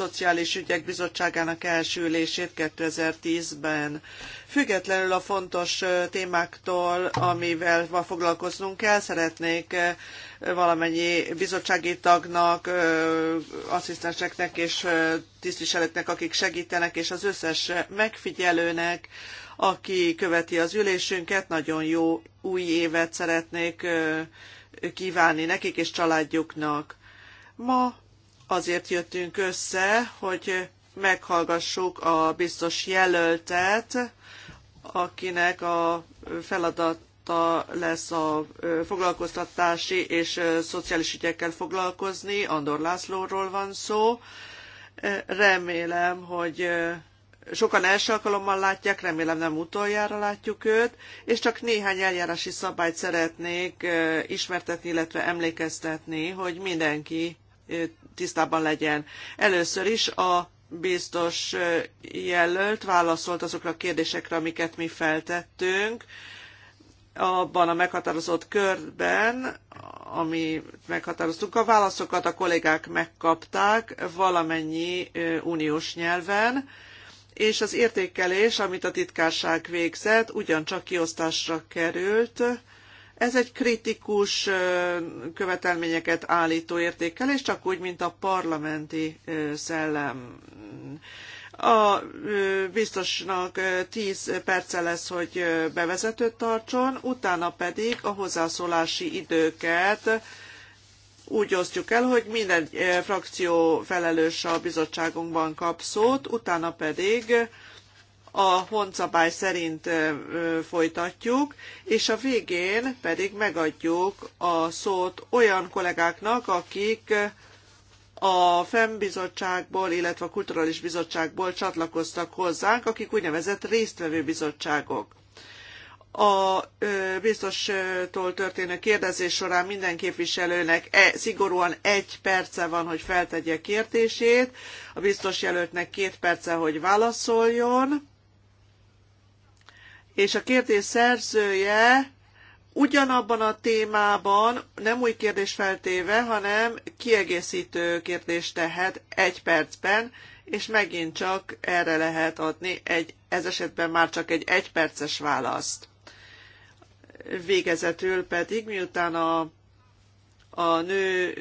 Szociális Ügyek Bizottságának első ülését 2010-ben. Függetlenül a fontos témáktól, amivel ma foglalkoznunk kell, szeretnék valamennyi bizottsági tagnak, asszisztenseknek és tisztviselőknek, akik segítenek, és az összes megfigyelőnek, aki követi az ülésünket, nagyon jó új évet szeretnék kívánni nekik és családjuknak. Ma azért jöttünk össze, hogy meghallgassuk a biztos jelöltet, akinek a feladata lesz a foglalkoztatási és szociális ügyekkel foglalkozni. Andor Lászlóról van szó. Remélem, hogy sokan első alkalommal látják, remélem nem utoljára látjuk őt, és csak néhány eljárási szabályt szeretnék ismertetni, illetve emlékeztetni, hogy mindenki tisztában legyen. Először is a biztos jelölt válaszolt azokra a kérdésekre, amiket mi feltettünk abban a meghatározott körben, ami meghatároztunk. A válaszokat a kollégák megkapták valamennyi uniós nyelven, és az értékelés, amit a titkárság végzett, ugyancsak kiosztásra került ez egy kritikus követelményeket állító értékelés, csak úgy, mint a parlamenti szellem. A biztosnak 10 perce lesz, hogy bevezetőt tartson, utána pedig a hozzászólási időket úgy osztjuk el, hogy minden frakció felelős a bizottságunkban kap szót, utána pedig a pontszabály szerint folytatjuk, és a végén pedig megadjuk a szót olyan kollégáknak, akik a FEM bizottságból, illetve a Kulturális Bizottságból csatlakoztak hozzánk, akik úgynevezett résztvevő bizottságok. A biztostól történő kérdezés során minden képviselőnek e, szigorúan egy perce van, hogy feltegye kérdését, a biztos jelöltnek két perce, hogy válaszoljon, és a kérdés szerzője ugyanabban a témában, nem új kérdés feltéve, hanem kiegészítő kérdést tehet egy percben, és megint csak erre lehet adni egy, ez esetben már csak egy egyperces választ. Végezetül pedig, miután a, a nő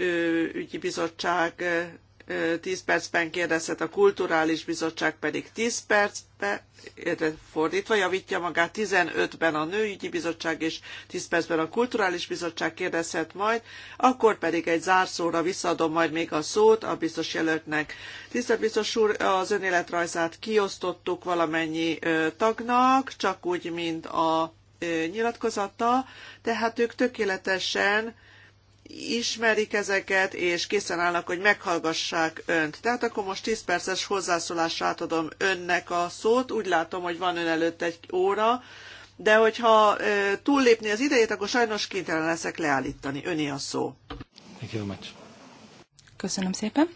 ügyi bizottság 10 percben kérdezhet, a Kulturális Bizottság pedig 10 percben, fordítva javítja magát, 15-ben a Nőügyi Bizottság és 10 percben a Kulturális Bizottság kérdezhet majd, akkor pedig egy zárszóra visszaadom majd még a szót a biztos jelöltnek. Tisztelt biztos úr, az önéletrajzát kiosztottuk valamennyi tagnak, csak úgy, mint a nyilatkozata, tehát ők tökéletesen ismerik ezeket, és készen állnak, hogy meghallgassák önt. Tehát akkor most 10 perces hozzászólásra átadom önnek a szót. Úgy látom, hogy van ön előtt egy óra, de hogyha ö, túllépni az idejét, akkor sajnos kénytelen leszek leállítani. Öné a szó. Köszönöm szépen.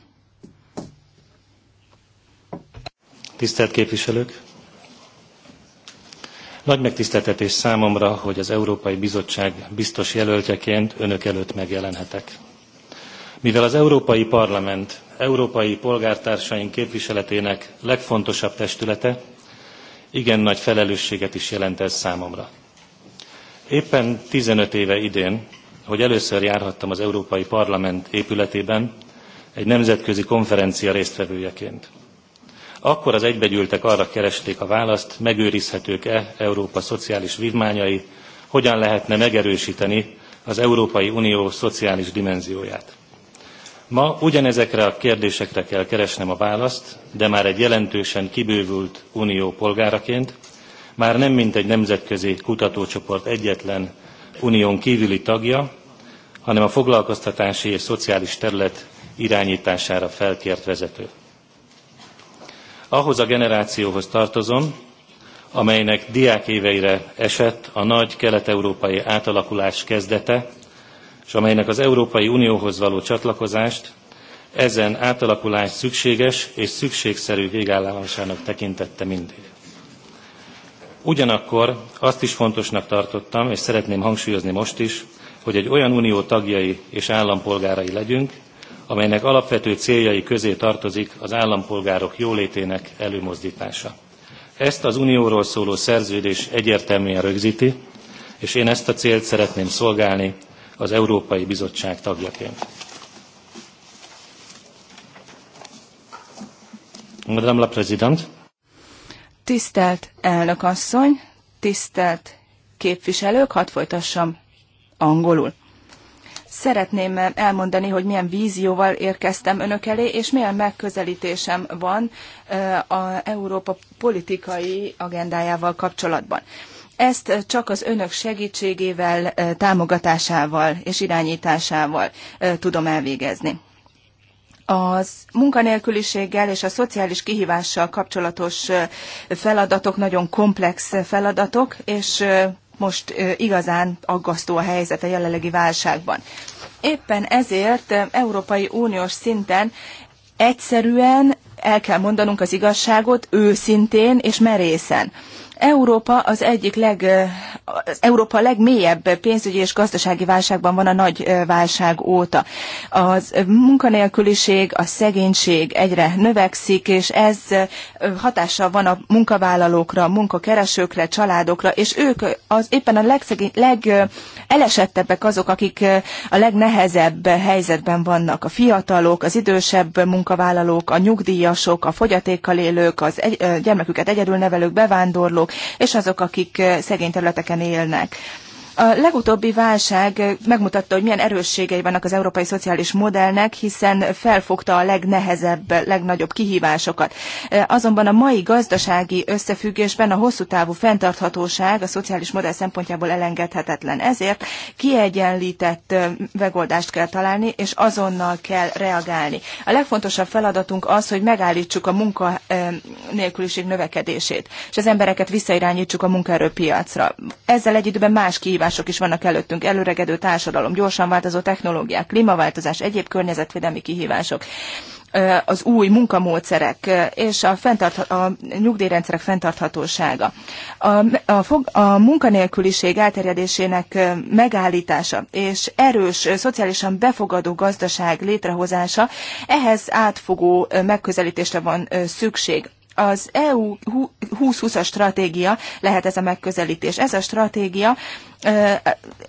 Tisztelt képviselők! Nagy megtiszteltetés számomra, hogy az Európai Bizottság biztos jelöltjeként önök előtt megjelenhetek. Mivel az Európai Parlament európai polgártársaink képviseletének legfontosabb testülete, igen nagy felelősséget is jelent ez számomra. Éppen 15 éve idén, hogy először járhattam az Európai Parlament épületében, egy nemzetközi konferencia résztvevőjeként. Akkor az egybegyűltek arra keresték a választ, megőrizhetők-e Európa szociális vívmányai, hogyan lehetne megerősíteni az Európai Unió szociális dimenzióját. Ma ugyanezekre a kérdésekre kell keresnem a választ, de már egy jelentősen kibővült unió polgáraként, már nem mint egy nemzetközi kutatócsoport egyetlen unión kívüli tagja, hanem a foglalkoztatási és szociális terület irányítására felkért vezető. Ahhoz a generációhoz tartozom, amelynek éveire esett a nagy kelet-európai átalakulás kezdete, és amelynek az Európai Unióhoz való csatlakozást ezen átalakulás szükséges és szükségszerű végállásának tekintette mindig. Ugyanakkor azt is fontosnak tartottam, és szeretném hangsúlyozni most is, hogy egy olyan unió tagjai és állampolgárai legyünk, amelynek alapvető céljai közé tartozik az állampolgárok jólétének előmozdítása. Ezt az unióról szóló szerződés egyértelműen rögzíti, és én ezt a célt szeretném szolgálni az Európai Bizottság tagjaként. Madame la Présidente. Tisztelt elnök asszony, tisztelt képviselők, hadd folytassam angolul. Szeretném elmondani, hogy milyen vízióval érkeztem önök elé, és milyen megközelítésem van a Európa politikai agendájával kapcsolatban. Ezt csak az önök segítségével, támogatásával és irányításával tudom elvégezni. Az munkanélküliséggel és a szociális kihívással kapcsolatos feladatok nagyon komplex feladatok, és most igazán aggasztó a helyzet a jelenlegi válságban. Éppen ezért Európai Uniós szinten egyszerűen el kell mondanunk az igazságot őszintén és merészen. Európa az egyik leg, az Európa legmélyebb pénzügyi és gazdasági válságban van a nagy válság óta. Az munkanélküliség, a szegénység egyre növekszik, és ez hatással van a munkavállalókra, munkakeresőkre, családokra, és ők az éppen a legelesettebbek azok, akik a legnehezebb helyzetben vannak. A fiatalok, az idősebb munkavállalók, a nyugdíjasok, a fogyatékkal élők, az egy, gyermeküket egyedül nevelők, bevándorlók, és azok, akik eh, szegény területeken élnek. A legutóbbi válság megmutatta, hogy milyen erősségei vannak az európai szociális modellnek, hiszen felfogta a legnehezebb, legnagyobb kihívásokat. E, azonban a mai gazdasági összefüggésben a hosszú távú fenntarthatóság a szociális modell szempontjából elengedhetetlen. Ezért kiegyenlített e, megoldást kell találni, és azonnal kell reagálni. A legfontosabb feladatunk az, hogy megállítsuk a munkanélküliség e, növekedését, és az embereket visszairányítsuk a munkaerőpiacra. Ezzel egy időben más kihívás kihívások is vannak előttünk, előregedő társadalom, gyorsan változó technológiák, klímaváltozás, egyéb környezetvédelmi kihívások az új munkamódszerek és a, a nyugdíjrendszerek fenntarthatósága. A, a, fog, a munkanélküliség elterjedésének megállítása és erős, szociálisan befogadó gazdaság létrehozása, ehhez átfogó megközelítésre van szükség. Az EU 2020-as stratégia lehet ez a megközelítés. Ez a stratégia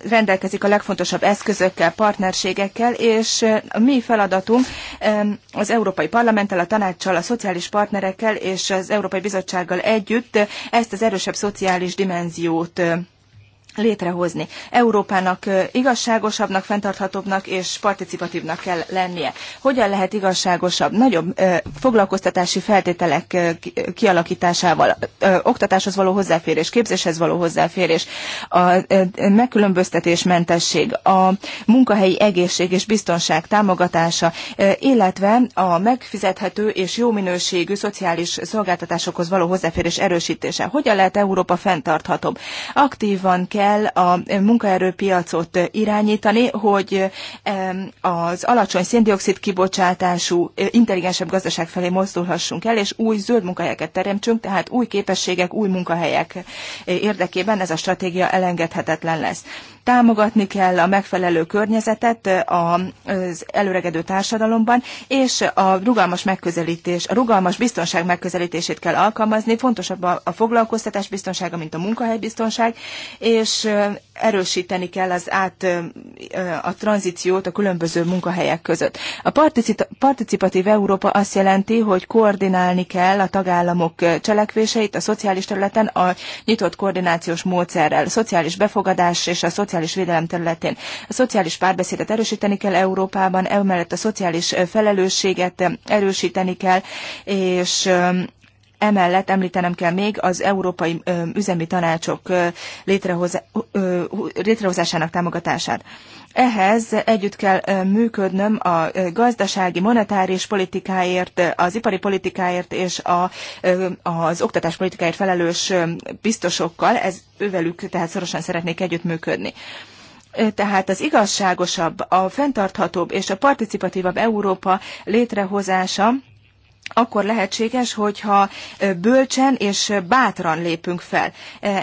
rendelkezik a legfontosabb eszközökkel, partnerségekkel, és a mi feladatunk az Európai Parlamenttel, a tanácssal, a szociális partnerekkel és az Európai Bizottsággal együtt ezt az erősebb szociális dimenziót létrehozni. Európának igazságosabbnak, fenntarthatóbbnak és participatívnak kell lennie. Hogyan lehet igazságosabb? Nagyobb foglalkoztatási feltételek kialakításával, oktatáshoz való hozzáférés, képzéshez való hozzáférés, a megkülönböztetésmentesség, a munkahelyi egészség és biztonság támogatása, illetve a megfizethető és jó minőségű szociális szolgáltatásokhoz való hozzáférés erősítése. Hogyan lehet Európa fenntarthatóbb? Aktívan kell kell a munkaerőpiacot irányítani, hogy az alacsony széndiokszid kibocsátású, intelligensebb gazdaság felé mozdulhassunk el, és új zöld munkahelyeket teremtsünk, tehát új képességek, új munkahelyek érdekében ez a stratégia elengedhetetlen lesz támogatni kell a megfelelő környezetet az előregedő társadalomban, és a rugalmas megközelítés, a rugalmas biztonság megközelítését kell alkalmazni, fontosabb a, foglalkoztatás biztonsága, mint a munkahelybiztonság, és erősíteni kell az át a tranzíciót a különböző munkahelyek között. A participatív Európa azt jelenti, hogy koordinálni kell a tagállamok cselekvéseit a szociális területen a nyitott koordinációs módszerrel. A szociális befogadás és a szociális szociális védelem területén. A szociális párbeszédet erősíteni kell Európában, emellett a szociális felelősséget erősíteni kell, és Emellett említenem kell még az Európai Üzemi Tanácsok létrehozásának támogatását. Ehhez együtt kell működnöm a gazdasági, monetáris politikáért, az ipari politikáért és a, az oktatás politikáért felelős biztosokkal, ez ővelük tehát szorosan szeretnék együttműködni tehát az igazságosabb, a fenntarthatóbb és a participatívabb Európa létrehozása akkor lehetséges, hogyha bölcsen és bátran lépünk fel.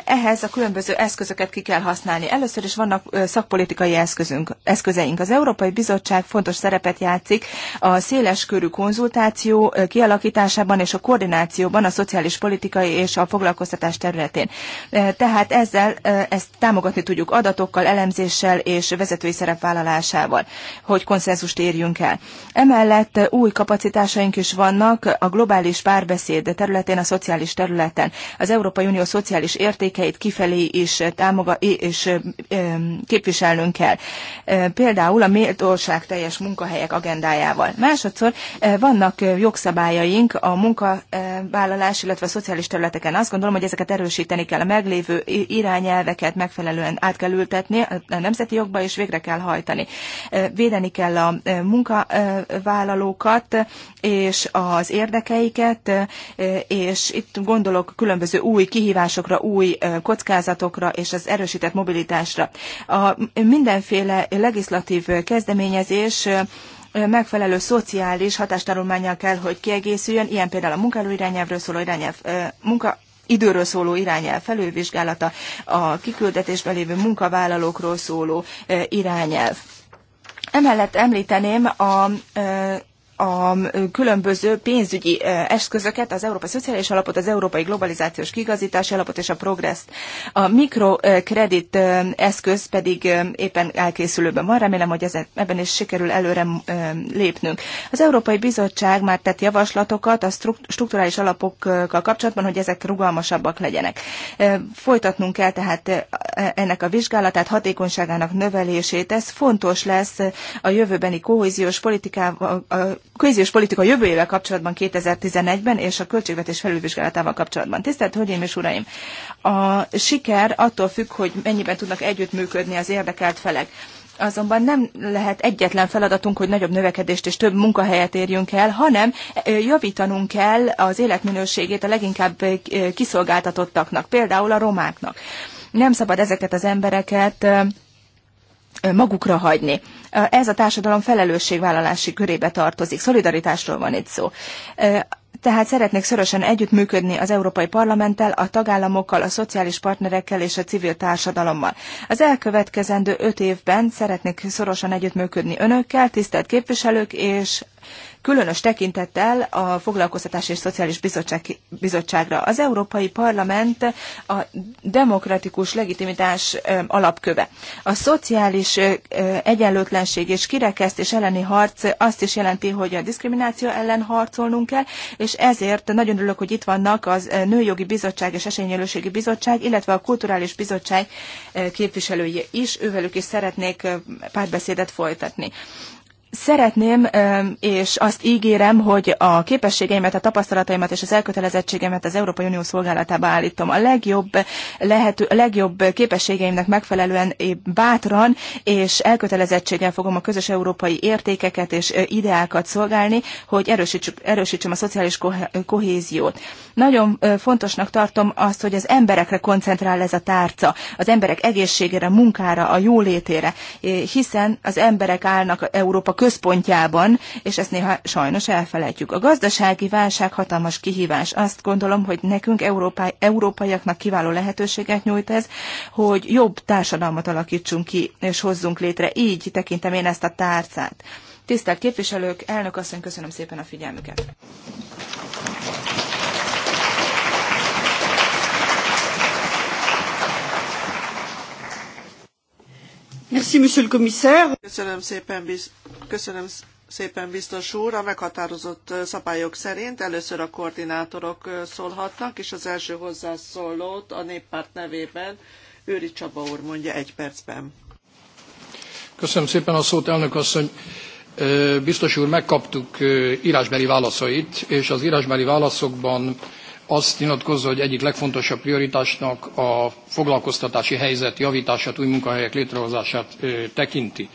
Ehhez a különböző eszközöket ki kell használni. Először is vannak szakpolitikai eszközünk, eszközeink. Az Európai Bizottság fontos szerepet játszik a széles körű konzultáció kialakításában és a koordinációban a szociális politikai és a foglalkoztatás területén. Tehát ezzel ezt támogatni tudjuk adatokkal, elemzéssel és vezetői szerepvállalásával, hogy konszenzust érjünk el. Emellett új kapacitásaink is vannak, vannak a globális párbeszéd területén, a szociális területen. Az Európai Unió szociális értékeit kifelé is, támoga, és képviselnünk kell. Például a méltóság teljes munkahelyek agendájával. Másodszor vannak jogszabályaink a munkavállalás, illetve a szociális területeken. Azt gondolom, hogy ezeket erősíteni kell. A meglévő irányelveket megfelelően át kell ültetni a nemzeti jogba, és végre kell hajtani. Védeni kell a munkavállalókat, és a az érdekeiket, és itt gondolok különböző új kihívásokra, új kockázatokra és az erősített mobilitásra. A mindenféle legislatív kezdeményezés megfelelő szociális hatástanulmányjal kell, hogy kiegészüljön, ilyen például a munkaerőirányelvről szóló irányelv, munka, időről szóló irányel felülvizsgálata, a kiküldetésben lévő munkavállalókról szóló irányelv. Emellett említeném a a különböző pénzügyi eszközöket, az Európai Szociális Alapot, az Európai Globalizációs Kigazítási Alapot és a Progress-t. A mikrokredit eszköz pedig éppen elkészülőben van, remélem, hogy ezen, ebben is sikerül előre lépnünk. Az Európai Bizottság már tett javaslatokat a strukturális alapokkal kapcsolatban, hogy ezek rugalmasabbak legyenek. Folytatnunk kell tehát ennek a vizsgálatát, hatékonyságának növelését. Ez fontos lesz a jövőbeni kohéziós politikával kohéziós politika jövőjével kapcsolatban 2011-ben és a költségvetés felülvizsgálatával kapcsolatban. Tisztelt Hölgyeim és Uraim! A siker attól függ, hogy mennyiben tudnak együttműködni az érdekelt felek azonban nem lehet egyetlen feladatunk, hogy nagyobb növekedést és több munkahelyet érjünk el, hanem javítanunk kell az életminőségét a leginkább kiszolgáltatottaknak, például a romáknak. Nem szabad ezeket az embereket magukra hagyni. Ez a társadalom felelősségvállalási körébe tartozik. Szolidaritásról van itt szó. Tehát szeretnék szorosan együttműködni az Európai Parlamenttel, a tagállamokkal, a szociális partnerekkel és a civil társadalommal. Az elkövetkezendő öt évben szeretnék szorosan együttműködni önökkel, tisztelt képviselők és különös tekintettel a Foglalkoztatás és Szociális Bizottság, Bizottságra. Az Európai Parlament a demokratikus legitimitás alapköve. A szociális egyenlőtlenség és kirekesztés elleni harc azt is jelenti, hogy a diszkrimináció ellen harcolnunk kell, és ezért nagyon örülök, hogy itt vannak az Nőjogi Bizottság és Esényelőségi Bizottság, illetve a Kulturális Bizottság képviselői is, ővelük is szeretnék párbeszédet folytatni. Szeretném, és azt ígérem, hogy a képességeimet, a tapasztalataimat és az elkötelezettségemet az Európai Unió szolgálatába állítom. A legjobb, lehető, a legjobb képességeimnek megfelelően bátran és elkötelezettséggel fogom a közös európai értékeket és ideákat szolgálni, hogy erősítsük, erősítsem a szociális kohéziót. Nagyon fontosnak tartom azt, hogy az emberekre koncentrál ez a tárca, az emberek egészségére, munkára, a jólétére, hiszen az emberek állnak Európa központjában, és ezt néha sajnos elfelejtjük. A gazdasági válság hatalmas kihívás. Azt gondolom, hogy nekünk, Európá- európaiaknak kiváló lehetőséget nyújt ez, hogy jobb társadalmat alakítsunk ki, és hozzunk létre. Így tekintem én ezt a tárcát. Tisztelt képviselők, elnök asszony, köszönöm szépen a figyelmüket. Merci, monsieur le commissaire. Köszönöm szépen, Köszönöm szépen biztos úr. A meghatározott szabályok szerint először a koordinátorok szólhatnak, és az első hozzászólót a néppárt nevében Őri Csaba úr mondja egy percben. Köszönöm szépen a szót, elnök asszony. Biztos úr, megkaptuk írásbeli válaszait, és az írásbeli válaszokban azt nyilatkozza, hogy egyik legfontosabb prioritásnak a foglalkoztatási helyzet javítását, új munkahelyek létrehozását tekinti.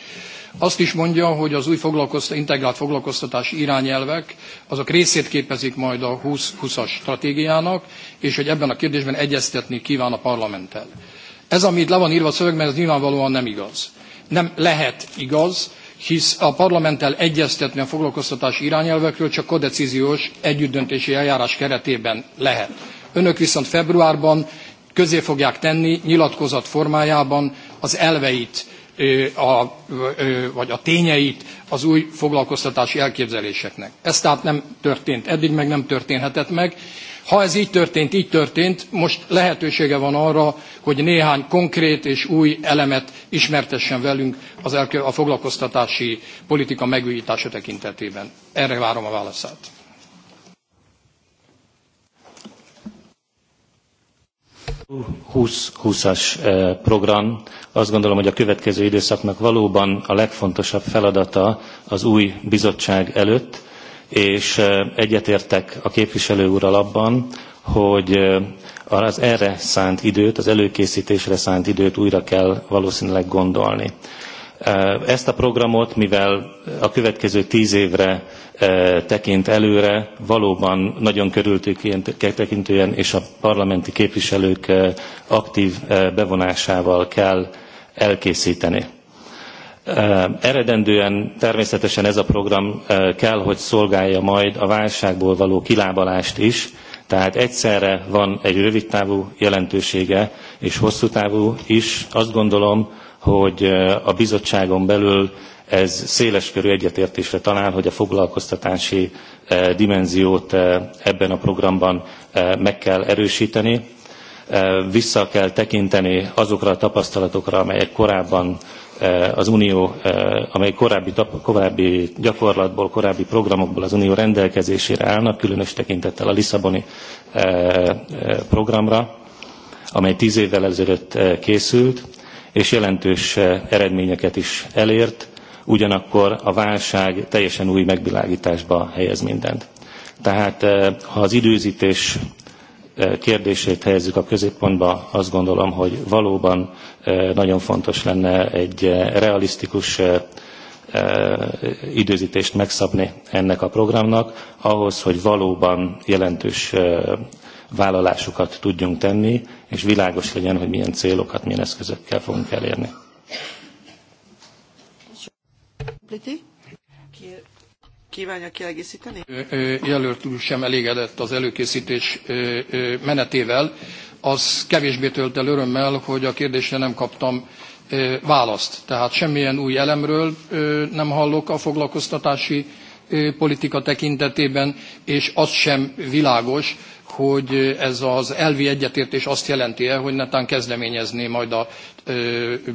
Azt is mondja, hogy az új foglalkoztatás, integrált foglalkoztatási irányelvek azok részét képezik majd a 2020-as stratégiának, és hogy ebben a kérdésben egyeztetni kíván a parlamenttel. Ez, amit le van írva a szövegben, ez nyilvánvalóan nem igaz. Nem lehet igaz, hisz a parlamenttel egyeztetni a foglalkoztatási irányelvekről csak kodecíziós együttdöntési eljárás keretében lehet. Önök viszont februárban közé fogják tenni nyilatkozat formájában az elveit, a, vagy a tényeit az új foglalkoztatási elképzeléseknek. Ez tehát nem történt eddig, meg nem történhetett meg. Ha ez így történt, így történt, most lehetősége van arra, hogy néhány konkrét és új elemet ismertessen velünk az a foglalkoztatási politika megújítása tekintetében. Erre várom a válaszát. twenty as eh, program azt gondolom hogy a következő időszaknak valóban a legfontosabb feladata az új bizottság előtt és egyetértek a képviselő úrral abban, hogy az erre szánt időt, az előkészítésre szánt időt újra kell valószínűleg gondolni. Ezt a programot, mivel a következő tíz évre tekint előre, valóban nagyon körültekintően és a parlamenti képviselők aktív bevonásával kell elkészíteni. Eredendően természetesen ez a program kell, hogy szolgálja majd a válságból való kilábalást is, tehát egyszerre van egy rövidtávú jelentősége és hosszú távú is. Azt gondolom, hogy a bizottságon belül ez széleskörű egyetértésre talál, hogy a foglalkoztatási dimenziót ebben a programban meg kell erősíteni. Vissza kell tekinteni azokra a tapasztalatokra, amelyek korábban Eh, az Unió, eh, amely korábbi, korábbi gyakorlatból, korábbi programokból az Unió rendelkezésére állnak, különös tekintettel a Lisszaboni eh, programra, amely tíz évvel ezelőtt készült, és jelentős eredményeket is elért, ugyanakkor a válság teljesen új megvilágításba helyez mindent. Tehát ha az időzítés kérdését helyezzük a középpontba, azt gondolom, hogy valóban nagyon fontos lenne egy realisztikus időzítést megszabni ennek a programnak, ahhoz, hogy valóban jelentős vállalásokat tudjunk tenni, és világos legyen, hogy milyen célokat, milyen eszközökkel fogunk elérni kívánja kiegészíteni? Jelöltül sem elégedett az előkészítés menetével. Az kevésbé tölt el örömmel, hogy a kérdésre nem kaptam választ. Tehát semmilyen új elemről nem hallok a foglalkoztatási politika tekintetében, és az sem világos, hogy ez az elvi egyetértés azt jelenti-e, hogy netán kezdeményezné majd a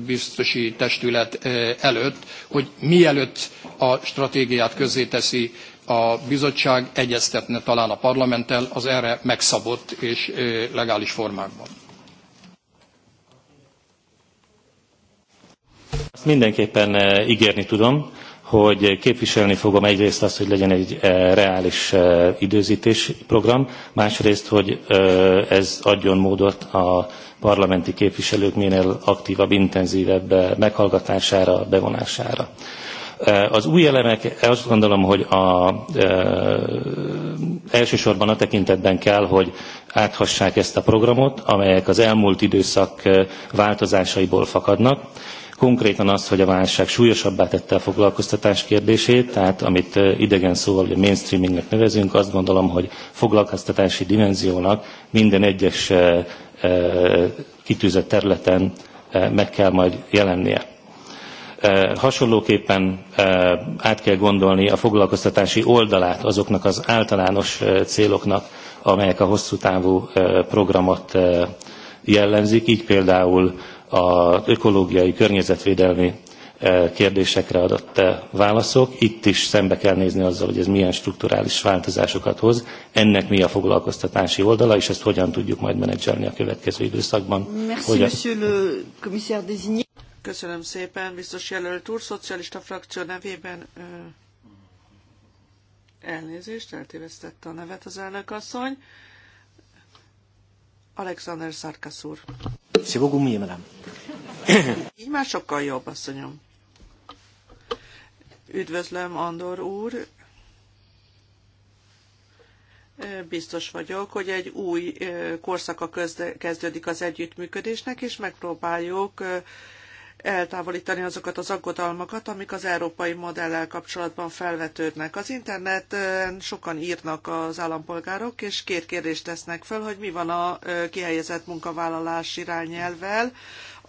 biztosi testület előtt, hogy mielőtt a stratégiát közzéteszi a bizottság, egyeztetne talán a parlamenttel az erre megszabott és legális formákban. Azt mindenképpen ígérni tudom hogy képviselni fogom egyrészt azt, hogy legyen egy eh, reális eh, időzítés program, másrészt, hogy eh, ez adjon módot a parlamenti képviselők minél aktívabb, intenzívebb meghallgatására, bevonására. Az új elemek, azt gondolom, hogy a, e, elsősorban a tekintetben kell, hogy áthassák ezt a programot, amelyek az elmúlt időszak változásaiból fakadnak, konkrétan az, hogy a válság súlyosabbá tette a foglalkoztatás kérdését, tehát amit idegen szóval hogy mainstreamingnek nevezünk, azt gondolom, hogy foglalkoztatási dimenziónak minden egyes kitűzött területen meg kell majd jelennie. Hasonlóképpen át kell gondolni a foglalkoztatási oldalát azoknak az általános céloknak, amelyek a hosszú távú programot jellemzik, így például az ökológiai, környezetvédelmi e, kérdésekre adott e, válaszok. Itt is szembe kell nézni azzal, hogy ez milyen strukturális változásokat hoz, ennek mi a foglalkoztatási oldala, és ezt hogyan tudjuk majd menedzselni a következő időszakban. Köszönöm szépen, biztos jelölt úr, szocialista frakció nevében ö, elnézést, eltévesztette a nevet az elnök asszony. Alexander Sarkasz úr. C'est beaucoup mieux, madame. Így már sokkal jobb, asszonyom. Üdvözlöm, Andor úr. Biztos vagyok, hogy egy új korszaka kezdődik az együttműködésnek, és megpróbáljuk eltávolítani azokat az aggodalmakat, amik az európai modellel kapcsolatban felvetődnek. Az interneten sokan írnak az állampolgárok, és két kérdést tesznek föl, hogy mi van a kihelyezett munkavállalás irányelvel,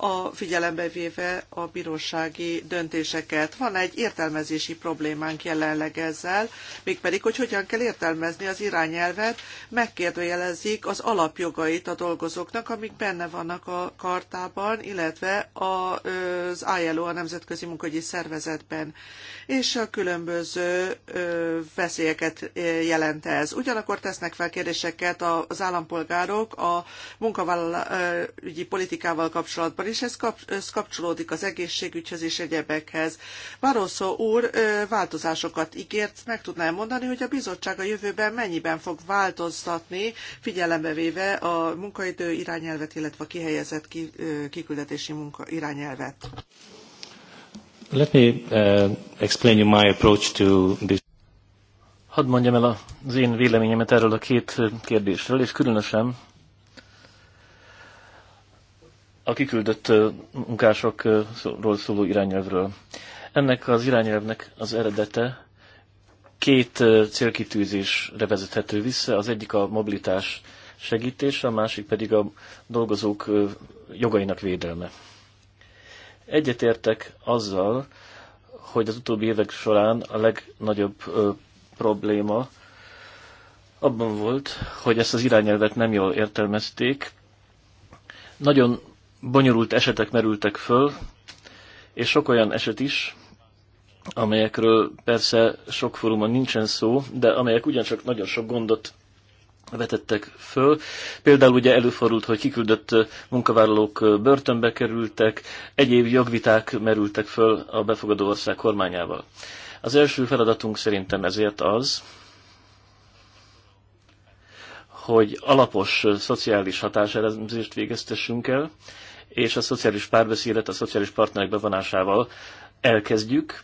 a figyelembe véve a bírósági döntéseket. Van egy értelmezési problémánk jelenleg ezzel, mégpedig, hogy hogyan kell értelmezni az irányelvet, megkérdőjelezik az alapjogait a dolgozóknak, amik benne vannak a kartában, illetve az ILO, a Nemzetközi Munkahogyi Szervezetben, és a különböző veszélyeket jelent ez. Ugyanakkor tesznek fel kérdéseket az állampolgárok a munkavállalói politikával kapcsolatban, és ez, kap, ez kapcsolódik az egészségügyhöz és egyebekhez. Barroso úr változásokat ígért, meg tudná mondani, hogy a bizottság a jövőben mennyiben fog változtatni, figyelembe véve a munkaidő irányelvet, illetve a kihelyezett kiküldetési munka irányelvet. Let me uh, explain you my approach to this. Hadd mondjam el az én véleményemet erről a két kérdésről, és különösen a kiküldött munkásokról szóló irányelvről. Ennek az irányelvnek az eredete két célkitűzésre vezethető vissza, az egyik a mobilitás segítése, a másik pedig a dolgozók jogainak védelme. Egyetértek azzal, hogy az utóbbi évek során a legnagyobb ö, probléma abban volt, hogy ezt az irányelvet nem jól értelmezték. Nagyon bonyolult esetek merültek föl, és sok olyan eset is, amelyekről persze sok fórumon nincsen szó, de amelyek ugyancsak nagyon sok gondot vetettek föl. Például ugye előfordult, hogy kiküldött munkavállalók börtönbe kerültek, egyéb jogviták merültek föl a befogadó ország kormányával. Az első feladatunk szerintem ezért az, hogy alapos szociális hatáselemzést végeztessünk el, és a szociális párbeszédet a szociális partnerek bevonásával elkezdjük.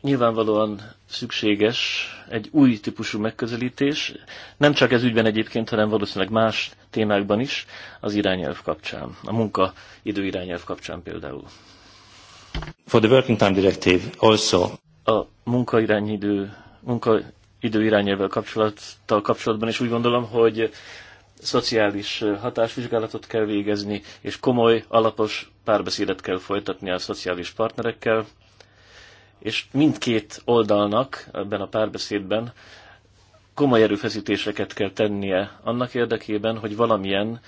Nyilvánvalóan szükséges egy új típusú megközelítés, nem csak ez ügyben egyébként, hanem valószínűleg más témákban is, az irányelv kapcsán, a munka irányelv kapcsán például. For the working time directive also. A munka munkaidő irányelvvel kapcsolattal kapcsolatban is úgy gondolom, hogy szociális hatásvizsgálatot kell végezni, és komoly, alapos párbeszédet kell folytatni a szociális partnerekkel, és mindkét oldalnak ebben a párbeszédben komoly erőfeszítéseket kell tennie annak érdekében, hogy valamilyen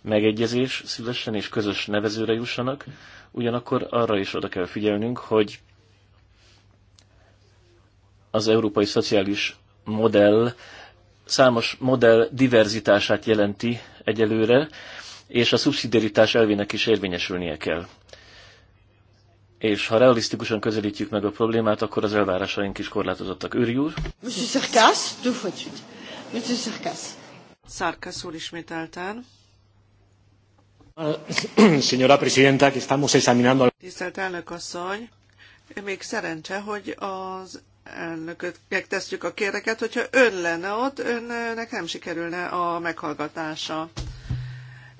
megegyezés szülessen és közös nevezőre jussanak, ugyanakkor arra is oda kell figyelnünk, hogy az európai szociális modell számos modell diverzitását jelenti egyelőre, és a szubszidiaritás elvének is érvényesülnie kell. És ha realisztikusan közelítjük meg a problémát, akkor az elvárásaink is korlátozottak. Őri úr? Monsieur Sarkász, deux fois Monsieur Sarkász. Sarkász úr ismételten. Señora Presidenta, que estamos examinando... Tisztelt elnök asszony, még szerencse, hogy az elnököt megtesztjük a kéreket, hogyha ön lenne ott, önnek nem sikerülne a meghallgatása.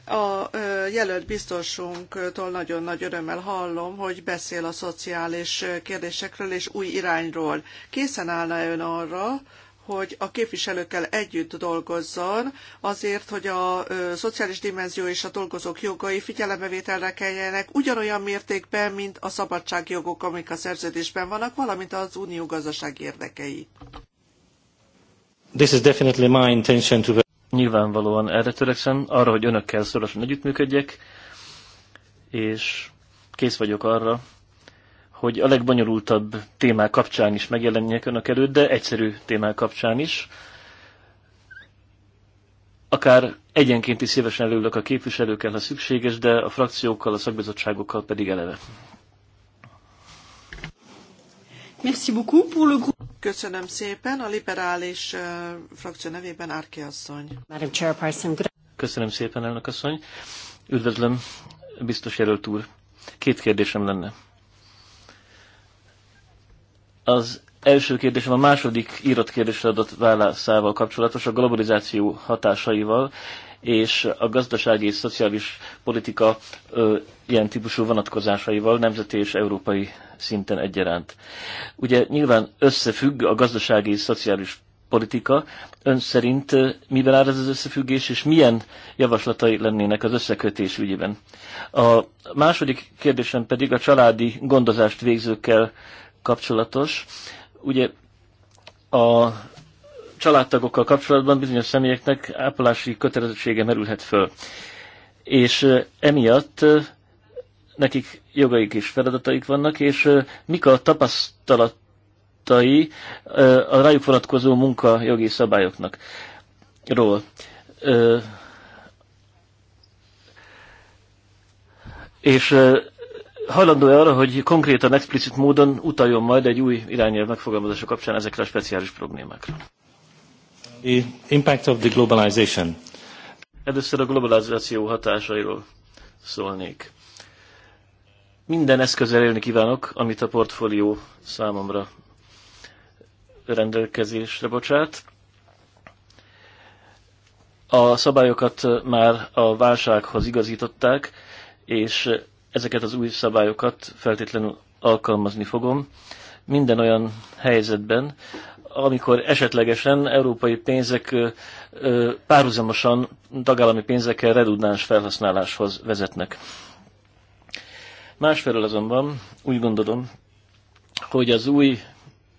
A jelölt biztosunktól nagyon nagy örömmel hallom, hogy beszél a szociális kérdésekről és új irányról. Készen állna ön arra, hogy a képviselőkkel együtt dolgozzon, azért, hogy a szociális dimenzió és a dolgozók jogai figyelembevételre kerüljenek ugyanolyan mértékben, mint a szabadságjogok, amik a szerződésben vannak, valamint az unió gazdaság érdekei. This is definitely my intention to... Nyilvánvalóan erre törekszem, arra, hogy önökkel szorosan együttműködjek, és kész vagyok arra, hogy a legbonyolultabb témák kapcsán is megjelenjenek önök előtt, de egyszerű témák kapcsán is. Akár egyenként is szívesen előlök a képviselőkkel, ha szükséges, de a frakciókkal, a szakbizottságokkal pedig eleve. Merci beaucoup pour le groupe. Köszönöm szépen. A liberális uh, frakció nevében Árki asszony. Madam Chairperson. Köszönöm szépen, elnök asszony. Üdvözlöm, biztos jelölt úr. Két kérdésem lenne. Az első kérdésem a második írott kérdésre adott válaszával kapcsolatos, a globalizáció hatásaival és a gazdasági és szociális politika ö, ilyen típusú vonatkozásaival nemzeti és európai szinten egyaránt. Ugye nyilván összefügg a gazdasági és szociális politika. Ön szerint mivel áll ez az összefüggés, és milyen javaslatai lennének az összekötés ügyében? A második kérdésem pedig a családi gondozást végzőkkel kapcsolatos. Ugye a családtagokkal kapcsolatban bizonyos személyeknek ápolási kötelezettsége merülhet föl. És emiatt nekik jogaik és feladataik vannak, és mik a tapasztalatai a rájuk vonatkozó munka jogi szabályoknak ról. És hajlandó -e arra, hogy konkrétan, explicit módon utaljon majd egy új irányelv megfogalmazása kapcsán ezekre a speciális problémákra? The impact of the globalization. Először a globalizáció hatásairól szólnék. Minden eszközzel élni kívánok, amit a portfólió számomra rendelkezésre bocsát. A szabályokat már a válsághoz igazították, és ezeket az új szabályokat feltétlenül alkalmazni fogom minden olyan helyzetben, amikor esetlegesen európai pénzek párhuzamosan tagállami pénzekkel redundáns felhasználáshoz vezetnek. Másfelől azonban úgy gondolom, hogy az új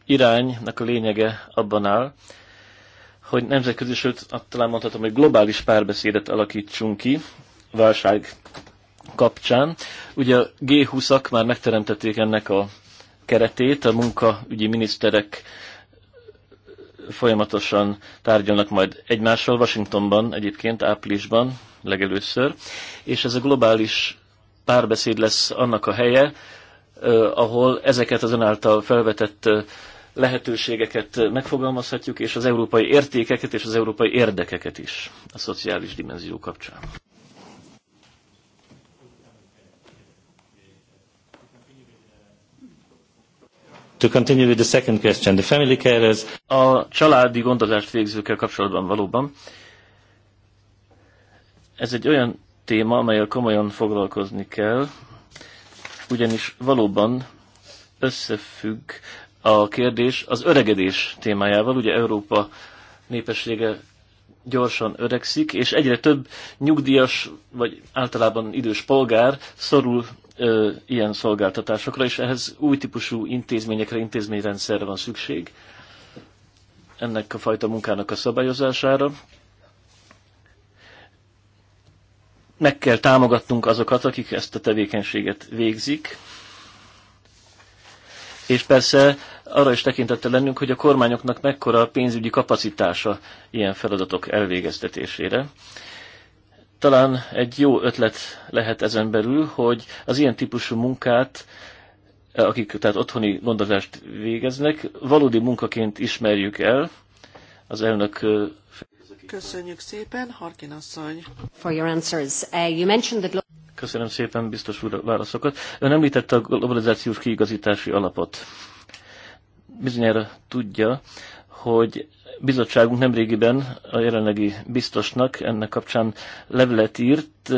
iránynak a lényege abban áll, hogy nemzetközi, sőt, talán mondhatom, hogy globális párbeszédet alakítsunk ki válság kapcsán. Ugye a G20-ak már megteremtették ennek a keretét, a munkaügyi miniszterek folyamatosan tárgyalnak majd egymással, Washingtonban egyébként áprilisban legelőször, és ez a globális párbeszéd lesz annak a helye, ahol ezeket az önáltal felvetett lehetőségeket megfogalmazhatjuk, és az európai értékeket és az európai érdekeket is a szociális dimenzió kapcsán. To continue with the second question, the family carers... A családi gondozást végzőkkel kapcsolatban valóban. Ez egy olyan téma, amelyel komolyan foglalkozni kell, ugyanis valóban összefügg a kérdés az öregedés témájával. Ugye Európa népessége gyorsan öregszik, és egyre több nyugdíjas, vagy általában idős polgár szorul ö, ilyen szolgáltatásokra, és ehhez új típusú intézményekre, intézményrendszerre van szükség, ennek a fajta munkának a szabályozására. Meg kell támogatnunk azokat, akik ezt a tevékenységet végzik, és persze arra is tekintettel lennünk, hogy a kormányoknak mekkora a pénzügyi kapacitása ilyen feladatok elvégeztetésére talán egy jó ötlet lehet ezen belül, hogy az ilyen típusú munkát, akik tehát otthoni gondozást végeznek, valódi munkaként ismerjük el. Az elnök Köszönjük szépen, Harkin asszony. For your answers. Uh, you mentioned the Köszönöm szépen, biztos úr, a válaszokat. Ön említette a globalizációs kiigazítási alapot. Bizonyára tudja, hogy bizottságunk nemrégiben a jelenlegi biztosnak ennek kapcsán levelet írt,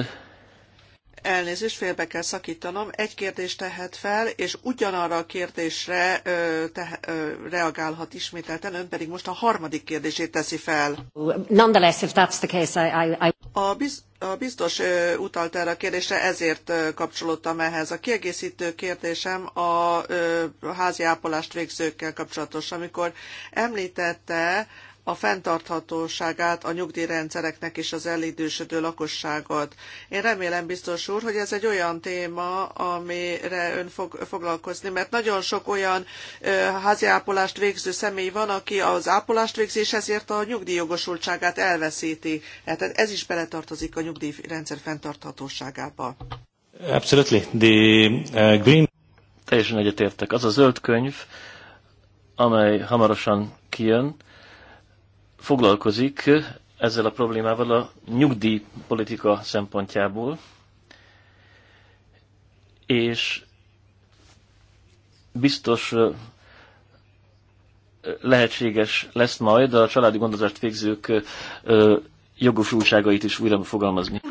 Elnézést, félbe kell szakítanom. Egy kérdést tehet fel, és ugyanarra a kérdésre ö, te, ö, reagálhat ismételten, ön pedig most a harmadik kérdését teszi fel. Nonetheless, if that's the case, I, I, I... A, biz, a biztos ö, utalt erre a kérdésre, ezért ö, kapcsolódtam ehhez. A kiegészítő kérdésem a ö, házi ápolást végzőkkel kapcsolatos, amikor említette, a fenntarthatóságát a nyugdíjrendszereknek és az elidősödő lakosságot. Én remélem, biztos úr, hogy ez egy olyan téma, amire ön fog foglalkozni, mert nagyon sok olyan ö, háziápolást végző személy van, aki az ápolást végzi, és ezért a nyugdíjjogosultságát elveszíti. Tehát ez is beletartozik a nyugdíjrendszer fenntarthatóságába. Absolutely. The uh, green... Teljesen egyetértek. Az a zöld könyv, amely hamarosan kijön, foglalkozik ezzel a problémával a nyugdíjpolitika szempontjából, és biztos lehetséges lesz majd a családi gondozást végzők jogosultságait is újra fogalmazni.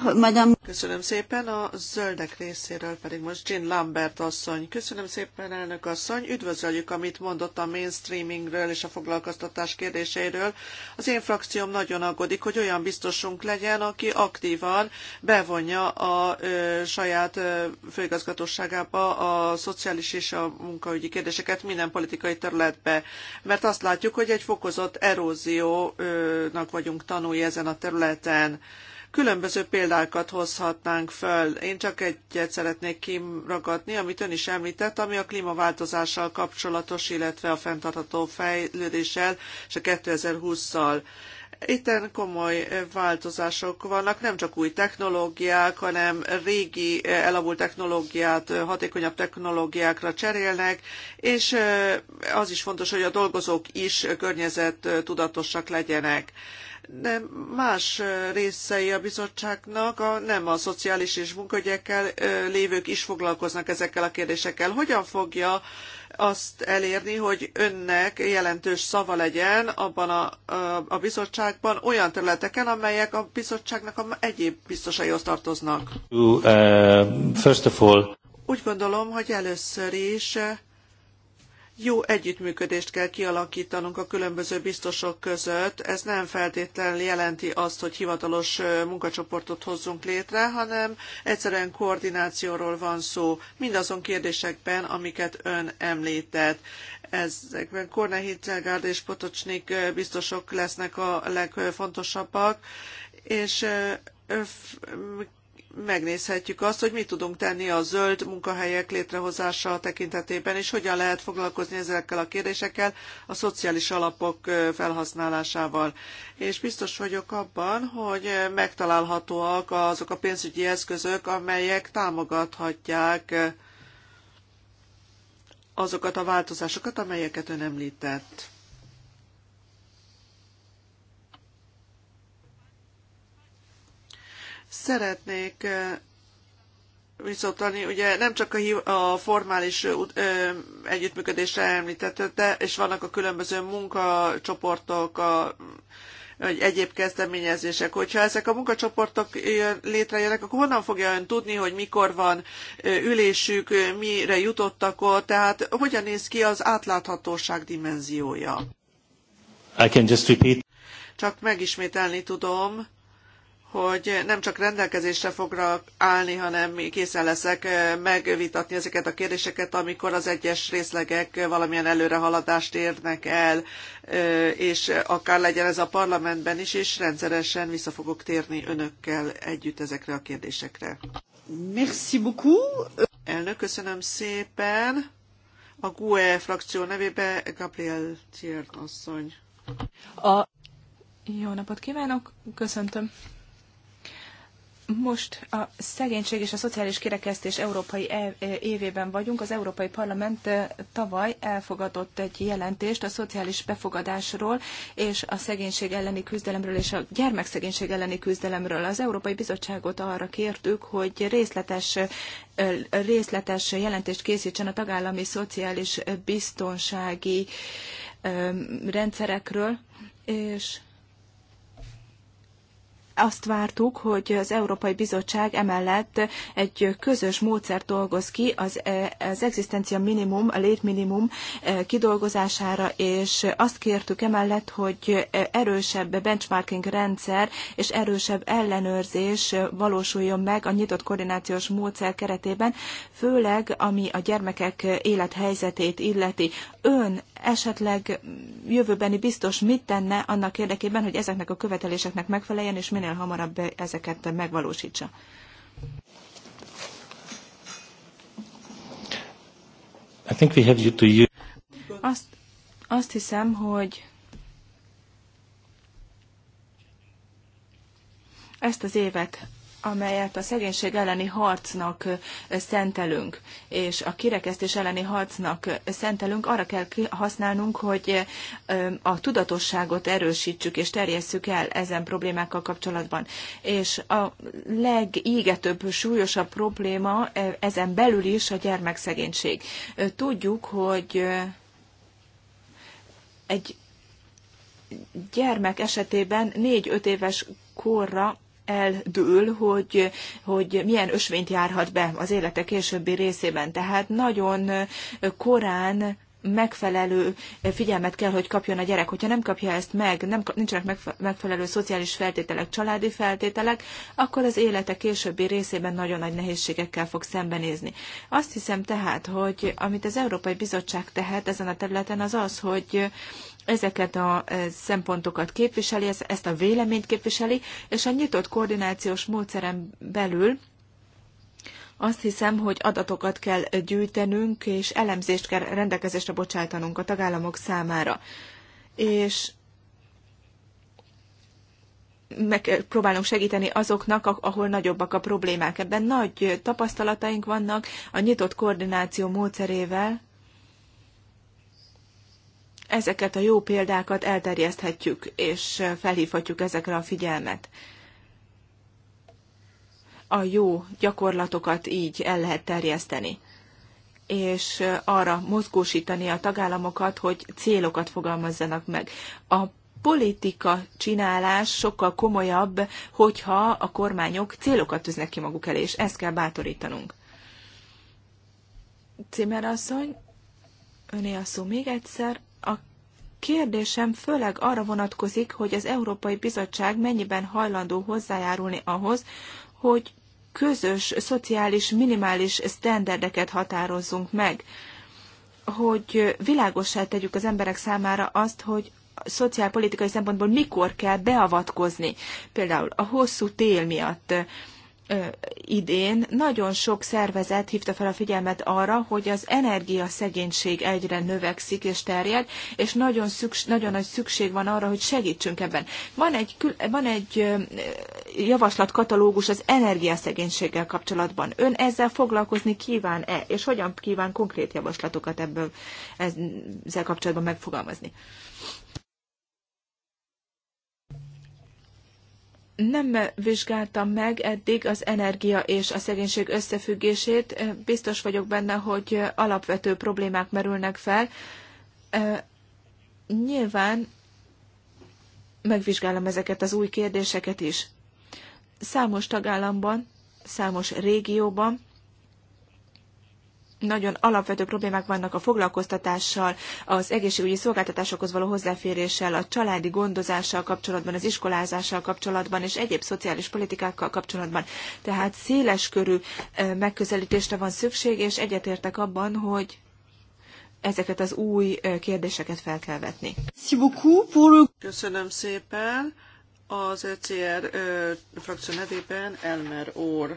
Köszönöm szépen a zöldek részéről pedig most Jean Lambert asszony. Köszönöm szépen elnök asszony, üdvözöljük, amit mondott a mainstreamingről és a foglalkoztatás kérdéséről. Az én frakcióm nagyon aggódik, hogy olyan biztosunk legyen, aki aktívan bevonja a ö, saját ö, főigazgatóságába a szociális és a munkaügyi kérdéseket minden politikai területbe, mert azt látjuk, hogy egy fokozott eróziónak vagyunk tanulni ezen a területen területen. Különböző példákat hozhatnánk föl. Én csak egyet szeretnék kimragadni, amit ön is említett, ami a klímaváltozással kapcsolatos, illetve a fenntartható fejlődéssel és a 2020-szal. Itten komoly változások vannak, nem csak új technológiák, hanem régi elavult technológiát, hatékonyabb technológiákra cserélnek, és az is fontos, hogy a dolgozók is környezet tudatosak legyenek. De más részei a bizottságnak, a, nem a szociális és munkaügyekkel lévők is foglalkoznak ezekkel a kérdésekkel. Hogyan fogja azt elérni, hogy önnek jelentős szava legyen abban a, a, bizottságban olyan területeken, amelyek a bizottságnak a egyéb biztosaihoz tartoznak. Uh, first of all. Úgy gondolom, hogy először is jó együttműködést kell kialakítanunk a különböző biztosok között. Ez nem feltétlenül jelenti azt, hogy hivatalos munkacsoportot hozzunk létre, hanem egyszerűen koordinációról van szó mindazon kérdésekben, amiket ön említett. Ezekben Korne Hitzelgárd és Potocsnik biztosok lesznek a legfontosabbak, és megnézhetjük azt, hogy mit tudunk tenni a zöld munkahelyek létrehozása tekintetében, és hogyan lehet foglalkozni ezekkel a kérdésekkel a szociális alapok felhasználásával. És biztos vagyok abban, hogy megtalálhatóak azok a pénzügyi eszközök, amelyek támogathatják azokat a változásokat, amelyeket ön említett. Szeretnék viszontani, ugye nem csak a, a formális együttműködésre említett, de és vannak a különböző munkacsoportok, a, vagy egyéb kezdeményezések. Hogyha ezek a munkacsoportok létrejönnek, akkor honnan fogja ön tudni, hogy mikor van ülésük, mire jutottak ott, tehát hogyan néz ki az átláthatóság dimenziója? I can just repeat. Csak megismételni tudom hogy nem csak rendelkezésre fognak állni, hanem készen leszek megvitatni ezeket a kérdéseket, amikor az egyes részlegek valamilyen előrehaladást érnek el, és akár legyen ez a parlamentben is, és rendszeresen vissza fogok térni önökkel együtt ezekre a kérdésekre. Merci beaucoup. Elnök, köszönöm szépen. A GUE frakció nevében Gabriel Thier asszony. A... Jó napot kívánok, köszöntöm most a szegénység és a szociális kirekesztés európai e, e, évében vagyunk. Az Európai Parlament e, tavaly elfogadott egy jelentést a szociális befogadásról és a szegénység elleni küzdelemről és a gyermekszegénység elleni küzdelemről. Az Európai Bizottságot arra kértük, hogy részletes, részletes jelentést készítsen a tagállami szociális biztonsági rendszerekről, és azt vártuk, hogy az Európai Bizottság emellett egy közös módszert dolgoz ki az, e, az egzisztencia minimum, a létminimum e, kidolgozására, és azt kértük emellett, hogy erősebb benchmarking rendszer és erősebb ellenőrzés valósuljon meg a nyitott koordinációs módszer keretében, főleg ami a gyermekek élethelyzetét illeti. Ön esetleg jövőbeni biztos mit tenne annak érdekében, hogy ezeknek a követeléseknek megfeleljen, és minél hamarabb ezeket megvalósítsa? I think we have you to you. Azt, azt hiszem, hogy ezt az évet amelyet a szegénység elleni harcnak szentelünk, és a kirekesztés elleni harcnak szentelünk, arra kell használnunk, hogy a tudatosságot erősítsük és terjesszük el ezen problémákkal kapcsolatban. És a legígetőbb, súlyosabb probléma ezen belül is a gyermekszegénység. Tudjuk, hogy egy gyermek esetében 4-5 éves korra eldől, hogy, hogy milyen ösvényt járhat be az élete későbbi részében. Tehát nagyon korán megfelelő figyelmet kell, hogy kapjon a gyerek. Hogyha nem kapja ezt meg, nem, nincsenek megfelelő szociális feltételek, családi feltételek, akkor az élete későbbi részében nagyon nagy nehézségekkel fog szembenézni. Azt hiszem tehát, hogy amit az Európai Bizottság tehet ezen a területen, az az, hogy ezeket a e, szempontokat képviseli, ezt a véleményt képviseli, és a nyitott koordinációs módszeren belül azt hiszem, hogy adatokat kell gyűjtenünk, és elemzést kell rendelkezésre bocsájtanunk a tagállamok számára. És megpróbálunk segíteni azoknak, ahol nagyobbak a problémák. Ebben nagy tapasztalataink vannak a nyitott koordináció módszerével, ezeket a jó példákat elterjeszthetjük, és felhívhatjuk ezekre a figyelmet. A jó gyakorlatokat így el lehet terjeszteni és arra mozgósítani a tagállamokat, hogy célokat fogalmazzanak meg. A politika csinálás sokkal komolyabb, hogyha a kormányok célokat tűznek ki maguk elé, és ezt kell bátorítanunk. Cimmer asszony, öné a szó még egyszer, kérdésem főleg arra vonatkozik, hogy az Európai Bizottság mennyiben hajlandó hozzájárulni ahhoz, hogy közös, szociális, minimális sztenderdeket határozzunk meg, hogy világossá tegyük az emberek számára azt, hogy szociálpolitikai szempontból mikor kell beavatkozni, például a hosszú tél miatt, idén nagyon sok szervezet hívta fel a figyelmet arra, hogy az energiaszegénység egyre növekszik és terjed, és nagyon, szüks, nagyon nagy szükség van arra, hogy segítsünk ebben. Van egy, van egy javaslatkatalógus az energiaszegénységgel kapcsolatban. Ön ezzel foglalkozni kíván-e, és hogyan kíván konkrét javaslatokat ebből ezzel kapcsolatban megfogalmazni? nem vizsgáltam meg eddig az energia és a szegénység összefüggését. Biztos vagyok benne, hogy alapvető problémák merülnek fel. Nyilván megvizsgálom ezeket az új kérdéseket is. Számos tagállamban, számos régióban nagyon alapvető problémák vannak a foglalkoztatással, az egészségügyi szolgáltatásokhoz való hozzáféréssel, a családi gondozással kapcsolatban, az iskolázással kapcsolatban és egyéb szociális politikákkal kapcsolatban. Tehát széles körű megközelítésre van szükség, és egyetértek abban, hogy ezeket az új kérdéseket fel kell vetni. Köszönöm szépen az ECR frakció nevében Elmer Orr.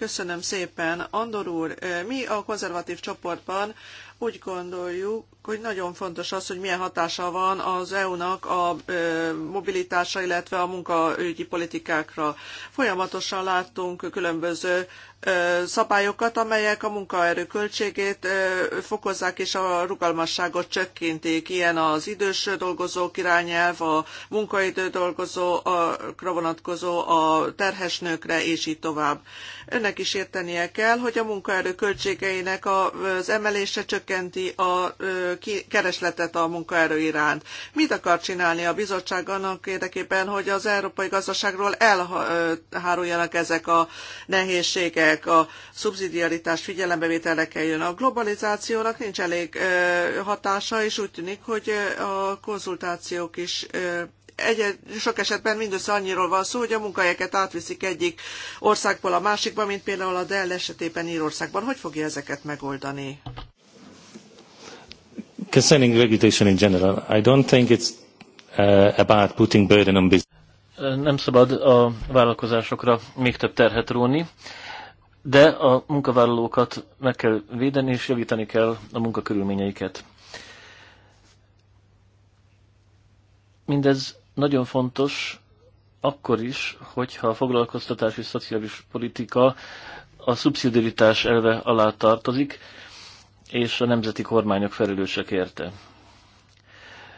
Köszönöm szépen. Andor úr, mi a konzervatív csoportban úgy gondoljuk, hogy nagyon fontos az, hogy milyen hatása van az EU-nak a mobilitása, illetve a munkaügyi politikákra. Folyamatosan láttunk különböző szabályokat, amelyek a munkaerő költségét fokozzák és a rugalmasságot csökkentik. Ilyen az idős dolgozók irányelv, a munkaidő dolgozókra vonatkozó, a terhes nőkre és így tovább. Önnek is értenie kell, hogy a munkaerő költségeinek az emelése csökkenti a keresletet a munkaerő iránt. Mit akar csinálni a bizottság annak érdekében, hogy az európai gazdaságról elháruljanak ezek a nehézségek? lesznek, a szubszidiaritás figyelembevételre kerüljön. A globalizációnak nincs elég hatása, és úgy tűnik, hogy a konzultációk is egy, sok esetben mindössze annyiról van szó, hogy a munkahelyeket átviszik egyik országból a másikba, mint például a Dell esetében Írországban. Hogy fogja ezeket megoldani? Concerning regulation in general, I don't think it's uh, about putting burden on business. Nem szabad a vállalkozásokra még több terhet róni de a munkavállalókat meg kell védeni, és javítani kell a munkakörülményeiket. Mindez nagyon fontos akkor is, hogyha a foglalkoztatás és szociális politika a szubszidiaritás elve alá tartozik, és a nemzeti kormányok felelősek érte.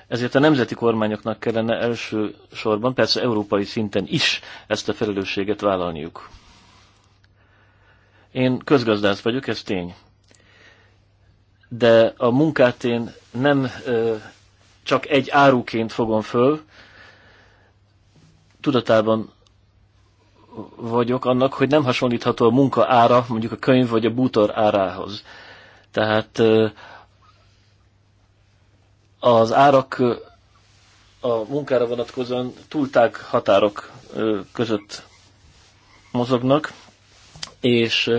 Ezért a nemzeti kormányoknak kellene első sorban, persze európai szinten is ezt a felelősséget vállalniuk. Én közgazdász vagyok, ez tény. De a munkát én nem ö, csak egy áruként fogom föl, tudatában vagyok annak, hogy nem hasonlítható a munka ára mondjuk a könyv vagy a bútor árához. Tehát ö, az árak a munkára vonatkozóan túlták határok között mozognak és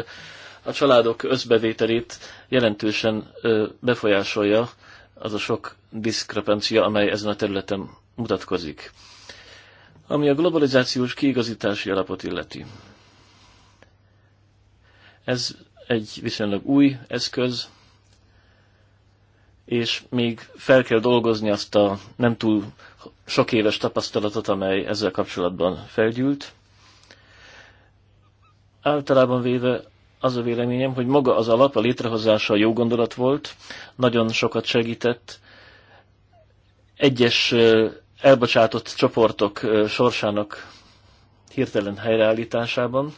a családok összbevételét jelentősen befolyásolja az a sok diszkrepancia, amely ezen a területen mutatkozik. Ami a globalizációs kiigazítási alapot illeti. Ez egy viszonylag új eszköz, és még fel kell dolgozni azt a nem túl sok éves tapasztalatot, amely ezzel kapcsolatban felgyűlt általában véve az a véleményem, hogy maga az alap, a létrehozása a jó gondolat volt, nagyon sokat segített. Egyes elbocsátott csoportok sorsának hirtelen helyreállításában.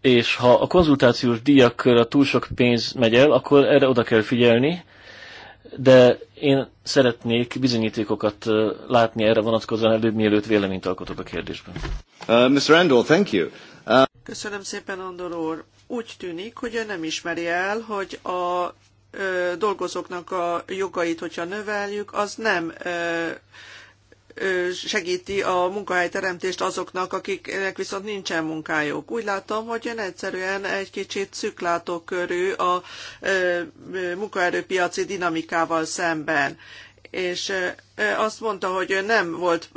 És ha a konzultációs díjakra túl sok pénz megy el, akkor erre oda kell figyelni, de én szeretnék bizonyítékokat látni erre vonatkozóan előbb, mielőtt véleményt alkotok a kérdésben. Uh, Mr. Andor, thank you. Uh... Köszönöm szépen, Andor úr. Úgy tűnik, hogy ő nem ismeri el, hogy a ö, dolgozóknak a jogait, hogyha növeljük, az nem ö, segíti a munkahelyteremtést azoknak, akiknek viszont nincsen munkájuk. Úgy látom, hogy ön egyszerűen egy kicsit körül a munkaerőpiaci dinamikával szemben és azt mondta, hogy ő nem volt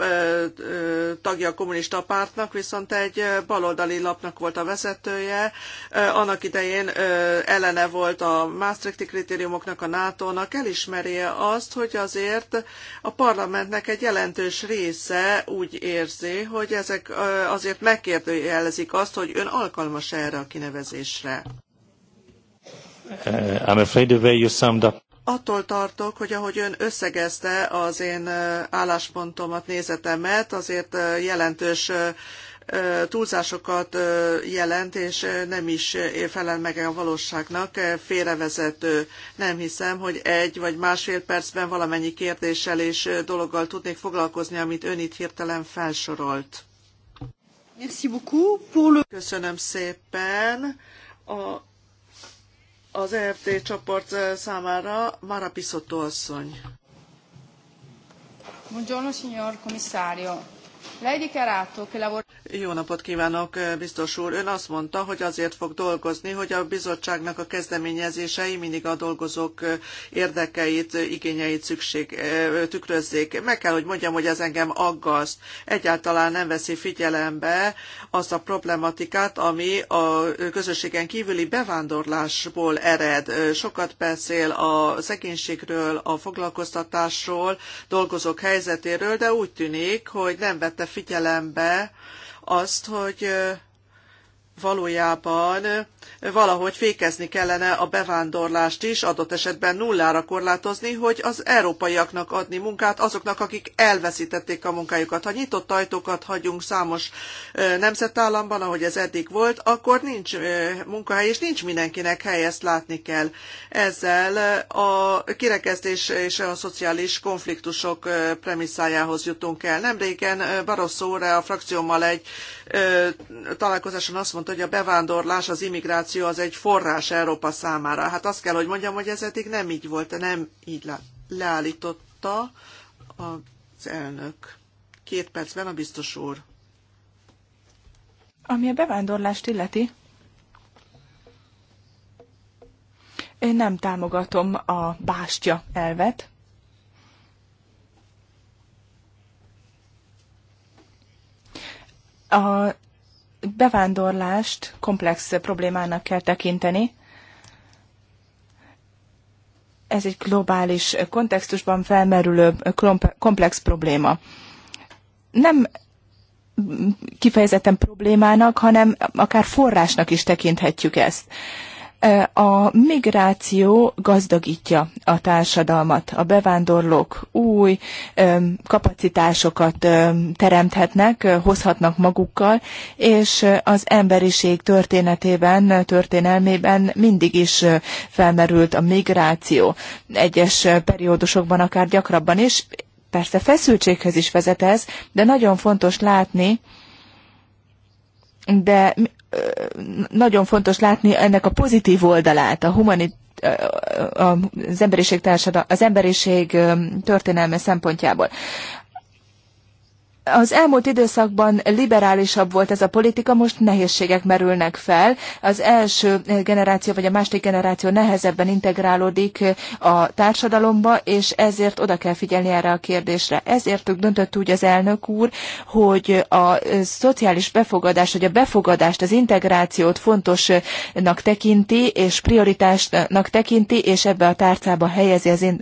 tagja a kommunista pártnak, viszont egy baloldali lapnak volt a vezetője. Annak idején ellene volt a Maastrichti kritériumoknak, a NATO-nak, elismeri azt, hogy azért a parlamentnek egy jelentős része úgy érzi, hogy ezek azért megkérdőjelezik azt, hogy ön alkalmas erre a kinevezésre. Uh, I'm afraid the way you summed up attól tartok, hogy ahogy ön összegezte az én álláspontomat, nézetemet, azért jelentős túlzásokat jelent, és nem is felel meg a valóságnak, félrevezető. Nem hiszem, hogy egy vagy másfél percben valamennyi kérdéssel és dologgal tudnék foglalkozni, amit ön itt hirtelen felsorolt. Köszönöm szépen. A az EFT csoport eh, számára Mara Pisotto asszony. Buongiorno, signor commissario. Jó napot kívánok, biztos úr! Ön azt mondta, hogy azért fog dolgozni, hogy a bizottságnak a kezdeményezései mindig a dolgozók érdekeit, igényeit szükség, tükrözzék. Meg kell, hogy mondjam, hogy ez engem aggaszt. Egyáltalán nem veszi figyelembe azt a problematikát, ami a közösségen kívüli bevándorlásból ered. Sokat beszél a szegénységről, a foglalkoztatásról, dolgozók helyzetéről, de úgy tűnik, hogy nem vette figyelembe azt, hogy valójában valahogy fékezni kellene a bevándorlást is, adott esetben nullára korlátozni, hogy az európaiaknak adni munkát azoknak, akik elveszítették a munkájukat. Ha nyitott ajtókat hagyunk számos nemzetállamban, ahogy ez eddig volt, akkor nincs munkahely, és nincs mindenkinek hely, ezt látni kell. Ezzel a kirekesztés és a szociális konfliktusok premisszájához jutunk el. Nemrégen Barroso a frakciómmal egy találkozáson azt mondta, hogy a bevándorlás, az immigráció az egy forrás Európa számára. Hát azt kell, hogy mondjam, hogy ez eddig nem így volt, nem így le, leállította az elnök. Két percben a biztos úr. Ami a bevándorlást illeti, én nem támogatom a bástya elvet, A bevándorlást komplex problémának kell tekinteni. Ez egy globális kontextusban felmerülő komplex probléma. Nem kifejezetten problémának, hanem akár forrásnak is tekinthetjük ezt a migráció gazdagítja a társadalmat. A bevándorlók új kapacitásokat teremthetnek, hozhatnak magukkal, és az emberiség történetében, történelmében mindig is felmerült a migráció. Egyes periódusokban akár gyakrabban is. Persze feszültséghez is vezet ez, de nagyon fontos látni, de nagyon fontos látni ennek a pozitív oldalát, a humanit az emberiség, társadal, az emberiség történelme szempontjából az elmúlt időszakban liberálisabb volt ez a politika, most nehézségek merülnek fel. Az első eh, generáció vagy a második generáció nehezebben integrálódik eh, a társadalomba, és ezért oda kell figyelni erre a kérdésre. Ezért döntött úgy az elnök úr, hogy a eh, szociális befogadás, vagy a befogadást, az integrációt fontosnak tekinti, és prioritásnak tekinti, és ebbe a tárcába helyezi az én,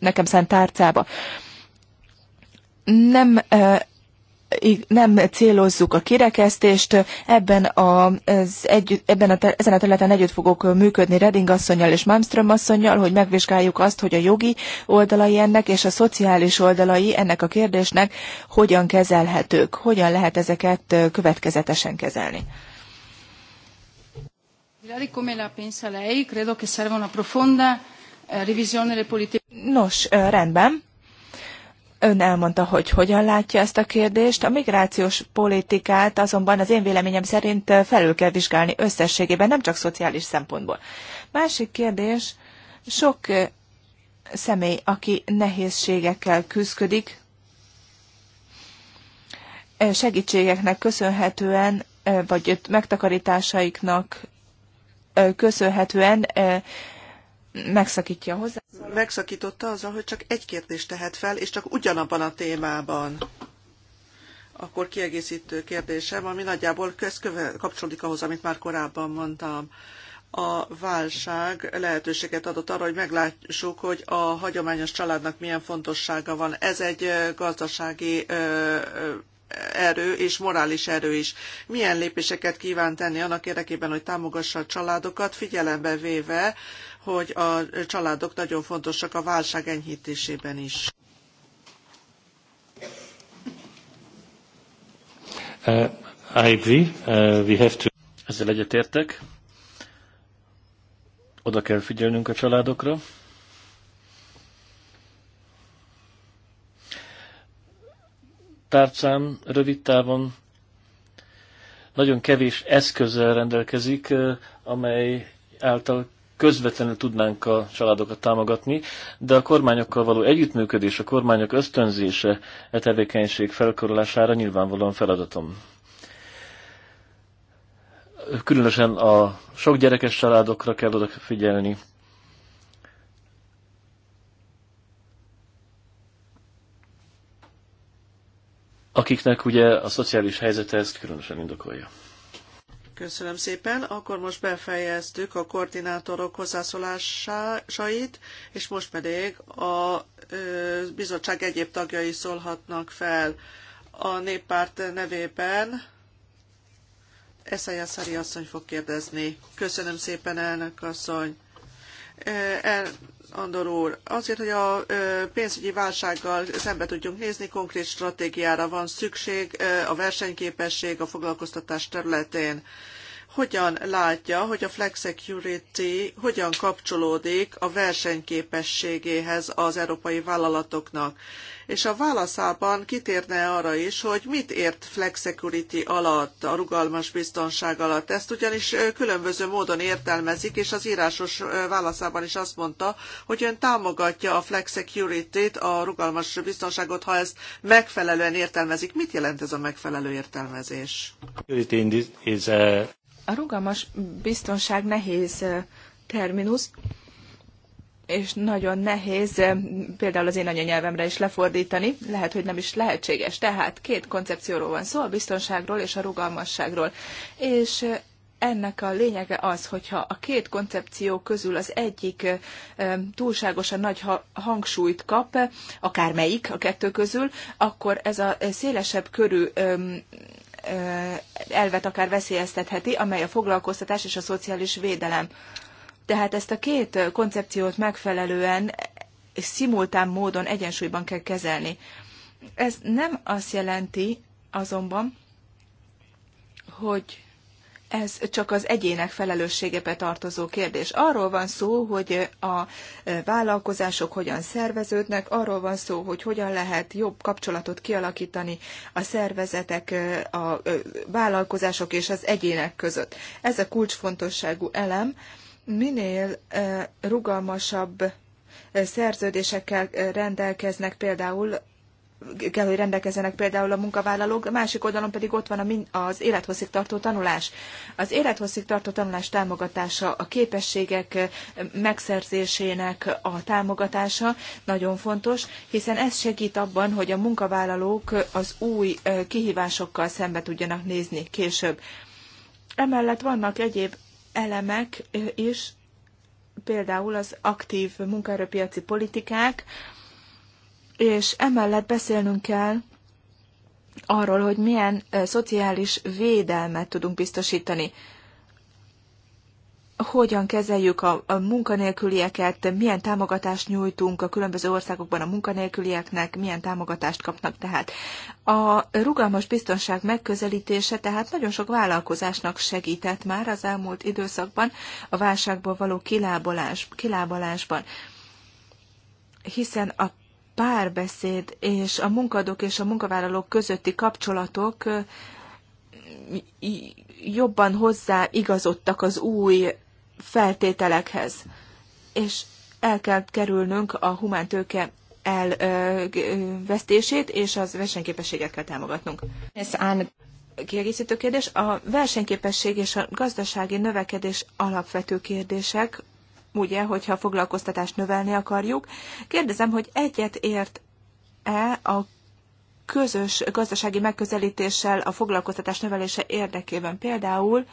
nekem szánt tárcába. Nem nem célozzuk a kirekesztést, ebben a, ez egy, ebben a, ezen a területen együtt fogok működni Reding asszonyjal és Malmström asszonyjal, hogy megvizsgáljuk azt, hogy a jogi oldalai ennek és a szociális oldalai ennek a kérdésnek hogyan kezelhetők, hogyan lehet ezeket következetesen kezelni. Eh, Nos, eh, rendben Ön elmondta, hogy hogyan látja ezt a kérdést. A migrációs politikát azonban az én véleményem szerint felül kell vizsgálni összességében, nem csak szociális szempontból. Másik kérdés, sok személy, aki nehézségekkel küzdik, segítségeknek köszönhetően, vagy megtakarításaiknak köszönhetően megszakítja hozzá. Megszakította azzal, hogy csak egy kérdést tehet fel, és csak ugyanabban a témában. Akkor kiegészítő kérdésem, ami nagyjából közköve, kapcsolódik ahhoz, amit már korábban mondtam a válság lehetőséget adott arra, hogy meglássuk, hogy a hagyományos családnak milyen fontossága van. Ez egy gazdasági erő és morális erő is. Milyen lépéseket kíván tenni annak érdekében, hogy támogassa a családokat, figyelembe véve, hogy a családok nagyon fontosak a válság enyhítésében is. Uh, I agree. Uh, we have to... Ezzel egyetértek. Oda kell figyelnünk a családokra. Tárcám rövid távon nagyon kevés eszközzel rendelkezik, uh, amely által közvetlenül tudnánk a családokat támogatni, de a kormányokkal való együttműködés, a kormányok ösztönzése e tevékenység felkorolására nyilvánvalóan feladatom. Különösen a sok gyerekes családokra kell odafigyelni. akiknek ugye a szociális helyzete ezt különösen indokolja. Köszönöm szépen. Akkor most befejeztük a koordinátorok hozzászólásait, és most pedig a bizottság egyéb tagjai szólhatnak fel a néppárt nevében. Eszeje Szari asszony fog kérdezni. Köszönöm szépen, elnök asszony. El, Andor úr, azért, hogy a pénzügyi válsággal szembe tudjunk nézni, konkrét stratégiára van szükség a versenyképesség a foglalkoztatás területén hogyan látja, hogy a Flex Security hogyan kapcsolódik a versenyképességéhez az európai vállalatoknak. És a válaszában kitérne arra is, hogy mit ért Flex Security alatt, a rugalmas biztonság alatt. Ezt ugyanis különböző módon értelmezik, és az írásos válaszában is azt mondta, hogy ön támogatja a Flex Security-t, a rugalmas biztonságot, ha ezt megfelelően értelmezik. Mit jelent ez a megfelelő értelmezés? A rugalmas biztonság nehéz terminus, és nagyon nehéz például az én anyanyelvemre is lefordítani, lehet, hogy nem is lehetséges. Tehát két koncepcióról van szó, a biztonságról és a rugalmasságról. És ennek a lényege az, hogyha a két koncepció közül az egyik túlságosan nagy hangsúlyt kap, akár melyik a kettő közül, akkor ez a szélesebb körű elvet akár veszélyeztetheti, amely a foglalkoztatás és a szociális védelem. Tehát ezt a két koncepciót megfelelően és szimultán módon egyensúlyban kell kezelni. Ez nem azt jelenti azonban, hogy ez csak az egyének felelősségebe tartozó kérdés. Arról van szó, hogy a e, vállalkozások hogyan szerveződnek, arról van szó, hogy hogyan lehet jobb kapcsolatot kialakítani a szervezetek, e, a e, vállalkozások és az egyének között. Ez a kulcsfontosságú elem. Minél rugalmasabb szerződésekkel rendelkeznek például kell, hogy rendelkezzenek például a munkavállalók, a másik oldalon pedig ott van az élethosszígtartó tartó tanulás. Az élethosszígtartó tartó tanulás támogatása, a képességek megszerzésének a támogatása nagyon fontos, hiszen ez segít abban, hogy a munkavállalók az új kihívásokkal szembe tudjanak nézni később. Emellett vannak egyéb elemek is, például az aktív munkaerőpiaci politikák, és emellett beszélnünk kell arról, hogy milyen szociális védelmet tudunk biztosítani. Hogyan kezeljük a, a munkanélkülieket, milyen támogatást nyújtunk a különböző országokban a munkanélkülieknek, milyen támogatást kapnak tehát. A rugalmas biztonság megközelítése tehát nagyon sok vállalkozásnak segített már az elmúlt időszakban a válságból való kilábalás, kilábalásban, hiszen a párbeszéd és a munkadók és a munkavállalók közötti kapcsolatok jobban hozzáigazodtak az új feltételekhez. És el kell kerülnünk a humántőke elvesztését, és az versenyképességet kell támogatnunk. Ez Kiegészítő kérdés. A versenyképesség és a gazdasági növekedés alapvető kérdések ugye, hogyha a foglalkoztatást növelni akarjuk. Kérdezem, hogy egyet ért-e a közös gazdasági megközelítéssel a foglalkoztatás növelése érdekében. Például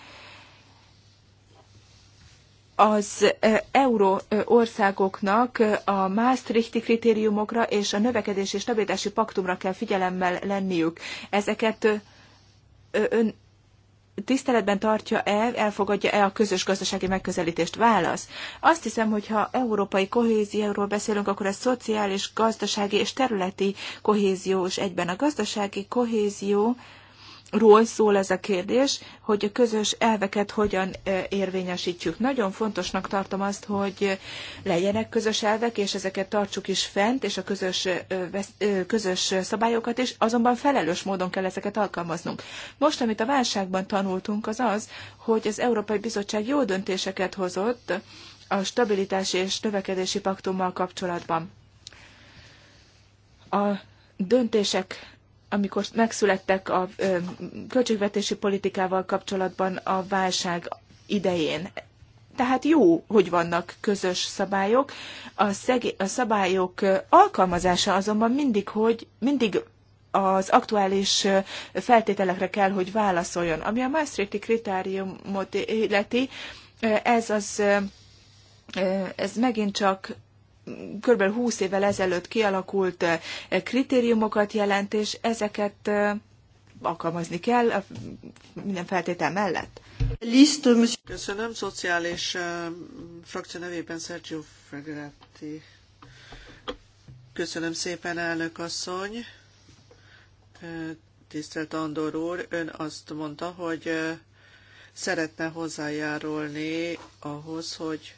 az e, euró e, országoknak a Maastrichti kritériumokra és a növekedési és stabilitási paktumra kell figyelemmel lenniük. Ezeket e, ön tiszteletben tartja-e, elfogadja-e a közös gazdasági megközelítést? Válasz. Azt hiszem, hogy ha európai kohézióról beszélünk, akkor ez szociális, gazdasági és területi kohézió is egyben. A gazdasági kohézió ról szól ez a kérdés, hogy a közös elveket hogyan érvényesítjük. Nagyon fontosnak tartom azt, hogy legyenek közös elvek, és ezeket tartsuk is fent, és a közös, közös szabályokat is, azonban felelős módon kell ezeket alkalmaznunk. Most, amit a válságban tanultunk, az az, hogy az Európai Bizottság jó döntéseket hozott a stabilitási és növekedési paktummal kapcsolatban. A döntések amikor megszülettek a költségvetési politikával kapcsolatban a válság idején. Tehát jó, hogy vannak közös szabályok. A, szegé- a szabályok alkalmazása azonban mindig, hogy mindig az aktuális feltételekre kell, hogy válaszoljon. Ami a Maastrichti kritériumot illeti, ez az ez megint csak kb. 20 évvel ezelőtt kialakult eh, kritériumokat jelent, és ezeket eh, alkalmazni kell a minden feltétel mellett. Köszönöm, szociális uh, frakció nevében Sergio Fregretti. Köszönöm szépen, elnök asszony. Tisztelt Andor úr, ön azt mondta, hogy szeretne hozzájárulni ahhoz, hogy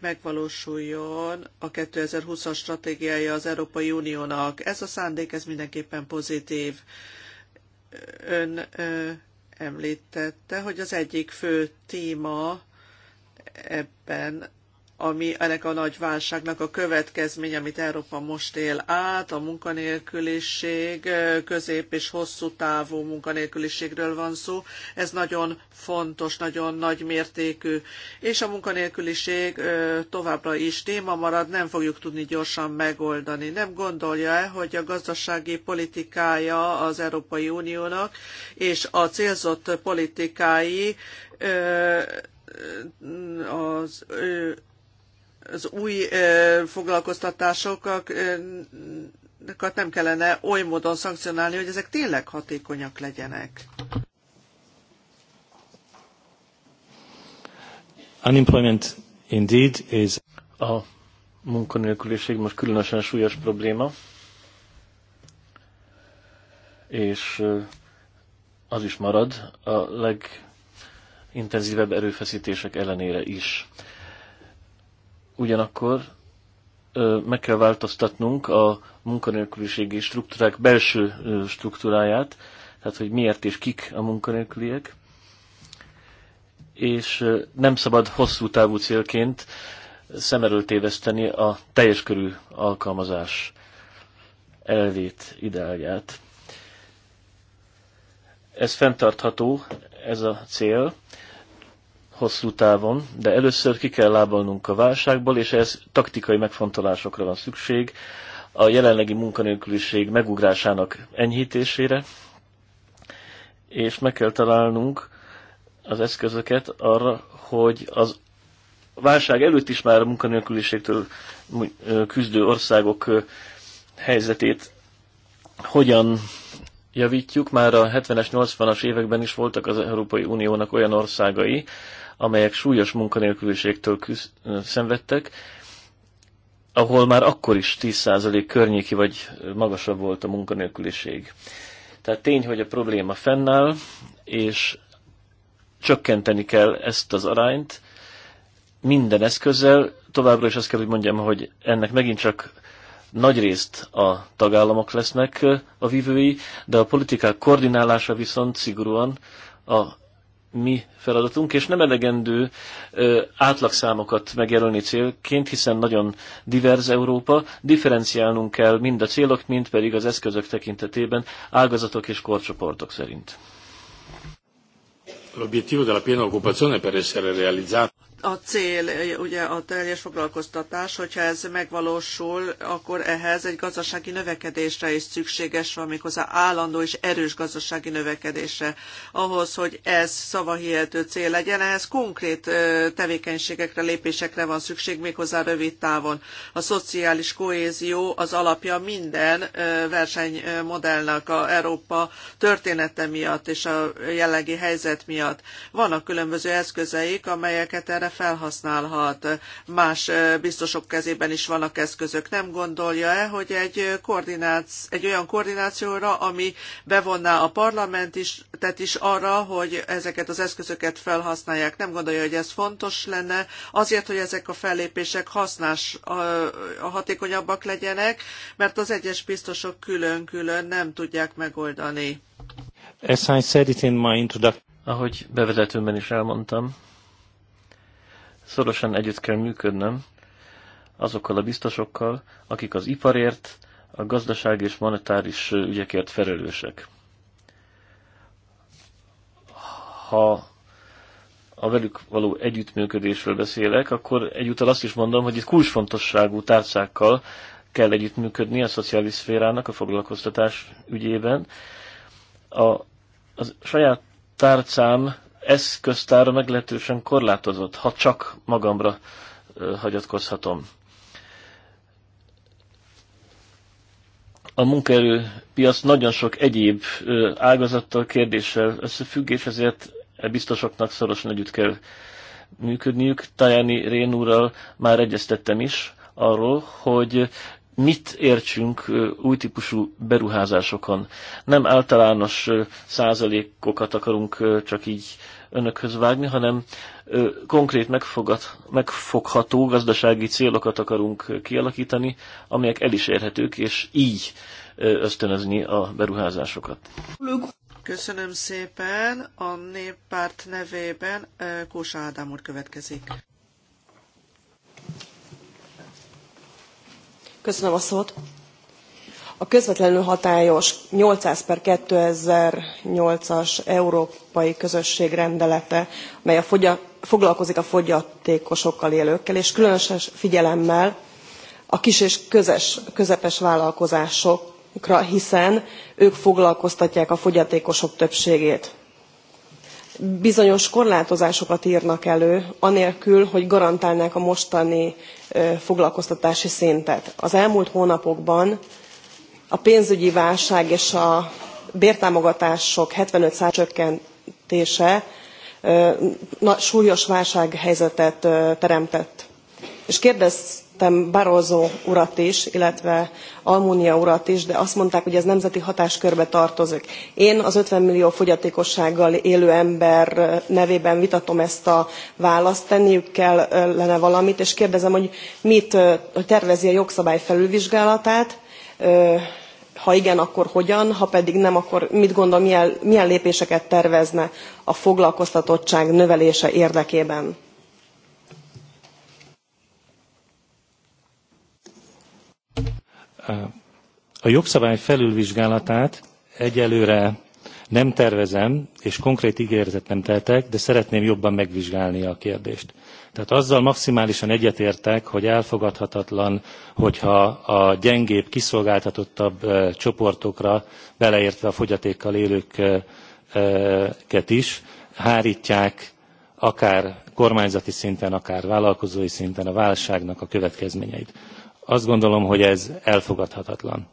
megvalósuljon a 2020-as stratégiája az Európai Uniónak. Ez a szándék, ez mindenképpen pozitív. Ön ö, említette, hogy az egyik fő téma ebben ami ennek a nagy válságnak a következménye, amit Európa most él át, a munkanélküliség, közép és hosszú távú munkanélküliségről van szó. Ez nagyon fontos, nagyon nagy mértékű, és a munkanélküliség továbbra is téma marad, nem fogjuk tudni gyorsan megoldani. Nem gondolja-e, hogy a gazdasági politikája az Európai Uniónak és a célzott politikái az az új foglalkoztatásokat nem kellene oly módon szankcionálni, hogy ezek tényleg hatékonyak legyenek. Unemployment indeed is a munkanélküliség most különösen súlyos probléma, és az is marad a legintenzívebb erőfeszítések ellenére is. Ugyanakkor meg kell változtatnunk a munkanélküliségi struktúrák belső struktúráját, tehát hogy miért és kik a munkanélküliek, és nem szabad hosszú távú célként szem elől téveszteni a teljes körű alkalmazás elvét, ideáját. Ez fenntartható, ez a cél, hosszú távon, de először ki kell lábalnunk a válságból, és ehhez taktikai megfontolásokra van szükség, a jelenlegi munkanélküliség megugrásának enyhítésére, és meg kell találnunk az eszközöket arra, hogy az válság előtt is már a munkanélküliségtől küzdő országok helyzetét hogyan javítjuk. Már a 70-es, 80-as években is voltak az Európai Uniónak olyan országai, amelyek súlyos munkanélküliségtől küz, szenvedtek, ahol már akkor is 10% környéki vagy magasabb volt a munkanélküliség. Tehát tény, hogy a probléma fennáll, és csökkenteni kell ezt az arányt minden eszközzel. Továbbra is azt kell, hogy mondjam, hogy ennek megint csak nagy részt a tagállamok lesznek a vívői, de a politikák koordinálása viszont szigorúan a mi feladatunk, és nem elegendő ö, átlagszámokat megjelölni célként, hiszen nagyon diverz Európa, differenciálnunk kell mind a célok, mind pedig az eszközök tekintetében ágazatok és korcsoportok szerint. L'obiettivo della piena occupazione per essere realizzato a cél, ugye a teljes foglalkoztatás, hogyha ez megvalósul, akkor ehhez egy gazdasági növekedésre is szükséges van, méghozzá állandó és erős gazdasági növekedésre. Ahhoz, hogy ez szavahihető cél legyen, ehhez konkrét tevékenységekre, lépésekre van szükség, méghozzá rövid távon. A szociális kohézió az alapja minden versenymodellnek a Európa története miatt és a jelenlegi helyzet miatt. Vannak különböző eszközeik, amelyeket erre felhasználhat. Más biztosok kezében is vannak eszközök. Nem gondolja-e, hogy egy, koordináció, egy olyan koordinációra, ami bevonná a parlament is, tehát is arra, hogy ezeket az eszközöket felhasználják. Nem gondolja, hogy ez fontos lenne azért, hogy ezek a fellépések hasznás, hatékonyabbak legyenek, mert az egyes biztosok külön-külön nem tudják megoldani. As I said it in my introduction. Ahogy bevezetőmben is elmondtam, Szorosan együtt kell működnöm azokkal a biztosokkal, akik az iparért, a gazdaság és monetáris ügyekért felelősek. Ha a velük való együttműködésről beszélek, akkor egyúttal azt is mondom, hogy itt kulcsfontosságú tárcákkal kell együttműködni a szociális szférának a foglalkoztatás ügyében. A, a saját tárcám eszköztára meglehetősen korlátozott, ha csak magamra hagyatkozhatom. A munkaerőpiac nagyon sok egyéb ágazattal, kérdéssel összefüggés, ezért e biztosoknak szorosan együtt kell működniük. Tajani Rénúrral már egyeztettem is arról, hogy mit értsünk új típusú beruházásokon. Nem általános százalékokat akarunk csak így önökhöz vágni, hanem konkrét megfogat, megfogható gazdasági célokat akarunk kialakítani, amelyek el is érhetők, és így ösztönözni a beruházásokat. Köszönöm szépen. A néppárt nevében Kósa Ádám úr következik. Köszönöm a szót. A közvetlenül hatályos 800 per 2008-as Európai Közösség rendelete, mely a fogya, foglalkozik a fogyatékosokkal élőkkel, és különös figyelemmel a kis és közes, közepes vállalkozásokra, hiszen ők foglalkoztatják a fogyatékosok többségét bizonyos korlátozásokat írnak elő, anélkül, hogy garantálnák a mostani foglalkoztatási szintet. Az elmúlt hónapokban a pénzügyi válság és a bértámogatások 75% csökkentése súlyos válsághelyzetet teremtett. És kérdez, emltettem barroso urat is illetve almunia urat is de azt mondták hogy ez nemzeti hatáskörbe tartozik. én az fifty millió fogyatékossággal élő ember nevében vitatom ezt a választ tenniük kellene valamit és kérdezem hogy mit tervezi a jogszabály felülvizsgálatát ha igen, akkor hogyan, ha pedig nem, akkor mit gondol, milyen, milyen lépéseket tervezne a foglalkoztatottság növelése érdekében? A jogszabály felülvizsgálatát egyelőre nem tervezem, és konkrét ígéretet nem teltek, de szeretném jobban megvizsgálni a kérdést. Tehát azzal maximálisan egyetértek, hogy elfogadhatatlan, hogyha a gyengébb, kiszolgáltatottabb csoportokra, beleértve a fogyatékkal élőket is, hárítják akár kormányzati szinten, akár vállalkozói szinten a válságnak a következményeit azt gondolom, hogy ez elfogadhatatlan.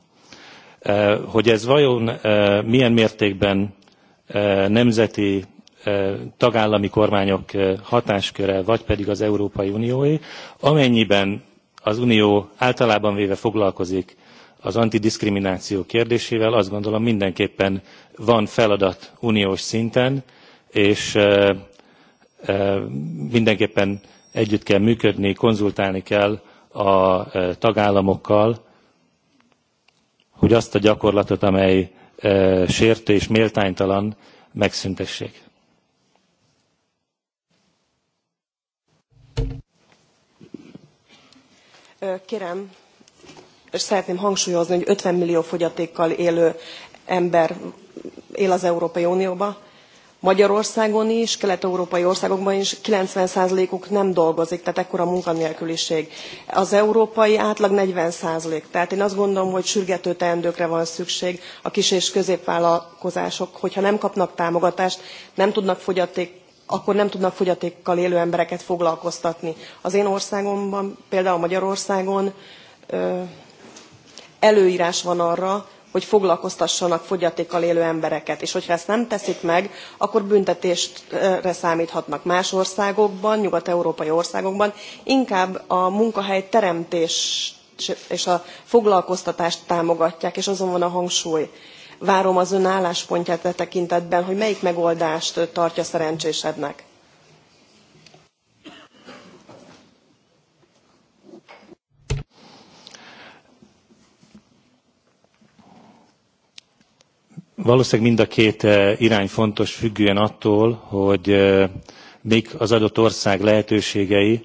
Eh, hogy ez vajon eh, milyen mértékben eh, nemzeti tagállami kormányok hatásköre, vagy pedig az Európai Unióé, amennyiben az Unió általában véve foglalkozik az antidiszkrimináció kérdésével, azt gondolom mindenképpen van feladat uniós szinten, és mindenképpen együtt kell működni, konzultálni kell a e, tagállamokkal, hogy azt a gyakorlatot, amely e, sértő és méltánytalan, megszüntessék. Kérem, és szeretném hangsúlyozni, hogy 50 millió fogyatékkal élő ember él az Európai Unióban magyarországon is kelet európai országokban is ninety uk nem dolgozik tehát ekkora a munkanélküliség. az európai átlag forty tehát én azt gondolom hogy sürgető teendőkre van szükség a kis és középvállalkozások hogyha nem kapnak támogatást nem tudnak fogyaték akkor nem tudnak fogyatékkal élő embereket foglalkoztatni. Az én országomban, például Magyarországon előírás van arra, hogy foglalkoztassanak fogyatékkal élő embereket és hogyha ezt nem teszik meg akkor büntetésre számthatnak más országokban nyugat európai országokban inkább a munkahelyteremtést és a foglalkoztatást támogatják és azon van a hangsúly. várom az ön álláspontját e tekintetben hogy melyik megoldást tartja szerencsésebbnek. Valószínűleg mind a két eh, irány fontos függően attól, hogy eh, mik az adott ország lehetőségei,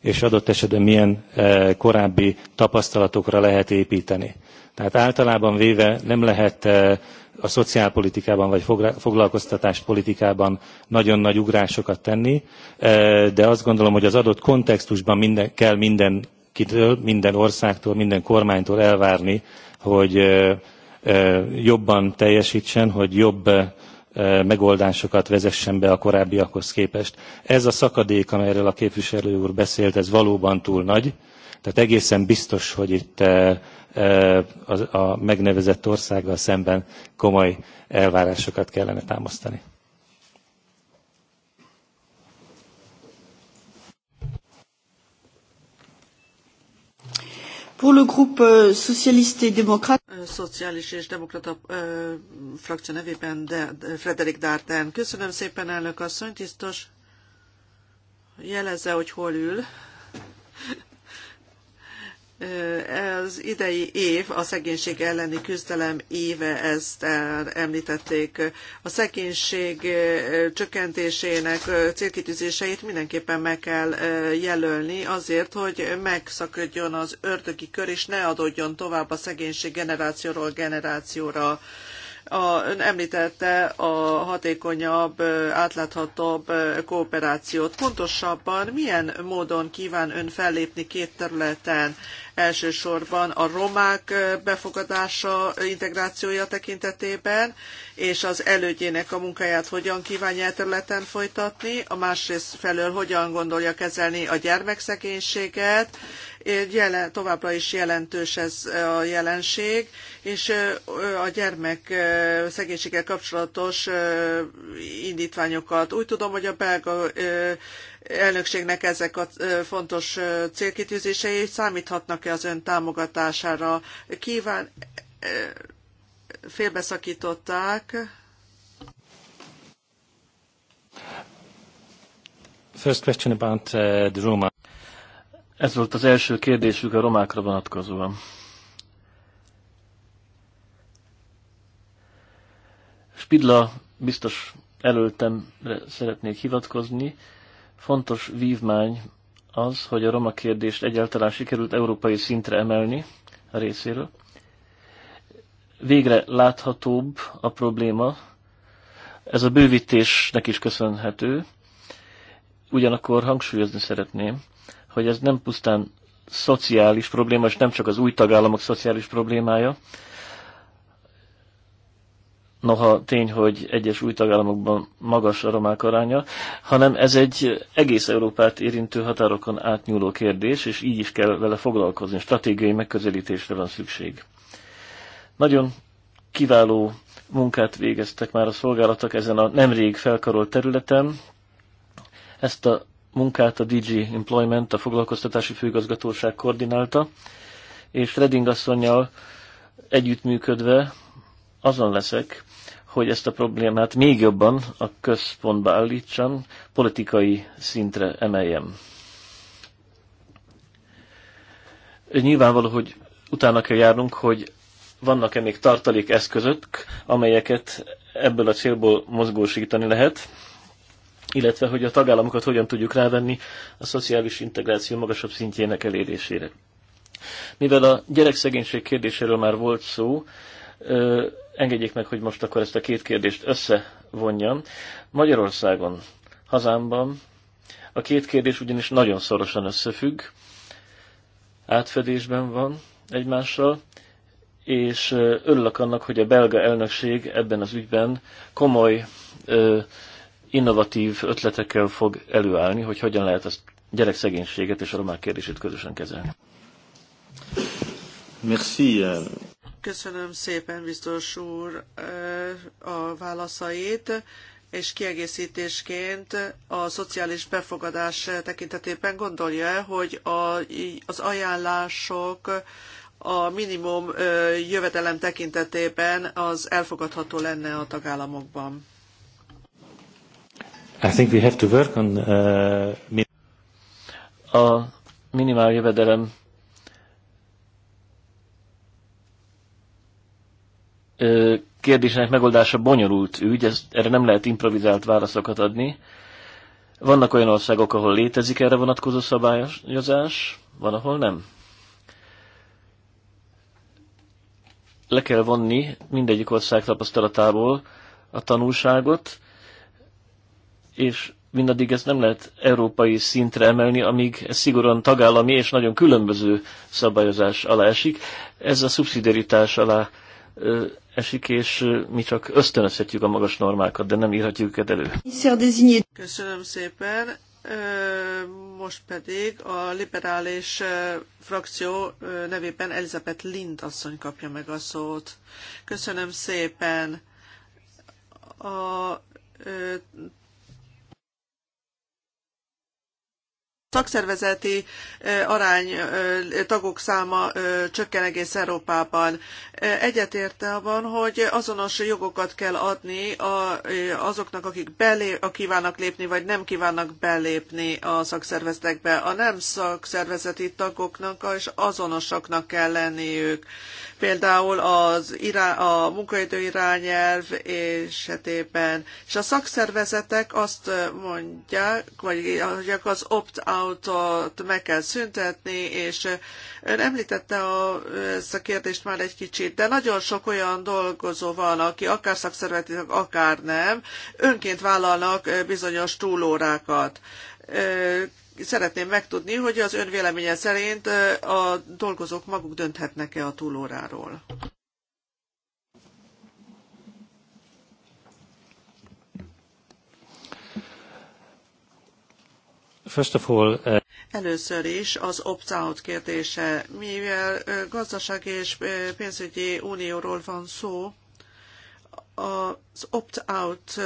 és adott esetben milyen eh, korábbi tapasztalatokra lehet építeni. Tehát általában véve nem lehet a szociálpolitikában vagy foglalkoztatáspolitikában nagyon nagy ugrásokat tenni, de azt gondolom, hogy az adott kontextusban minden, kell mindenkitől, minden országtól, minden kormánytól elvárni, hogy jobban teljesítsen, hogy jobb megoldásokat vezessen be a korábbiakhoz képest. Ez a szakadék, amelyről a képviselő úr beszélt, ez valóban túl nagy. Tehát egészen biztos, hogy itt a megnevezett országgal szemben komoly elvárásokat kellene támasztani. Pour le groupe euh, socialiste et démocrate. Szociális és demokrata ö, frakció nevében de, de Frederik Dárten. Köszönöm szépen, elnök asszony, tisztos. Jelezze, hogy hol ül az idei év a szegénység elleni küzdelem éve, ezt említették. A szegénység csökkentésének célkitűzéseit mindenképpen meg kell jelölni azért, hogy megszakadjon az ördögi kör, és ne adódjon tovább a szegénység generációról generációra a, ön említette a hatékonyabb, átláthatóbb kooperációt. Pontosabban milyen módon kíván ön fellépni két területen? Elsősorban a romák befogadása, integrációja tekintetében, és az elődjének a munkáját hogyan kívánja e területen folytatni, a másrészt felől hogyan gondolja kezelni a gyermekszegénységet, Jelen, továbbra is jelentős ez a jelenség, és a gyermek szegénységgel kapcsolatos indítványokat. Úgy tudom, hogy a belga elnökségnek ezek a fontos célkitűzései számíthatnak-e az ön támogatására? Kíván, félbeszakították. First question about uh, the Roma. Ez volt az első kérdésük a romákra vonatkozóan. Spidla biztos előttemre szeretnék hivatkozni. Fontos vívmány az, hogy a roma kérdést egyáltalán sikerült európai szintre emelni a részéről. Végre láthatóbb a probléma. Ez a bővítésnek is köszönhető. Ugyanakkor hangsúlyozni szeretném, hogy ez nem pusztán szociális probléma, és nem csak az új tagállamok szociális problémája. Noha tény, hogy egyes új tagállamokban magas a romák aránya, hanem ez egy egész Európát érintő határokon átnyúló kérdés, és így is kell vele foglalkozni. Stratégiai megközelítésre van szükség. Nagyon kiváló munkát végeztek már a szolgálatok ezen a nemrég felkarolt területen. Ezt a munkát a DG Employment, a foglalkoztatási főigazgatóság koordinálta, és Redding asszonynal együttműködve azon leszek, hogy ezt a problémát még jobban a központba állítsam, politikai szintre emeljem. Nyilvánvaló, hogy utána kell járnunk, hogy vannak-e még tartalék eszközök, amelyeket ebből a célból mozgósítani lehet illetve hogy a tagállamokat hogyan tudjuk rávenni a szociális integráció magasabb szintjének elérésére. Mivel a gyerekszegénység kérdéséről már volt szó, engedjék meg, hogy most akkor ezt a két kérdést összevonjam. Magyarországon, hazámban a két kérdés ugyanis nagyon szorosan összefügg, átfedésben van egymással, és örülök annak, hogy a belga elnökség ebben az ügyben komoly ö, innovatív ötletekkel fog előállni, hogy hogyan lehet ezt gyerekszegénységet és a romák kérdését közösen kezelni. Merci. Euh. Köszönöm szépen, biztos úr, euh, a válaszait, és kiegészítésként a szociális befogadás tekintetében gondolja, -e, hogy a, az ajánlások a minimum euh, jövedelem tekintetében az elfogadható lenne a tagállamokban? I think we have to work on uh, a minimál jövedelem kérdésének megoldása bonyolult ügy, ez, erre nem lehet improvizált válaszokat adni. Vannak olyan országok, ahol létezik erre vonatkozó szabályozás, van, ahol nem. Le kell vonni mindegyik ország tapasztalatából a tanulságot, és mindaddig ezt nem lehet európai szintre emelni, amíg ez szigorúan tagállami és nagyon különböző szabályozás alá esik. Ez a szubszidiaritás alá esik, és mi csak ösztönözhetjük a magas normákat, de nem írhatjuk őket elő. Köszönöm szépen. Most pedig a liberális frakció nevében Elizabeth Lind asszony kapja meg a szót. Köszönöm szépen. A szakszervezeti arány tagok száma csökken egész Európában. Egyetérte abban, hogy azonos jogokat kell adni azoknak, akik belé, kívánnak lépni, vagy nem kívánnak belépni a szakszervezetekbe. A nem szakszervezeti tagoknak és azonosaknak kell lenniük. Például az irá, a munkaidő irányelv esetében. És a szakszervezetek azt mondják, vagy az opt-out burnoutot meg kell szüntetni, és ön említette a, ezt a kérdést már egy kicsit, de nagyon sok olyan dolgozó van, aki akár szakszervezeti, akár nem, önként vállalnak bizonyos túlórákat szeretném megtudni, hogy az ön véleménye szerint a dolgozók maguk dönthetnek-e a túlóráról. First of all, uh... Először is az opt-out kérdése. Mivel gazdasági és pénzügyi unióról van szó, az opt-out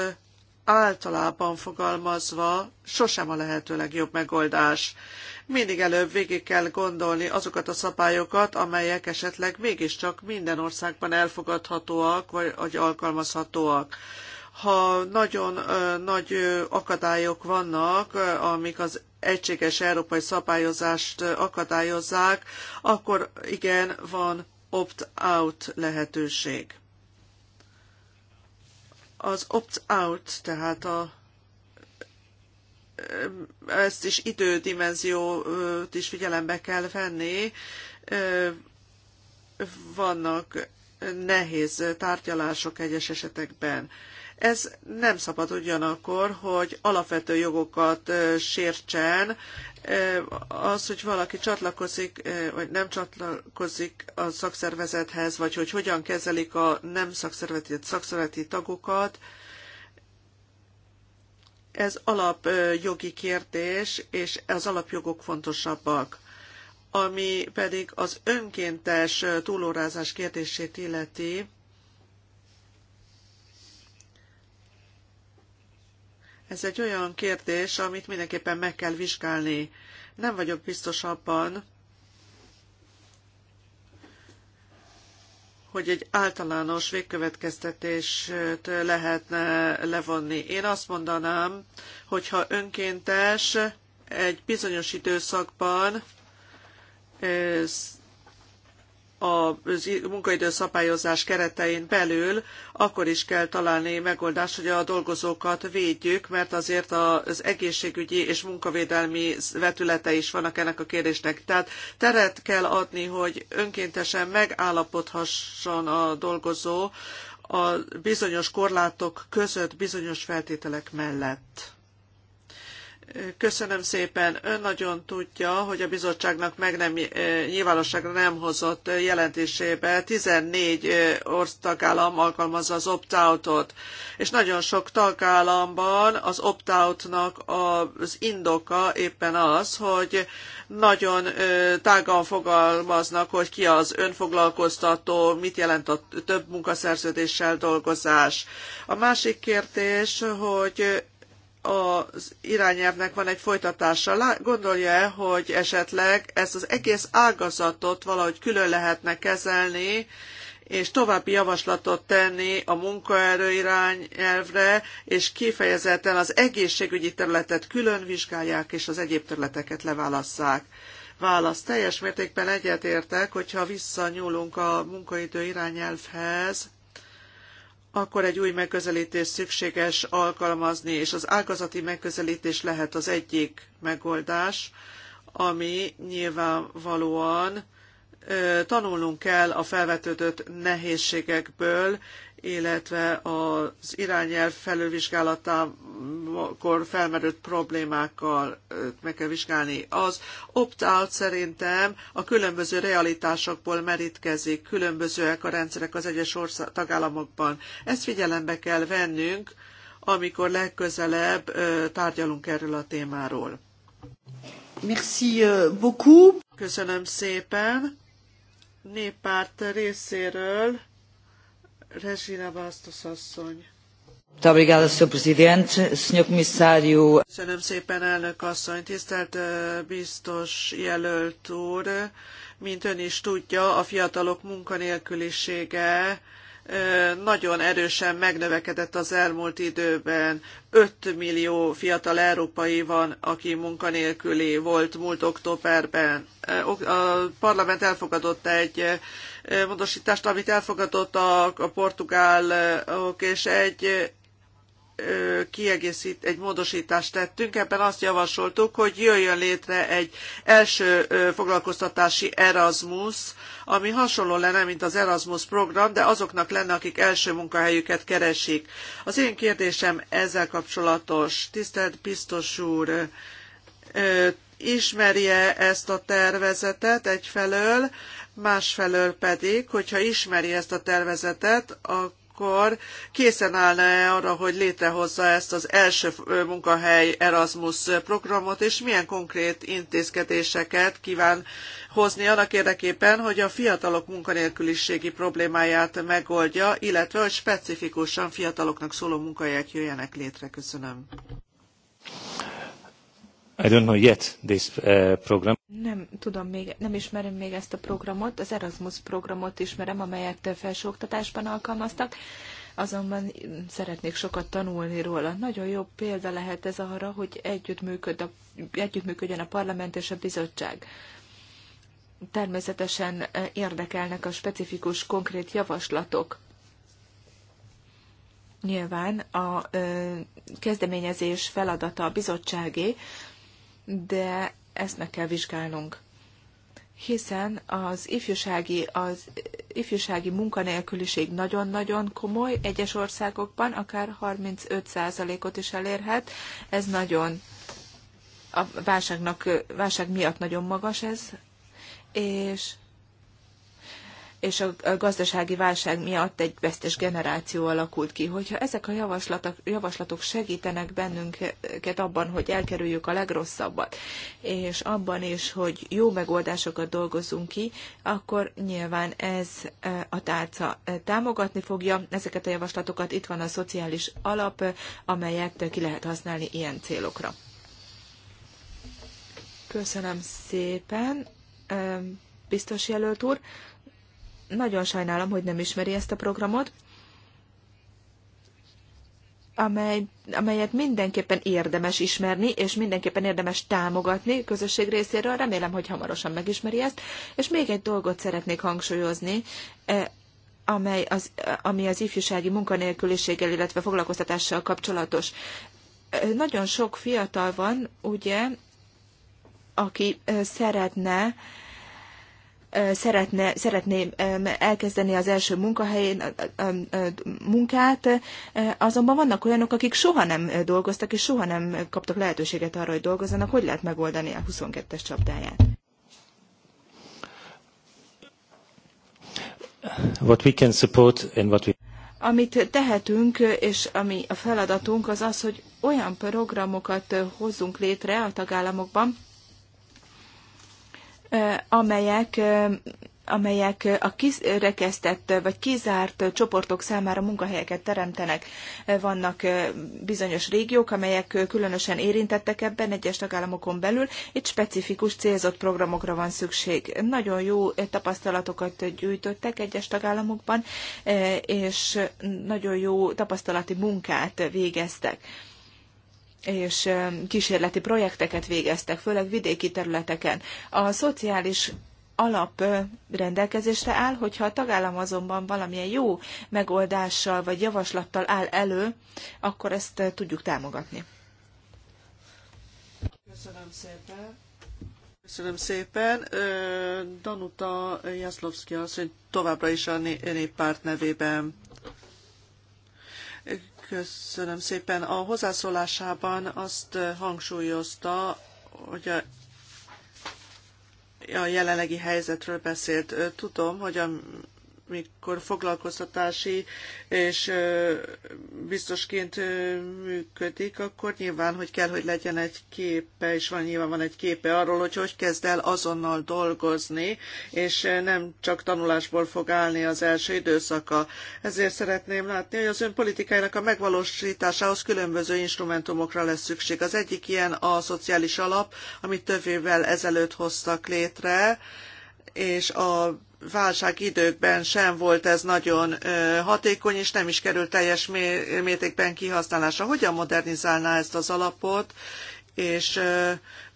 általában fogalmazva sosem a lehető legjobb megoldás. Mindig előbb végig kell gondolni azokat a szabályokat, amelyek esetleg mégiscsak minden országban elfogadhatóak vagy alkalmazhatóak ha nagyon nagy akadályok vannak, amik az egységes európai szabályozást akadályozzák, akkor igen, van opt-out lehetőség. Az opt-out, tehát a ezt is idődimenziót is figyelembe kell venni. Vannak nehéz tárgyalások egyes esetekben. Ez nem szabad ugyanakkor, hogy alapvető jogokat sértsen, az, hogy valaki csatlakozik, vagy nem csatlakozik a szakszervezethez, vagy hogy hogyan kezelik a nem szakszervezeti, szakszervezeti tagokat, ez alapjogi kérdés, és az alapjogok fontosabbak. Ami pedig az önkéntes túlórázás kérdését illeti, Ez egy olyan kérdés, amit mindenképpen meg kell vizsgálni. Nem vagyok biztos abban, hogy egy általános végkövetkeztetést lehetne levonni. Én azt mondanám, hogy ha önkéntes egy bizonyos időszakban eh, a munkaidő szabályozás keretein belül, akkor is kell találni megoldást, hogy a dolgozókat védjük, mert azért az egészségügyi és munkavédelmi vetülete is vannak ennek a kérdésnek. Tehát teret kell adni, hogy önkéntesen megállapodhasson a dolgozó a bizonyos korlátok között, bizonyos feltételek mellett. Köszönöm szépen. Ön nagyon tudja, hogy a bizottságnak meg nem eh, nyilvánosságra nem hozott eh, jelentésébe 14 eh, országállam tagállam alkalmazza az opt-outot, és nagyon sok tagállamban az opt-outnak az indoka éppen az, hogy nagyon tágan fogalmaznak, hogy ki az önfoglalkoztató, mit jelent a több munkaszerződéssel dolgozás. A másik kérdés, hogy az irányelvnek van egy folytatása. Gondolja-e, hogy esetleg ezt az egész ágazatot valahogy külön lehetne kezelni, és további javaslatot tenni a munkaerő irányelvre, és kifejezetten az egészségügyi területet külön vizsgálják, és az egyéb területeket leválasszák. Válasz. Teljes mértékben egyetértek, hogyha visszanyúlunk a munkaidő irányelvhez, akkor egy új megközelítés szükséges alkalmazni, és az ágazati megközelítés lehet az egyik megoldás, ami nyilvánvalóan tanulnunk kell a felvetődött nehézségekből, illetve az irányelv felülvizsgálatakor felmerült problémákkal meg kell vizsgálni. Az opt-out szerintem a különböző realitásokból merítkezik, különbözőek a rendszerek az egyes ország, tagállamokban. Ezt figyelembe kell vennünk, amikor legközelebb tárgyalunk erről a témáról. Merci beaucoup. Köszönöm szépen. Néppárt részéről Regina Bastos asszony. Köszönöm szépen, elnök asszony, tisztelt biztos jelölt úr. Mint ön is tudja, a fiatalok munkanélkülisége nagyon erősen megnövekedett az elmúlt időben. 5 millió fiatal európai van, aki munkanélküli volt múlt októberben. A parlament elfogadott egy módosítást, amit elfogadott a, a portugálok, és egy kiegészít, egy módosítást tettünk, ebben azt javasoltuk, hogy jöjjön létre egy első foglalkoztatási Erasmus, ami hasonló lenne, mint az Erasmus program, de azoknak lenne, akik első munkahelyüket keresik. Az én kérdésem ezzel kapcsolatos. Tisztelt biztos úr, ismerje ezt a tervezetet egyfelől, másfelől pedig, hogyha ismeri ezt a tervezetet, akkor akkor készen állna-e arra, hogy létrehozza ezt az első munkahely Erasmus programot, és milyen konkrét intézkedéseket kíván hozni annak érdekében, hogy a fiatalok munkanélküliségi problémáját megoldja, illetve hogy specifikusan fiataloknak szóló munkahelyek jöjjenek létre. Köszönöm. I don't know yet this uh, program. Nem tudom még, nem ismerem még ezt a programot, az Erasmus programot ismerem, amelyet felsőoktatásban alkalmaztak, azonban szeretnék sokat tanulni róla. Nagyon jó példa lehet ez arra, hogy együttműköd a, együttműködjön a parlament és a bizottság. Természetesen eh, érdekelnek a specifikus, konkrét javaslatok. Nyilván a ö, eh, kezdeményezés feladata a bizottságé, de ezt meg kell vizsgálnunk. Hiszen az ifjúsági, az ifjúsági munkanélküliség nagyon-nagyon komoly, egyes országokban akár 35%-ot is elérhet. Ez nagyon a válságnak, válság miatt nagyon magas ez, és és a gazdasági válság miatt egy vesztes generáció alakult ki. Hogyha ezek a javaslatok, javaslatok segítenek bennünket abban, hogy elkerüljük a legrosszabbat, és abban is, hogy jó megoldásokat dolgozunk ki, akkor nyilván ez e, a tárca e, támogatni fogja ezeket a javaslatokat. Itt van a szociális alap, amelyet ki lehet használni ilyen célokra. Köszönöm szépen, e, biztos jelölt úr. Nagyon sajnálom, hogy nem ismeri ezt a programot, amely, amelyet mindenképpen érdemes ismerni, és mindenképpen érdemes támogatni közösség részéről. Remélem, hogy hamarosan megismeri ezt. És még egy dolgot szeretnék hangsúlyozni, eh, amely az, ami az ifjúsági munkanélküliséggel, illetve foglalkoztatással kapcsolatos. Eh, nagyon sok fiatal van, ugye, aki eh, szeretne szeretne, szeretné elkezdeni az első munkahelyén munkát, azonban vannak olyanok, akik soha nem dolgoztak, és soha nem kaptak lehetőséget arra, hogy dolgozzanak. Hogy lehet megoldani a 22-es csapdáját? What we can support and what we... Amit tehetünk, és ami a feladatunk, az az, hogy olyan programokat hozzunk létre a tagállamokban, amelyek amelyek a kirekesztett vagy kizárt csoportok számára munkahelyeket teremtenek. Vannak bizonyos régiók, amelyek különösen érintettek ebben egyes tagállamokon belül. Itt specifikus célzott programokra van szükség. Nagyon jó tapasztalatokat gyűjtöttek egyes tagállamokban, és nagyon jó tapasztalati munkát végeztek és kísérleti projekteket végeztek, főleg vidéki területeken. A szociális alap rendelkezésre áll, hogyha a tagállam azonban valamilyen jó megoldással vagy javaslattal áll elő, akkor ezt tudjuk támogatni. Köszönöm szépen. Köszönöm szépen. Danuta Jaszlowski azt hogy továbbra is a néppárt nevében. Köszönöm szépen. A hozzászólásában azt hangsúlyozta, hogy a a jelenlegi helyzetről beszélt. Tudom, hogy a mikor foglalkoztatási és biztosként működik, akkor nyilván, hogy kell, hogy legyen egy képe, és van nyilván van egy képe arról, hogy hogy kezd el azonnal dolgozni, és nem csak tanulásból fog állni az első időszaka. Ezért szeretném látni, hogy az ön politikájának a megvalósításához különböző instrumentumokra lesz szükség. Az egyik ilyen a szociális alap, amit több évvel ezelőtt hoztak létre, és a válság időkben sem volt ez nagyon hatékony, és nem is került teljes mértékben kihasználásra. Hogyan modernizálná ezt az alapot, és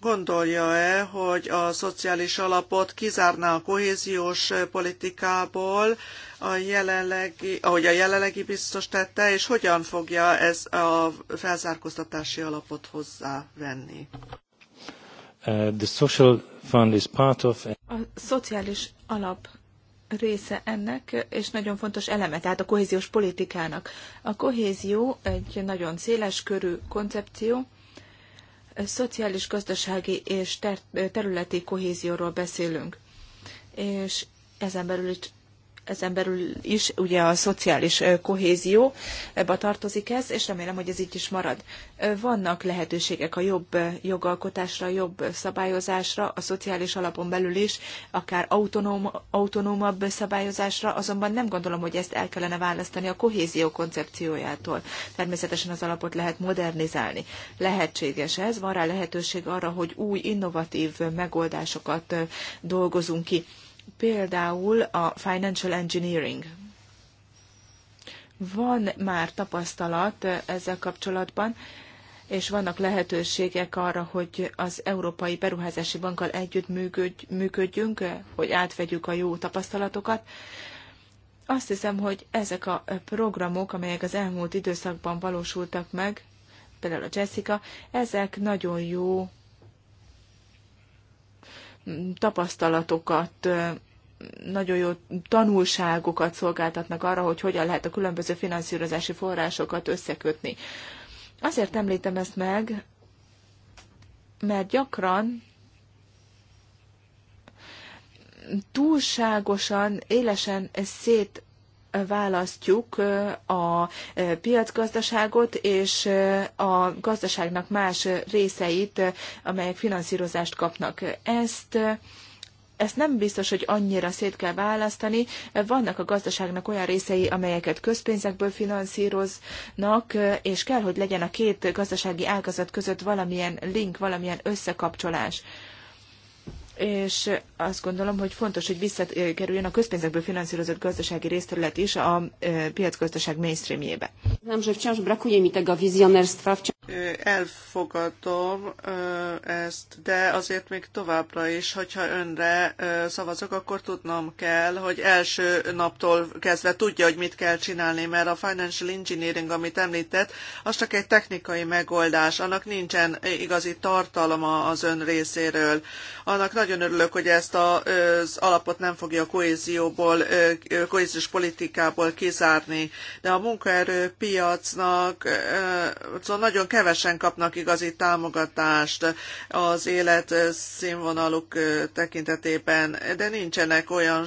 gondolja-e, hogy a szociális alapot kizárná a kohéziós politikából, a jelenlegi, ahogy a jelenlegi biztos tette, és hogyan fogja ez a felzárkóztatási alapot hozzávenni? Uh, the social Fund is part of... A szociális alap része ennek, és nagyon fontos eleme, tehát a kohéziós politikának. A kohézió egy nagyon széles körű koncepció, szociális, gazdasági és ter- területi kohézióról beszélünk. És ezen belül is ezen belül is ugye a szociális kohézió, ebbe tartozik ez, és remélem, hogy ez így is marad. Vannak lehetőségek a jobb jogalkotásra, jobb szabályozásra, a szociális alapon belül is, akár autonóm, autonómabb szabályozásra, azonban nem gondolom, hogy ezt el kellene választani a kohézió koncepciójától. Természetesen az alapot lehet modernizálni. Lehetséges ez, van rá lehetőség arra, hogy új, innovatív megoldásokat dolgozunk ki például a financial engineering. Van már tapasztalat eh, ezzel kapcsolatban, és vannak lehetőségek arra, hogy az Európai Beruházási Bankkal együtt működjünk, eh, hogy átvegyük a jó tapasztalatokat. Azt hiszem, hogy ezek a eh, programok, amelyek az elmúlt időszakban valósultak meg, például a Jessica, ezek nagyon jó mm, tapasztalatokat nagyon jó tanulságokat szolgáltatnak arra, hogy hogyan lehet a különböző finanszírozási forrásokat összekötni. Azért említem ezt meg, mert gyakran túlságosan, élesen szét választjuk a piacgazdaságot és a gazdaságnak más részeit, amelyek finanszírozást kapnak. Ezt ezt nem biztos, hogy annyira szét kell választani. Vannak a gazdaságnak olyan részei, amelyeket közpénzekből finanszíroznak, és kell, hogy legyen a két gazdasági ágazat között valamilyen link, valamilyen összekapcsolás és azt gondolom, hogy fontos, hogy visszakerüljön a közpénzekből finanszírozott gazdasági részterület is a e, piacgazdaság mainstreamjébe. Nem, hogy wciąż brakuje mi tego wizjonerstwa. Elfogadom ezt, de azért még továbbra is, hogyha önre szavazok, akkor tudnom kell, hogy első naptól kezdve tudja, hogy mit kell csinálni, mert a financial engineering, amit említett, az csak egy technikai megoldás, annak nincsen igazi tartalma az ön részéről. Annak nagyon nagyon örülök, hogy ezt az alapot nem fogja a kohézióból, kohéziós politikából kizárni, de a munkaerőpiacnak szóval nagyon kevesen kapnak igazi támogatást az életszínvonaluk tekintetében, de nincsenek olyan,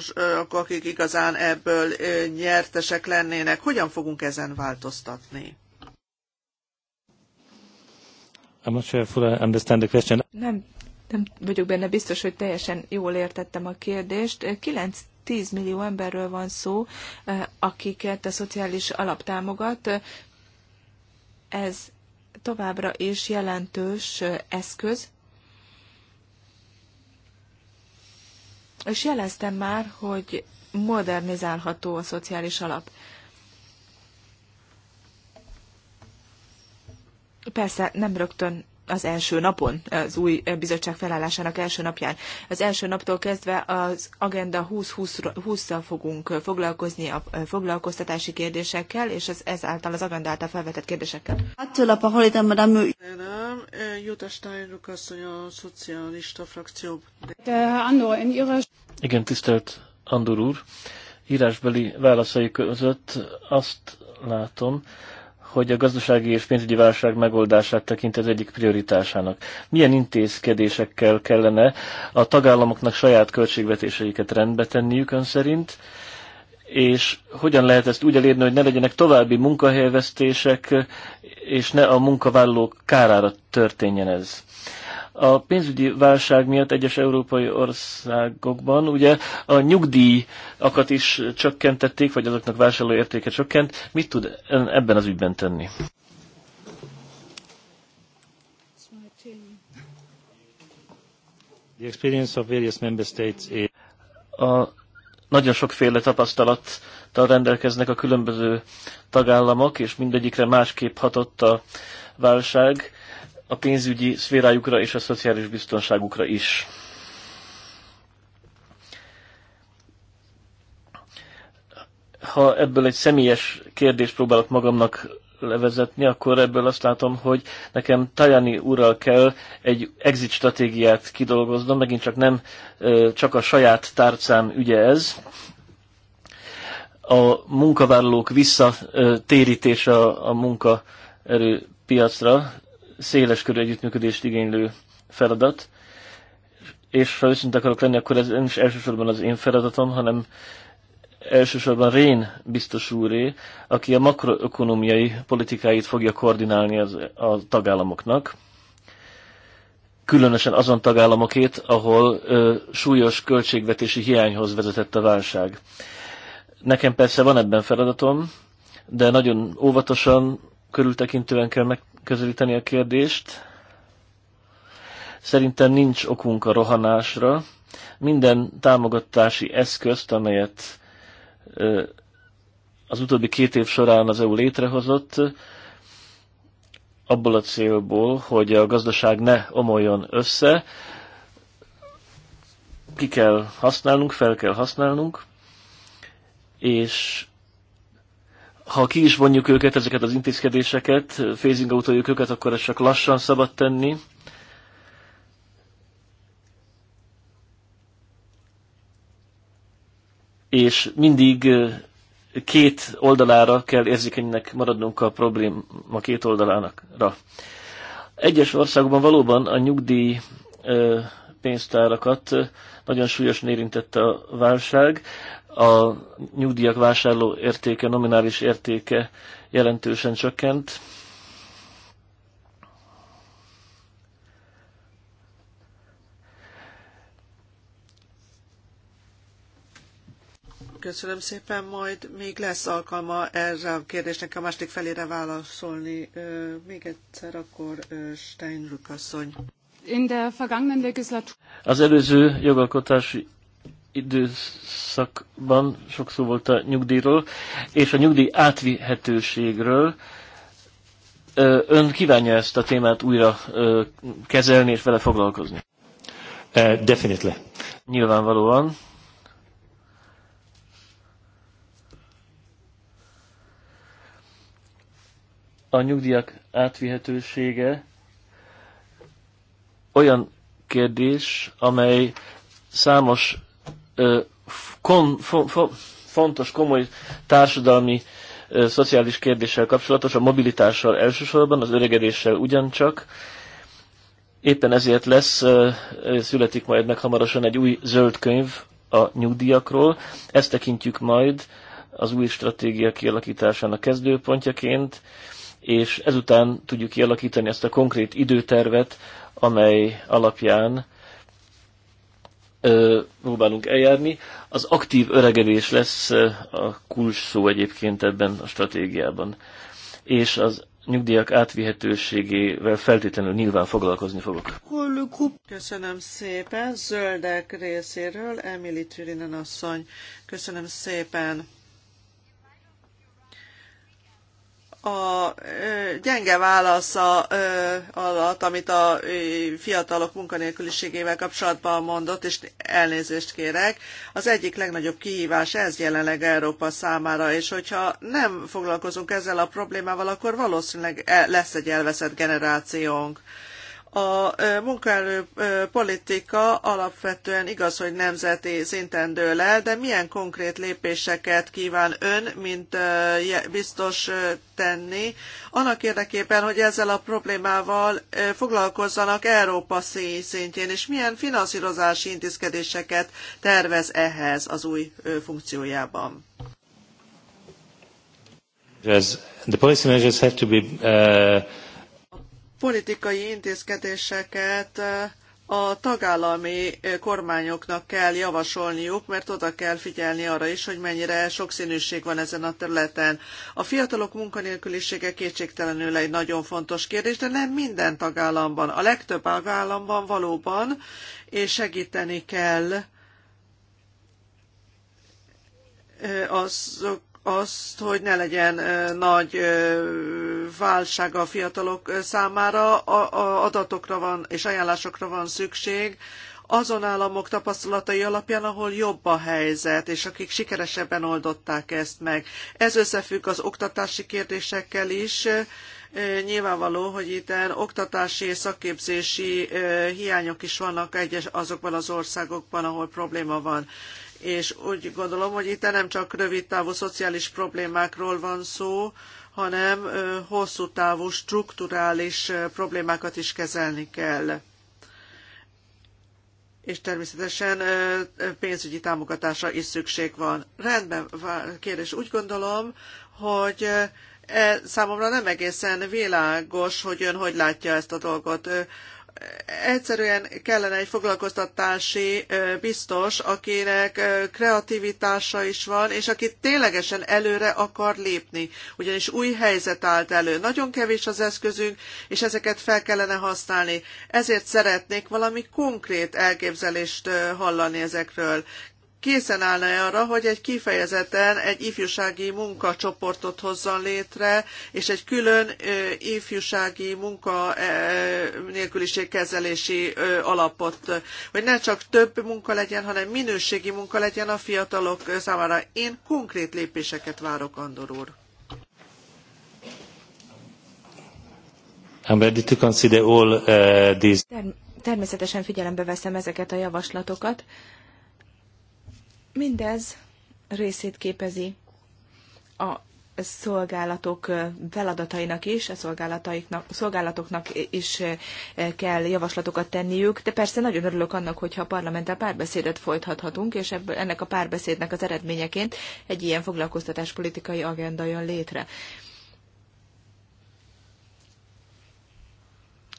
akik igazán ebből nyertesek lennének. Hogyan fogunk ezen változtatni? I'm not sure if I understand the question. Nem nem vagyok benne biztos, hogy teljesen jól értettem a kérdést. 9 10 millió emberről van szó, eh, akiket a szociális alap támogat. Ez továbbra is jelentős eh, eszköz. És jeleztem már, hogy modernizálható a szociális alap. Persze nem rögtön az első napon, az új bizottság felállásának első napján. Az első naptól kezdve az Agenda 2020-szal fogunk foglalkozni a foglalkoztatási kérdésekkel, és ez, ezáltal az Agenda által felvetett kérdésekkel. Nem, Jutta Steinruck a szocialista frakció. Eh, Igen, tisztelt Andor úr. Írásbeli válaszai között azt látom, hogy a gazdasági és pénzügyi válság megoldását tekint az egyik prioritásának. Milyen intézkedésekkel kellene a tagállamoknak saját költségvetéseiket rendbe tenniük ön szerint, és hogyan lehet ezt úgy elérni, hogy ne legyenek további munkahelyvesztések, és ne a munkavállalók kárára történjen ez. A pénzügyi válság miatt egyes európai országokban ugye a nyugdíjakat is csökkentették, vagy azoknak értéke csökkent. Mit tud ebben az ügyben tenni? The experience of various member states is... A nagyon sokféle tapasztalattal rendelkeznek a különböző tagállamok, és mindegyikre másképp hatott a válság a pénzügyi szférájukra és a szociális biztonságukra is. Ha ebből egy személyes kérdést próbálok magamnak levezetni, akkor ebből azt látom, hogy nekem Tajani úrral kell egy exit stratégiát kidolgoznom, megint csak nem csak a saját tárcám ügye ez. A munkavállalók visszatérítése a munkaerő piacra széles körű együttműködést igénylő feladat, és ha őszinte akarok lenni, akkor ez nem is elsősorban az én feladatom, hanem elsősorban Rén biztos úré, aki a makroökonomiai politikáit fogja koordinálni az, a tagállamoknak, különösen azon tagállamokét, ahol ö, súlyos költségvetési hiányhoz vezetett a válság. Nekem persze van ebben feladatom, de nagyon óvatosan, körültekintően kell meg közelíteni a kérdést. Szerintem nincs okunk a rohanásra. Minden támogatási eszközt, amelyet az utóbbi két év során az EU létrehozott, abból a célból, hogy a gazdaság ne omoljon össze, ki kell használnunk, fel kell használnunk, és ha ki is vonjuk őket, ezeket az intézkedéseket, phasing autoljuk őket, akkor ezt csak lassan szabad tenni. És mindig két oldalára kell érzékenynek maradnunk a probléma két oldalának. Egyes országokban valóban a nyugdíj pénztárakat nagyon súlyosan érintette a válság a nyugdíjak vásárló értéke, nominális értéke jelentősen csökkent. Köszönöm szépen, majd még lesz alkalma erre a kérdésnek a második felére válaszolni. Még egyszer akkor Steinrück asszony. Az előző jogalkotási időszakban sok szó volt a nyugdíjról, és a nyugdíj átvihetőségről. Ön kívánja ezt a témát újra kezelni és vele foglalkozni? Uh, definitely. Nyilvánvalóan. A nyugdíjak átvihetősége olyan kérdés, amely számos kon, fo, fo, fontos, komoly társadalmi, ö, szociális kérdéssel kapcsolatos, a mobilitással elsősorban, az öregedéssel ugyancsak. Éppen ezért lesz, ö, születik majd meg hamarosan egy új zöld könyv a nyugdíjakról. Ezt tekintjük majd az új stratégia kialakításának kezdőpontjaként, és ezután tudjuk kialakítani ezt a konkrét időtervet, amely alapján próbálunk eljárni. Az aktív öregedés lesz a kulcs szó egyébként ebben a stratégiában. És az nyugdíjak átvihetőségével feltétlenül nyilván foglalkozni fogok. Köszönöm szépen, zöldek részéről, Emily Türinen asszony. Köszönöm szépen. a gyenge válasza alatt, amit a fiatalok munkanélküliségével kapcsolatban mondott, és elnézést kérek, az egyik legnagyobb kihívás ez jelenleg Európa számára, és hogyha nem foglalkozunk ezzel a problémával, akkor valószínűleg e, lesz egy elveszett generációnk. A munkaerő politika alapvetően igaz, hogy nemzeti szinten dől el, de milyen konkrét lépéseket kíván ön, mint biztos tenni, annak érdekében, hogy ezzel a problémával foglalkozzanak Európa szintjén, és milyen finanszírozási intézkedéseket tervez ehhez az új funkciójában? The policy measures have to be uh, politikai intézkedéseket a tagállami kormányoknak kell javasolniuk, mert oda kell figyelni arra is, hogy mennyire sokszínűség van ezen a területen. A fiatalok munkanélkülisége kétségtelenül egy nagyon fontos kérdés, de nem minden tagállamban. A legtöbb tagállamban valóban, és segíteni kell azok azt, hogy ne legyen nagy válság a fiatalok számára, a adatokra van és ajánlásokra van szükség, azon államok tapasztalatai alapján, ahol jobb a helyzet, és akik sikeresebben oldották ezt meg. Ez összefügg az oktatási kérdésekkel is. Nyilvánvaló, hogy itt oktatási és szakképzési hiányok is vannak egyes azokban az országokban, ahol probléma van és úgy gondolom, hogy itt nem csak rövid távú szociális problémákról van szó, hanem hosszú távú strukturális problémákat is kezelni kell. És természetesen pénzügyi támogatásra is szükség van. Rendben, kérdés. Úgy gondolom, hogy e, számomra nem egészen világos, hogy ön hogy látja ezt a dolgot egyszerűen kellene egy foglalkoztatási biztos, akinek kreativitása is van, és aki ténylegesen előre akar lépni, ugyanis új helyzet állt elő. Nagyon kevés az eszközünk, és ezeket fel kellene használni. Ezért szeretnék valami konkrét elképzelést hallani ezekről készen állna-e arra, hogy egy kifejezetten egy ifjúsági munkacsoportot hozzon létre, és egy külön ifjúsági munka nélküliség kezelési alapot, hogy ne csak több munka legyen, hanem minőségi munka legyen a fiatalok számára. Én konkrét lépéseket várok, Andor úr. I'm ready to consider all uh, these. Természetesen figyelembe veszem ezeket a javaslatokat Mindez részét képezi a szolgálatok feladatainak is, a szolgálataiknak, a szolgálatoknak is kell javaslatokat tenniük, de persze nagyon örülök annak, hogyha a parlamenttel párbeszédet folytathatunk, és ebből, ennek a párbeszédnek az eredményeként egy ilyen politikai agenda jön létre.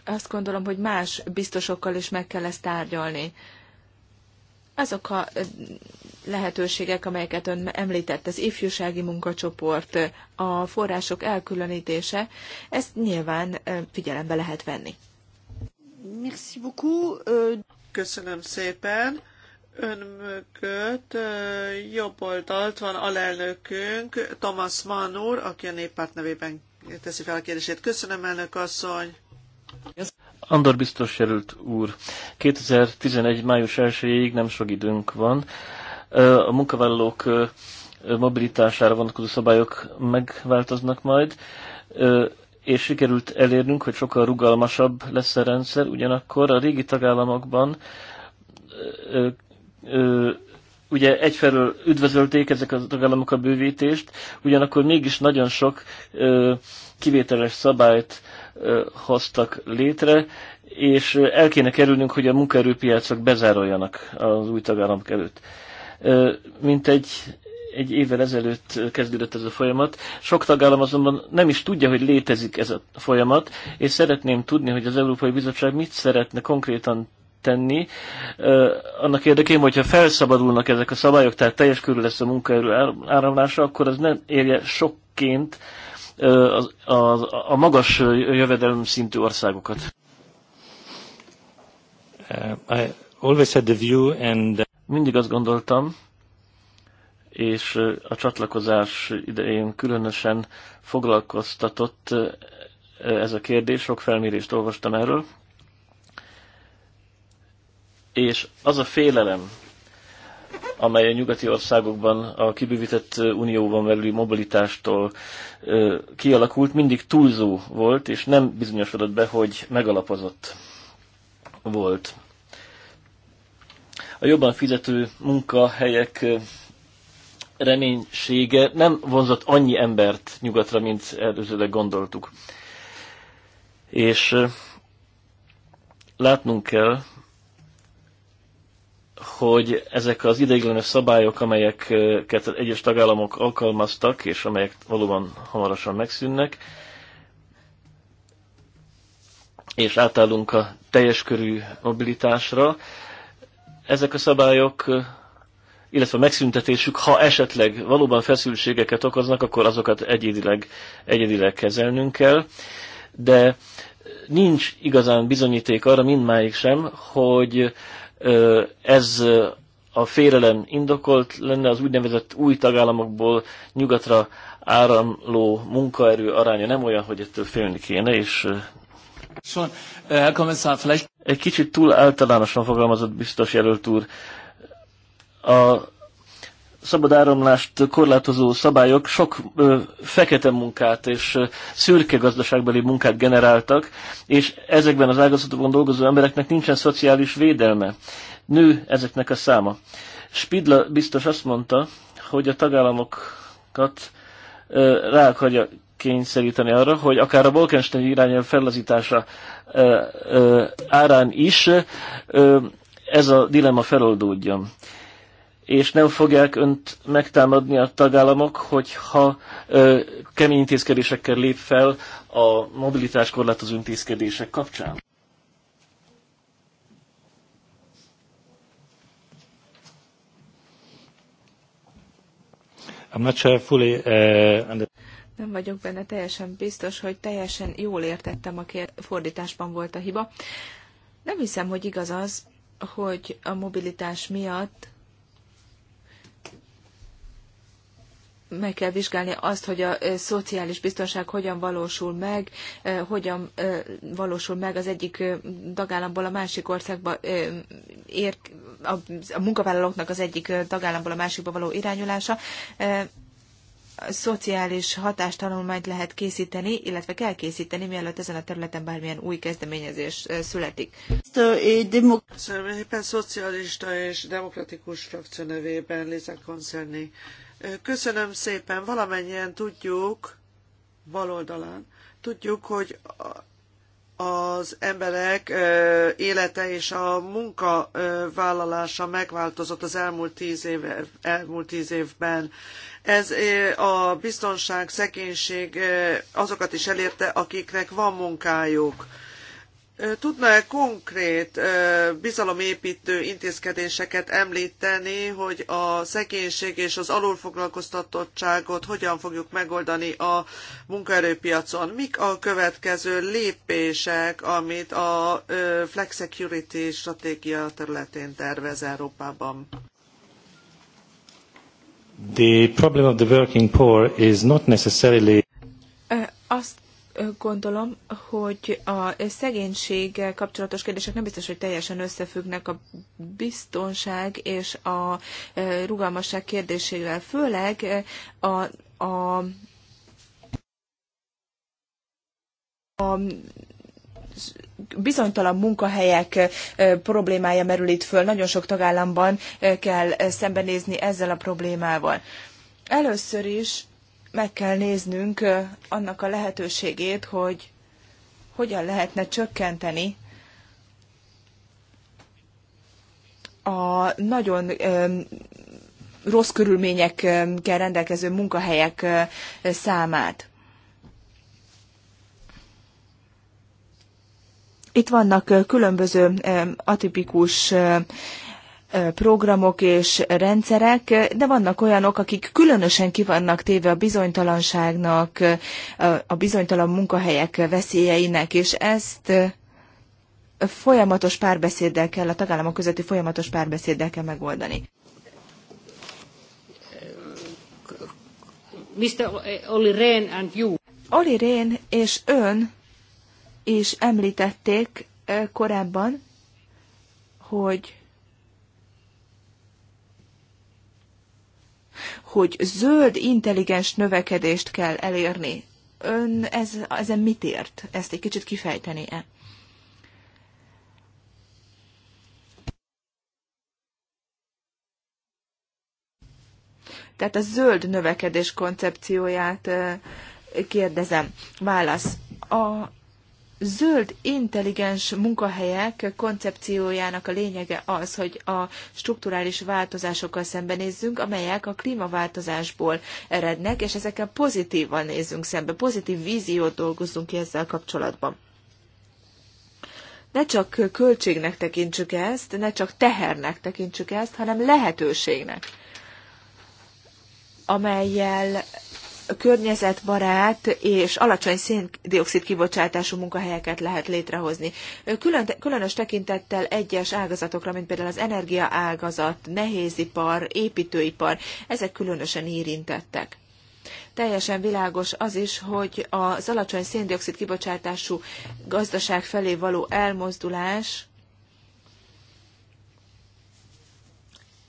Azt gondolom, hogy más biztosokkal is meg kell ezt tárgyalni azok a lehetőségek, amelyeket ön említett, az ifjúsági munkacsoport, a források elkülönítése, ezt nyilván figyelembe lehet venni. Merci beaucoup. Köszönöm szépen. Ön mögött jobb oldalt van alelnökünk, Thomas Mann úr, aki a néppárt nevében teszi fel a kérdését. Köszönöm, elnök asszony! Andor biztos jelölt úr, 2011. május 1-ig nem sok időnk van. A munkavállalók mobilitására vonatkozó szabályok megváltoznak majd, és sikerült elérnünk, hogy sokkal rugalmasabb lesz a rendszer, ugyanakkor a régi tagállamokban ugye egyfelől üdvözölték ezek a tagállamok a bővítést, ugyanakkor mégis nagyon sok kivételes szabályt hoztak létre, és el kéne kerülnünk, hogy a munkaerőpiacok bezároljanak az új tagállamok előtt. Mint egy, egy évvel ezelőtt kezdődött ez a folyamat. Sok tagállam azonban nem is tudja, hogy létezik ez a folyamat, és szeretném tudni, hogy az Európai Bizottság mit szeretne konkrétan tenni. Annak érdekében, hogyha felszabadulnak ezek a szabályok, tehát teljes körül lesz a munkaerő áramlása, akkor az nem érje sokként a, a, a magas jövedelem szintű országokat? Uh, I always had the view and... Uh, Mindig azt gondoltam, és a csatlakozás idején különösen foglalkoztatott ez a kérdés, sok felmérést olvastam erről, és az a félelem, amely a nyugati országokban a kibővített unióban belüli mobilitástól kialakult, mindig túlzó volt, és nem bizonyosodott be, hogy megalapozott volt. A jobban fizető munkahelyek reménysége nem vonzott annyi embert nyugatra, mint előzőleg gondoltuk. És látnunk kell, hogy ezek az ideiglenes szabályok, amelyeket egyes tagállamok alkalmaztak, és amelyek valóban hamarosan megszűnnek, és átállunk a teljes körű mobilitásra, ezek a szabályok, illetve a megszüntetésük, ha esetleg valóban feszültségeket okoznak, akkor azokat egyedileg, egyedileg kezelnünk kell. De nincs igazán bizonyíték arra mindmáig sem, hogy ez a félelem indokolt lenne, az úgynevezett új tagállamokból nyugatra áramló munkaerő aránya nem olyan, hogy ettől félni kéne, és äh, egy kicsit túl általánosan fogalmazott biztos jelölt úr. A szabad áramlást korlátozó szabályok sok ö, fekete munkát és ö, szürke gazdaságbeli munkát generáltak, és ezekben az ágazatokon dolgozó embereknek nincsen szociális védelme. Nő ezeknek a száma. Spidla biztos azt mondta, hogy a tagállamokat ö, rá akarja kényszeríteni arra, hogy akár a Bolkenstein irányelv fellazítása ö, ö, árán is ö, ez a dilema feloldódjon és nem fogják önt megtámadni a tagállamok, hogyha ö, kemény intézkedésekkel lép fel a mobilitás korlátozó intézkedések kapcsán? Uh, nem vagyok benne teljesen biztos, hogy teljesen jól értettem, a fordításban volt a hiba. Nem hiszem, hogy igaz az, hogy a mobilitás miatt meg kell vizsgálni azt, hogy a szociális biztonság hogyan valósul meg, hogyan valósul meg az egyik tagállamból a másik országba ér, a, a munkavállalóknak az egyik tagállamból a másikba való irányulása. A szociális hatástanulmányt lehet készíteni, illetve kell készíteni, mielőtt ezen a területen bármilyen új kezdeményezés születik. éppen szocialista és demokratikus frakció nevében Liza Koncerni Köszönöm szépen, valamennyien tudjuk, oldalán, tudjuk, hogy az emberek élete és a munka vállalása megváltozott az elmúlt tíz, év, elmúlt tíz évben. Ez a biztonság, szegénység azokat is elérte, akiknek van munkájuk. Tudna-e konkrét bizalomépítő intézkedéseket említeni, hogy a szegénység és az alulfoglalkoztatottságot hogyan fogjuk megoldani a munkaerőpiacon? Mik a következő lépések, amit a Flex Security stratégia területén tervez Európában? The problem of the working poor is not necessarily azt gondolom, hogy a szegénységgel kapcsolatos kérdések nem biztos, hogy teljesen összefüggnek a biztonság és a e, rugalmasság kérdésével, főleg e, a, a, a bizonytalan munkahelyek e, problémája merül itt föl. Nagyon sok tagállamban kell szembenézni ezzel a problémával. Először is meg kell néznünk annak a lehetőségét, hogy hogyan lehetne csökkenteni a nagyon rossz körülményekkel rendelkező munkahelyek számát. Itt vannak különböző atipikus programok és rendszerek, de vannak olyanok, akik különösen kivannak téve a bizonytalanságnak, a bizonytalan munkahelyek veszélyeinek, és ezt folyamatos párbeszéddel kell, a tagállamok közötti folyamatos párbeszéddel kell megoldani. Mr. Oli Rehn and you. Oli Rehn és ön is említették korábban, hogy hogy zöld, intelligens növekedést kell elérni. Ön ez, ezen mit ért? Ezt egy kicsit kifejteni-e? Tehát a zöld növekedés koncepcióját kérdezem. Válasz. A zöld intelligens munkahelyek koncepciójának a lényege az, hogy a strukturális változásokkal szembenézzünk, amelyek a klímaváltozásból erednek, és ezekkel pozitívan nézzünk szembe, pozitív víziót dolgozzunk ki ezzel kapcsolatban. Ne csak költségnek tekintsük ezt, ne csak tehernek tekintsük ezt, hanem lehetőségnek, amelyel környezetbarát és alacsony széndiokszid kibocsátású munkahelyeket lehet létrehozni. Külön, különös tekintettel egyes ágazatokra, mint például az energiaágazat, nehézipar, építőipar, ezek különösen érintettek. Teljesen világos az is, hogy az alacsony széndiokszid kibocsátású gazdaság felé való elmozdulás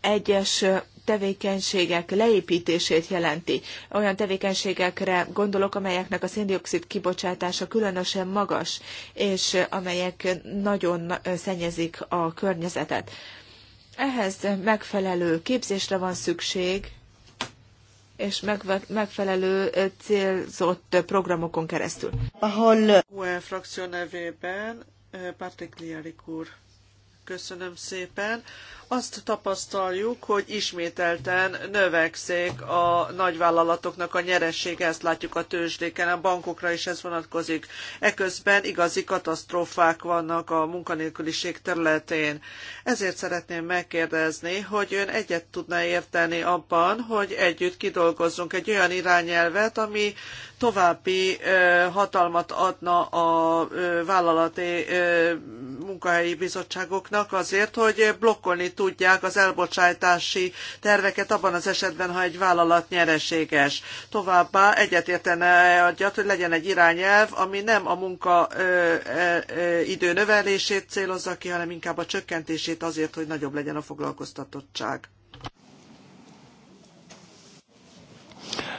egyes tevékenységek leépítését jelenti. Olyan tevékenységekre gondolok, amelyeknek a széndiokszid kibocsátása különösen magas, és amelyek nagyon szennyezik a környezetet. Ehhez megfelelő képzésre van szükség, és megfelelő célzott programokon keresztül. Ahol UE frakció nevében úr. Köszönöm szépen. Azt tapasztaljuk, hogy ismételten növekszik a nagyvállalatoknak a nyeressége, ezt látjuk a tőzsdéken, a bankokra is ez vonatkozik. Eközben igazi katasztrófák vannak a munkanélküliség területén. Ezért szeretném megkérdezni, hogy ön egyet tudna érteni abban, hogy együtt kidolgozzunk egy olyan irányelvet, ami további hatalmat adna a vállalati munkahelyi bizottságoknak azért, hogy blokkolni tudják az elbocsátási terveket abban az esetben, ha egy vállalat nyereséges. Továbbá egyetértene adja, hogy legyen egy irányelv, ami nem a munka idő növelését célozza ki, hanem inkább a csökkentését azért, hogy nagyobb legyen a foglalkoztatottság.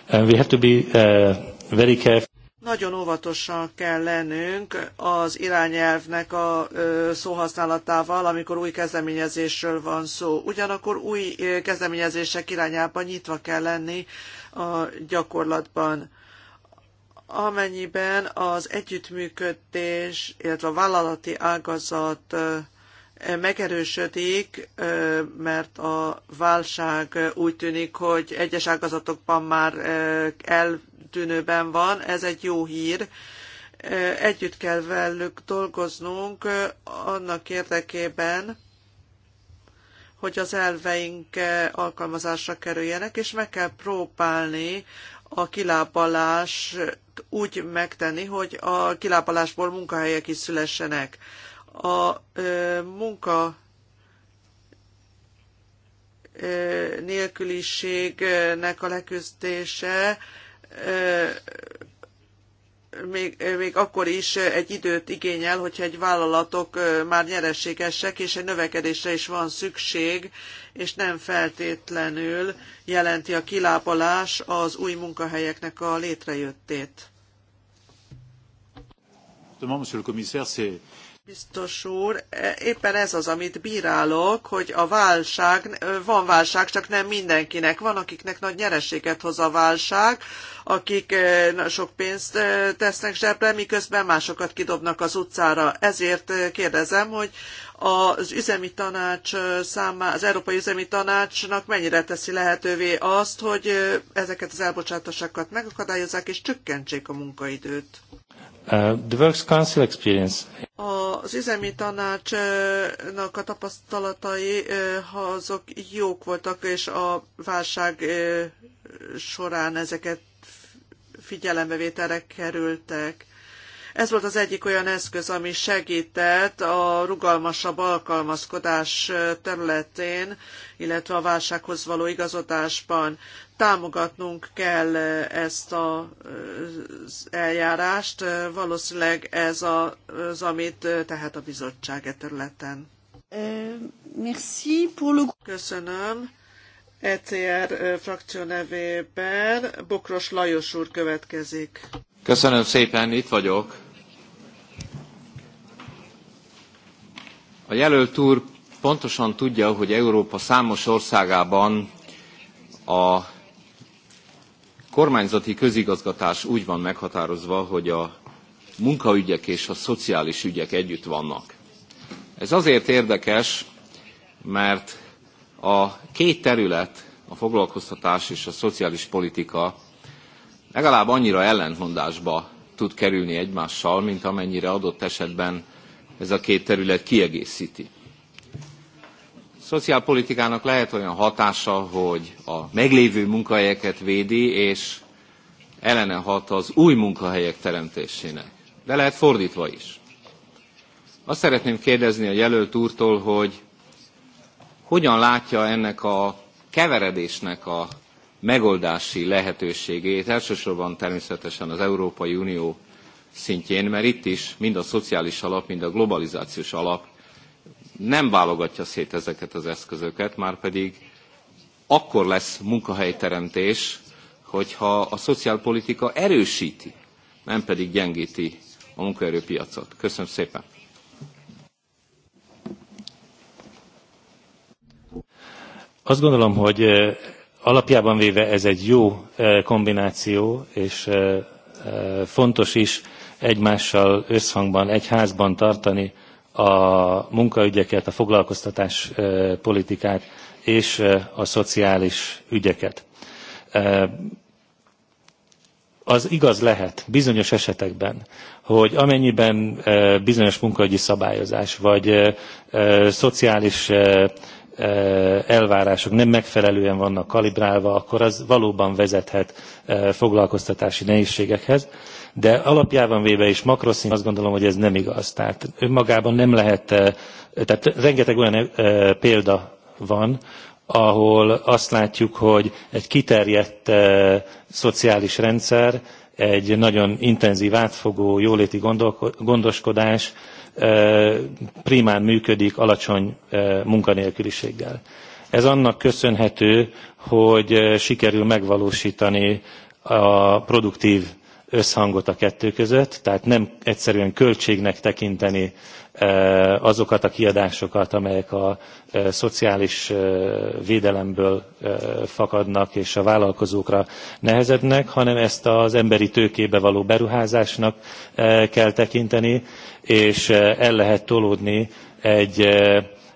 Uh, we have to be uh, very careful. Nagyon óvatosan kell lennünk az irányelvnek a szóhasználatával, amikor új kezdeményezésről van szó. Ugyanakkor új kezdeményezések irányában nyitva kell lenni a gyakorlatban amennyiben az együttműködés, illetve a vállalati ágazat e, megerősödik, mert a válság úgy tűnik, hogy egyes ágazatokban már el tűnőben van, ez egy jó hír. Együtt kell velük dolgoznunk annak érdekében, hogy az elveink alkalmazásra kerüljenek, és meg kell próbálni a kilábalás úgy megtenni, hogy a kilábalásból munkahelyek is szülessenek. A ö, munka ö, nélküliségnek a leküzdése még, még akkor is egy időt igényel, hogyha egy vállalatok már nyereségesek, és egy növekedésre is van szükség, és nem feltétlenül jelenti a kilábalás az új munkahelyeknek a létrejöttét. Monsieur le commissaire, c'est biztos úr, éppen ez az, amit bírálok, hogy a válság, van válság, csak nem mindenkinek. Van, akiknek nagy nyereséget hoz a válság, akik eh, sok pénzt eh, tesznek zsebre, miközben másokat kidobnak az utcára. Ezért eh, kérdezem, hogy az üzemi tanács számá, az Európai Üzemi Tanácsnak mennyire teszi lehetővé azt, hogy ezeket az elbocsátásokat megakadályozzák és csökkentsék a munkaidőt. Uh, the Works Council experience. Az üzemi tanácsnak a tapasztalatai uh, azok jók voltak, és a válság uh, során ezeket figyelembevételre kerültek. Ez volt az egyik olyan eszköz, ami segített a rugalmasabb alkalmazkodás területén, illetve a válsághoz való igazodásban támogatnunk kell ezt az eljárást. Valószínűleg ez a, az, amit tehet a bizottság e területen. Merci Köszönöm. ECR frakció nevében Bokros Lajos úr következik. Köszönöm szépen, itt vagyok. A jelölt úr pontosan tudja, hogy Európa számos országában a kormányzati közigazgatás úgy van meghatározva, hogy a munkaügyek és a szociális ügyek együtt vannak. Ez azért érdekes, mert a két terület, a foglalkoztatás és a szociális politika legalább annyira ellentmondásba tud kerülni egymással, mint amennyire adott esetben ez a két terület kiegészíti szociálpolitikának lehet olyan hatása, hogy a meglévő munkahelyeket védi, és ellene hat az új munkahelyek teremtésének. De lehet fordítva is. Azt szeretném kérdezni a jelölt úrtól, hogy hogyan látja ennek a keveredésnek a megoldási lehetőségét, elsősorban természetesen az Európai Unió szintjén, mert itt is mind a szociális alap, mind a globalizációs alap nem válogatja szét ezeket az eszközöket, már pedig akkor lesz munkahelyteremtés, hogyha a szociálpolitika erősíti, nem pedig gyengíti a munkaerőpiacot. Köszönöm szépen! Azt gondolom, hogy eh, alapjában véve ez egy jó eh, kombináció, és eh, fontos is egymással összhangban, egy házban tartani a munkaügyeket, a foglalkoztatás politikát és a szociális ügyeket. Az igaz lehet bizonyos esetekben, hogy amennyiben bizonyos munkaügyi szabályozás vagy szociális elvárások nem megfelelően vannak kalibrálva, akkor az valóban vezethet foglalkoztatási nehézségekhez. De alapjában véve is makroszín azt gondolom, hogy ez nem igaz. Tehát önmagában nem lehet, tehát rengeteg olyan példa van, ahol azt látjuk, hogy egy kiterjedt szociális rendszer, egy nagyon intenzív átfogó jóléti gondoskodás, primán működik alacsony munkanélküliséggel. Ez annak köszönhető, hogy sikerül megvalósítani a produktív összhangot a kettő között, tehát nem egyszerűen költségnek tekinteni azokat a kiadásokat, amelyek a szociális védelemből fakadnak és a vállalkozókra nehezednek, hanem ezt az emberi tőkébe való beruházásnak kell tekinteni, és el lehet tolódni egy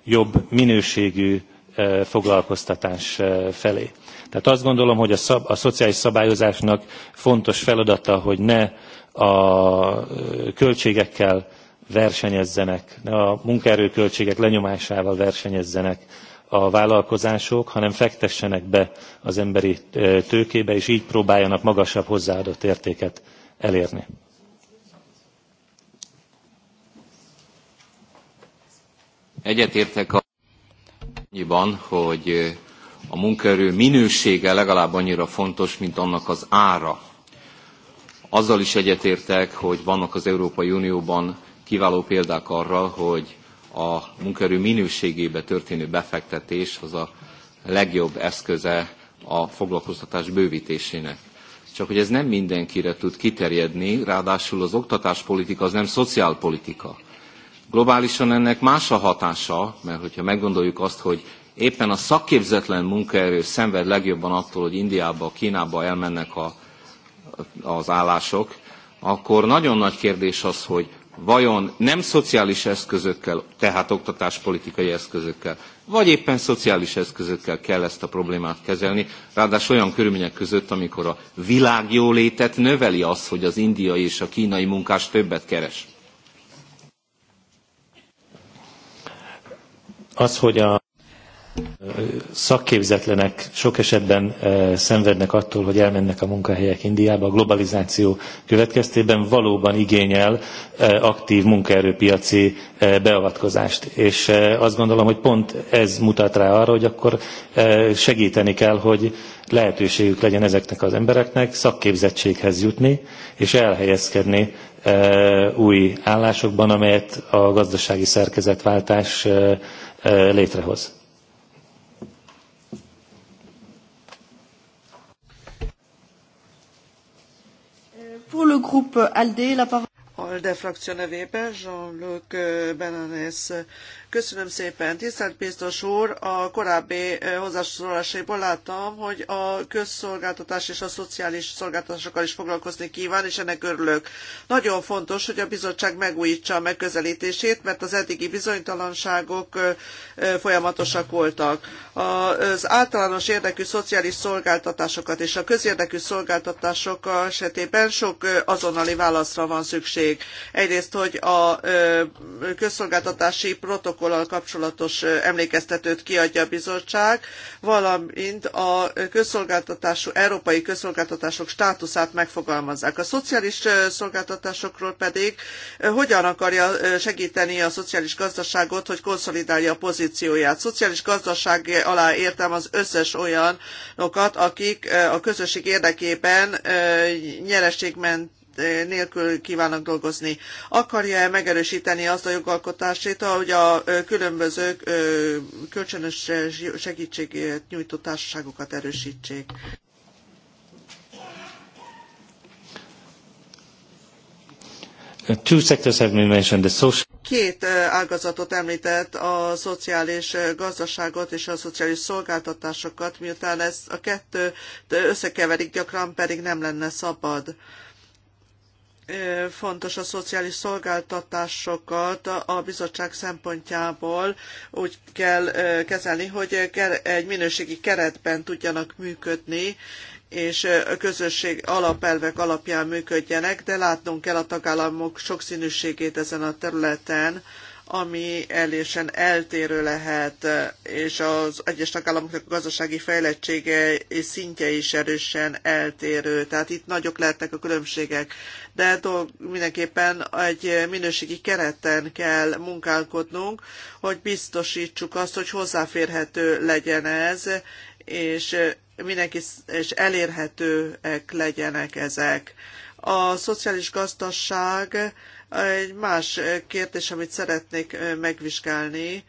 jobb minőségű foglalkoztatás felé. Tehát azt gondolom, hogy a, szab, a szociális szabályozásnak fontos feladata, hogy ne a költségekkel versenyezzenek, ne a munkaerőköltségek lenyomásával versenyezzenek a vállalkozások, hanem fektessenek be az emberi tőkébe, és így próbáljanak magasabb hozzáadott értéket elérni. Egyetértek annyiban, hogy a munkaerő minősége legalább annyira fontos, mint annak az ára. Azzal is egyetértek, hogy vannak az Európai Unióban kiváló példák arra, hogy a munkaerő minőségébe történő befektetés az a legjobb eszköze a foglalkoztatás bővítésének. Csak hogy ez nem mindenkire tud kiterjedni, ráadásul az oktatáspolitika az nem szociálpolitika. Globálisan ennek más a hatása, mert hogyha meggondoljuk azt, hogy éppen a szakképzetlen munkaerő szenved legjobban attól, hogy Indiába, Kínába elmennek a, az állások, akkor nagyon nagy kérdés az, hogy vajon nem szociális eszközökkel, tehát oktatáspolitikai eszközökkel, vagy éppen szociális eszközökkel kell ezt a problémát kezelni, ráadásul olyan körülmények között, amikor a világjólétet növeli az, hogy az indiai és a kínai munkás többet keres. Az, hogy a Szakképzetlenek sok esetben eh, szenvednek attól, hogy elmennek a munkahelyek Indiába. A globalizáció következtében valóban igényel eh, aktív munkaerőpiaci eh, beavatkozást. És azt gondolom, hogy pont ez mutat rá arra, hogy akkor segíteni kell, hogy lehetőségük legyen ezeknek az embereknek szakképzettséghez jutni, és elhelyezkedni új állásokban, amelyet a gazdasági szerkezetváltás létrehoz. Pour le groupe ALDE, la parole... ALDE frakció nevében Jean-Luc Benanes Köszönöm szépen, tisztelt biztos úr! A korábbi eh, hozzászólásaiból láttam, hogy a közszolgáltatás és a szociális szolgáltatásokkal is foglalkozni kíván, és ennek örülök. Nagyon fontos, hogy a bizottság megújítsa a megközelítését, mert az eddigi bizonytalanságok eh, eh, folyamatosak voltak. Az általános érdekű szociális szolgáltatásokat és a közérdekű szolgáltatások esetében sok azonnali válaszra van szükség. Egyrészt, hogy a közszolgáltatási protokoll protokollal kapcsolatos emlékeztetőt kiadja a bizottság, valamint a közszolgáltatású, európai közszolgáltatások státuszát megfogalmazzák. A szociális szolgáltatásokról pedig hogyan akarja segíteni a szociális gazdaságot, hogy konszolidálja a pozícióját. Szociális gazdaság alá értem az összes olyanokat, akik a közösség érdekében nyereségmentes nélkül kívánnak dolgozni. Akarja-e megerősíteni azt a jogalkotásét, hogy a különböző kölcsönös segítséget nyújtó társaságokat erősítsék? Uh, two sectors have been mentioned, the social... Két ágazatot említett, a szociális gazdaságot és a szociális szolgáltatásokat, miután ezt a kettőt összekeverik gyakran, pedig nem lenne szabad. Uh, fontos a szociális szolgáltatásokat a bizottság szempontjából úgy kell kezelni, hogy egy minőségi keretben tudjanak működni, és a közösség alapelvek alapján működjenek, de látnunk kell a tagállamok sokszínűségét ezen a területen ami elésen eltérő lehet, és az egyes tagállamoknak a gazdasági fejlettsége és szintje is erősen eltérő. Tehát itt nagyok lehetnek a különbségek, de mindenképpen egy minőségi kereten kell munkálkodnunk, hogy biztosítsuk azt, hogy hozzáférhető legyen ez, és mindenki és elérhetőek legyenek ezek. A szociális gazdaság egy más kérdés, amit szeretnék megvizsgálni,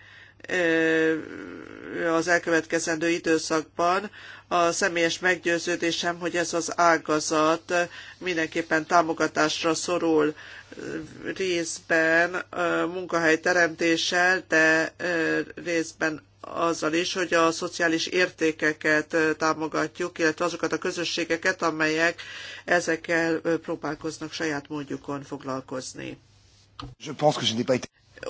az elkövetkezendő időszakban. A személyes meggyőződésem, hogy ez az ágazat mindenképpen támogatásra szorul részben munkahely teremtéssel, de részben azzal is, hogy a szociális értékeket támogatjuk, illetve azokat a közösségeket, amelyek ezekkel próbálkoznak saját módjukon foglalkozni.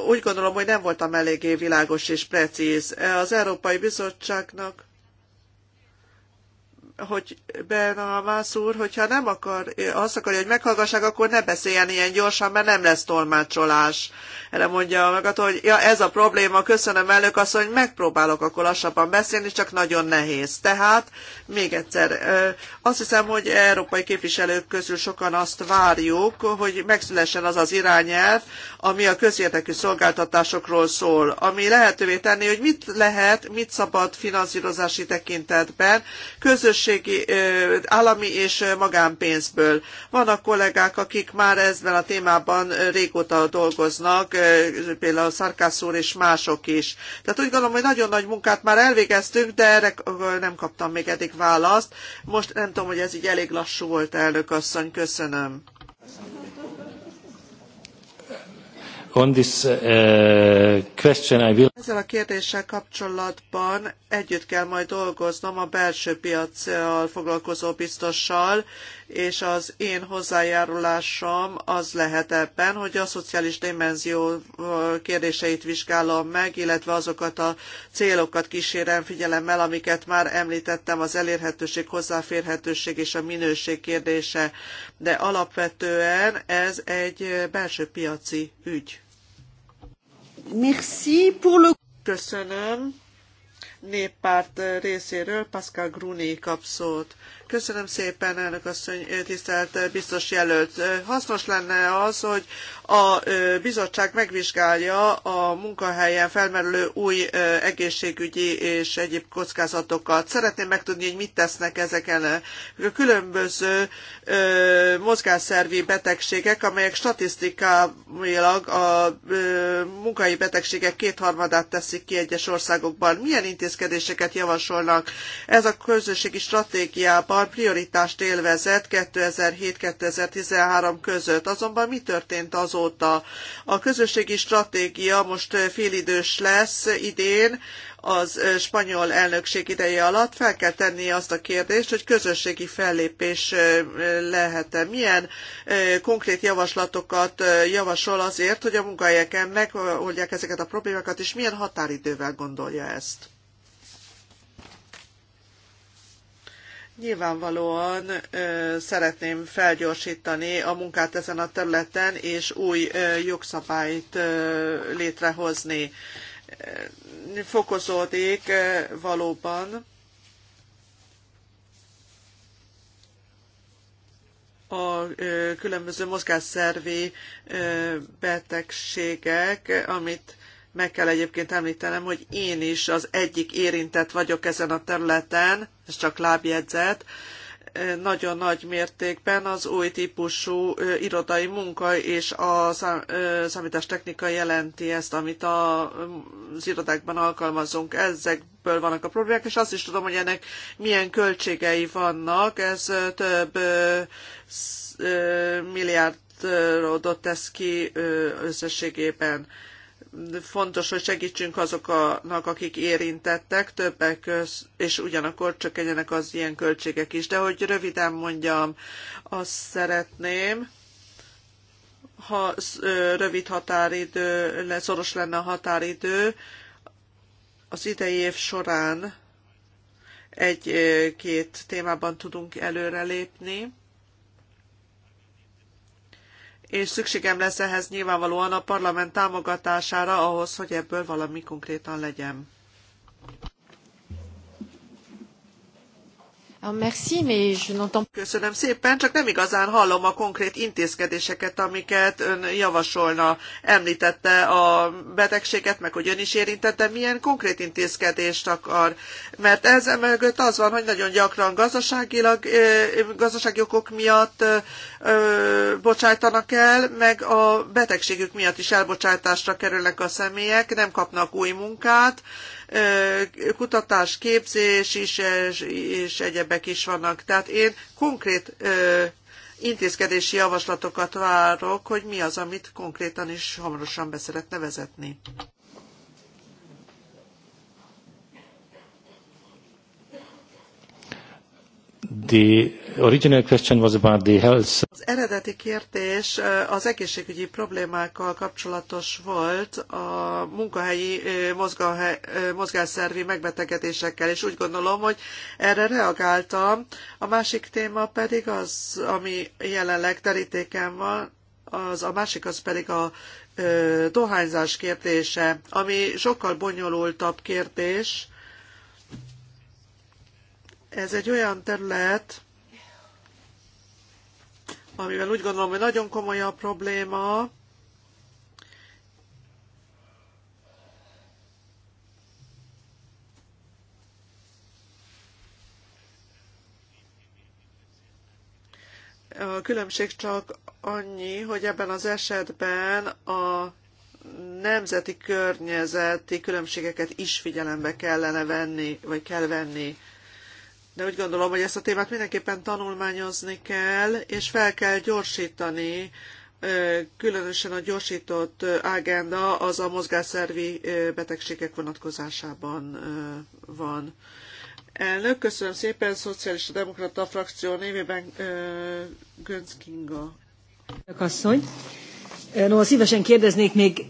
Úgy gondolom, hogy nem voltam eléggé világos és precíz. Az Európai Bizottságnak hogy Bernavász úr, hogyha nem akar, azt akarja, hogy meghallgassák, akkor ne beszéljen ilyen gyorsan, mert nem lesz tolmácsolás. Erre mondja magát, hogy ja, ez a probléma, köszönöm elnök azt, hogy megpróbálok akkor lassabban beszélni, csak nagyon nehéz. Tehát, még egyszer, azt hiszem, hogy európai képviselők közül sokan azt várjuk, hogy megszülessen az az irányelv, ami a közérdekű szolgáltatásokról szól, ami lehetővé tenni, hogy mit lehet, mit szabad finanszírozási tekintetben, közös közösségi, állami és magánpénzből. Vannak kollégák, akik már ezzel a témában régóta dolgoznak, például Szarkász úr és mások is. Tehát úgy gondolom, hogy nagyon nagy munkát már elvégeztünk, de erre nem kaptam még eddig választ. Most nem tudom, hogy ez így elég lassú volt, elnök asszony. Köszönöm. Köszönöm. On this uh, question I will... Ezzel a kérdéssel kapcsolatban együtt kell majd dolgoznom a belső piacsal foglalkozó biztossal, és az én hozzájárulásom az lehet ebben, hogy a szociális dimenzió uh, kérdéseit vizsgálom meg, illetve azokat a célokat kísérem figyelemmel, amiket már említettem, az elérhetőség, hozzáférhetőség és a minőség kérdése. De alapvetően ez egy belső piaci ügy. Merci pour le... Köszönöm. Néppárt részéről Pascal Gruné kapszót. Köszönöm szépen, elnök asszony, tisztelt biztos jelölt. Hasznos lenne az, hogy a bizottság megvizsgálja a munkahelyen felmerülő új egészségügyi és egyéb kockázatokat. Szeretném megtudni, hogy mit tesznek ezek ellen. A különböző mozgásszervi betegségek, amelyek statisztikailag a munkai betegségek kétharmadát teszik ki egyes országokban. Milyen intézkedéseket javasolnak? Ez a közösségi stratégiában ipar prioritást élvezett 2007-2013 között. Azonban mi történt azóta? A közösségi stratégia most félidős lesz idén, az spanyol elnökség ideje alatt fel kell tenni azt a kérdést, hogy közösségi fellépés lehet-e. Milyen konkrét javaslatokat javasol azért, hogy a munkahelyeken megoldják ezeket a problémákat, és milyen határidővel gondolja ezt? Nyilvánvalóan ö, szeretném felgyorsítani a munkát ezen a területen, és új ö, jogszabályt ö, létrehozni. Fokozódik ö, valóban a ö, különböző mozgásszervi ö, betegségek, amit meg kell egyébként említenem, hogy én is az egyik érintett vagyok ezen a területen, ez csak lábjegyzet, nagyon nagy mértékben az új típusú irodai munka és a számítástechnika jelenti ezt, amit az irodákban alkalmazunk. Ezekből vannak a problémák, és azt is tudom, hogy ennek milyen költségei vannak. Ez több milliárdot tesz ki összességében fontos, hogy segítsünk azoknak, akik érintettek, többek köz, és ugyanakkor csökkenjenek az ilyen költségek is. De hogy röviden mondjam, azt szeretném, ha rövid határidő, szoros lenne a határidő, az idei év során egy-két témában tudunk előrelépni és szükségem lesz ehhez nyilvánvalóan a parlament támogatására ahhoz, hogy ebből valami konkrétan legyen. Ah, merci, mais je n'entends... Köszönöm szépen, csak nem igazán hallom a konkrét intézkedéseket, amiket ön javasolna. Említette a betegséget, meg hogy ön is érintett, de milyen konkrét intézkedést akar? Mert ez mögött az van, hogy nagyon gyakran gazdaságilag, gazdasági okok miatt bocsájtanak el, meg a betegségük miatt is elbocsátásra kerülnek a személyek, nem kapnak új munkát, kutatás, képzés is, és egyebek is vannak. Tehát én konkrét intézkedési javaslatokat várok, hogy mi az, amit konkrétan is hamarosan beszeretne vezetni. the original question was about the health. Az eredeti kérdés az egészségügyi problémákkal kapcsolatos volt a munkahelyi mozgásszervi megbetegedésekkel, és úgy gondolom, hogy erre reagáltam. A másik téma pedig az, ami jelenleg terítéken van, az a másik az pedig a dohányzás kérdése, ami sokkal bonyolultabb kérdés, ez egy olyan terület, amivel úgy gondolom, hogy nagyon komoly a probléma, A különbség csak annyi, hogy ebben az esetben a nemzeti környezeti különbségeket is figyelembe kellene venni, vagy kell venni de úgy gondolom, hogy ezt a témát mindenképpen tanulmányozni kell, és fel kell gyorsítani, különösen a gyorsított ágenda az a mozgásszervi betegségek vonatkozásában van. Elnök, köszönöm szépen, Szocialista Demokrata frakció névében Gönc Kinga. Köszönöm. No, szívesen kérdeznék még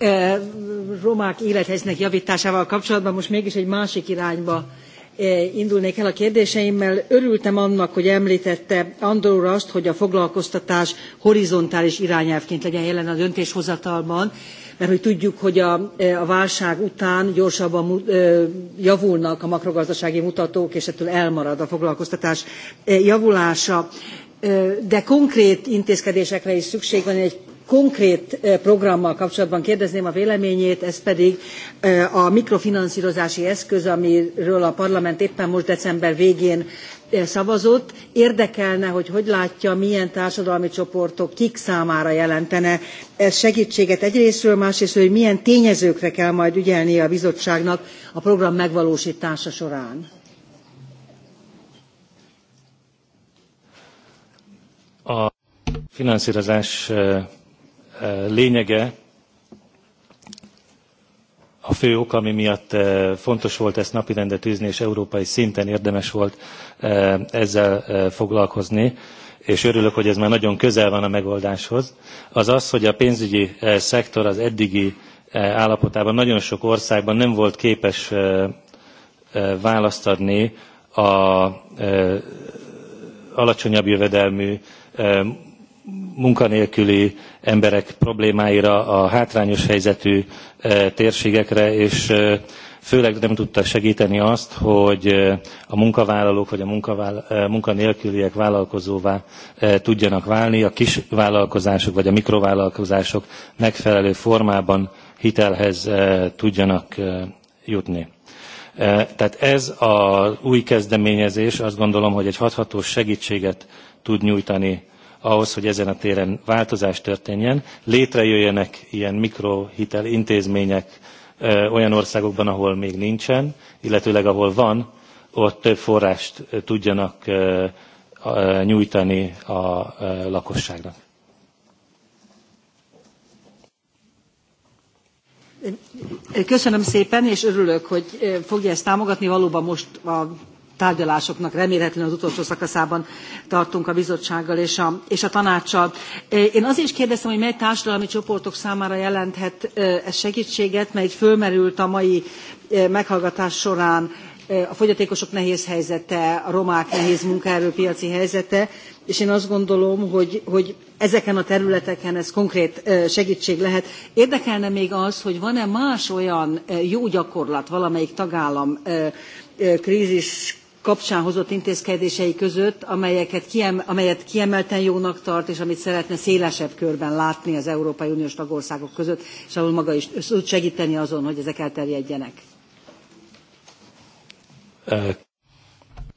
romák élethelyzetnek javításával kapcsolatban, most mégis egy másik irányba E, indulnék el a kérdéseimmel. Örültem annak, hogy említette Andor azt, hogy a foglalkoztatás horizontális irányelvként legyen jelen a döntéshozatalban, mert hogy tudjuk, hogy a, e, a válság után gyorsabban e, javulnak a makrogazdasági mutatók, és ettől elmarad a foglalkoztatás javulása de konkrét intézkedésekre is szükség van egy konkrét eh, programmal kapcsolatban kérdezném a véleményét, ez pedig eh, a mikrofinanszírozási eszköz, amiről a parlament éppen most december végén eh, szavazott. Érdekelne, hogy hogy látja, milyen társadalmi csoportok kik számára jelentene ez segítséget egyrésztről, másrészt, hogy milyen tényezőkre kell majd ügyelnie a bizottságnak a program megvalósítása során. A finanszírozás lényege, a fő ok, ami miatt fontos volt ezt napirendre tűzni, és európai szinten érdemes volt ezzel foglalkozni, és örülök, hogy ez már nagyon közel van a megoldáshoz, az az, hogy a pénzügyi szektor az eddigi állapotában nagyon sok országban nem volt képes választ adni a alacsonyabb jövedelmű munkanélküli emberek problémáira, a hátrányos helyzetű e, térségekre, és e, főleg nem tudta segíteni azt, hogy e, a munkavállalók vagy a munkanélküliek vállalkozóvá tudjanak válni, a kisvállalkozások vagy a mikrovállalkozások megfelelő formában hitelhez tudjanak jutni. Tehát ez az új kezdeményezés azt gondolom, hogy egy hathatós segítséget tud nyújtani ahhoz, hogy ezen a téren változás történjen, létrejöjjenek ilyen mikrohitel intézmények olyan országokban, ahol még nincsen, illetőleg ahol van, ott több forrást tudjanak nyújtani a lakosságnak. Köszönöm szépen, és örülök, hogy fogja ezt támogatni. Valóban most a tárgyalásoknak remélhetően az utolsó szakaszában tartunk a bizottsággal és a, és a tanácssal. Én azért is kérdeztem, hogy mely társadalmi csoportok számára jelenthet ez segítséget, mert fölmerült a mai meghallgatás során a fogyatékosok nehéz helyzete, a romák nehéz munkaerőpiaci helyzete, és én azt gondolom, hogy, hogy ezeken a területeken ez konkrét segítség lehet. Érdekelne még az, hogy van-e más olyan jó gyakorlat valamelyik tagállam krízis kapcsán hozott intézkedései között, amelyeket kiem, amelyet kiemelten jónak tart, és amit szeretne szélesebb körben látni az Európai Uniós tagországok között, és ahol maga is tud segíteni azon, hogy ezek elterjedjenek.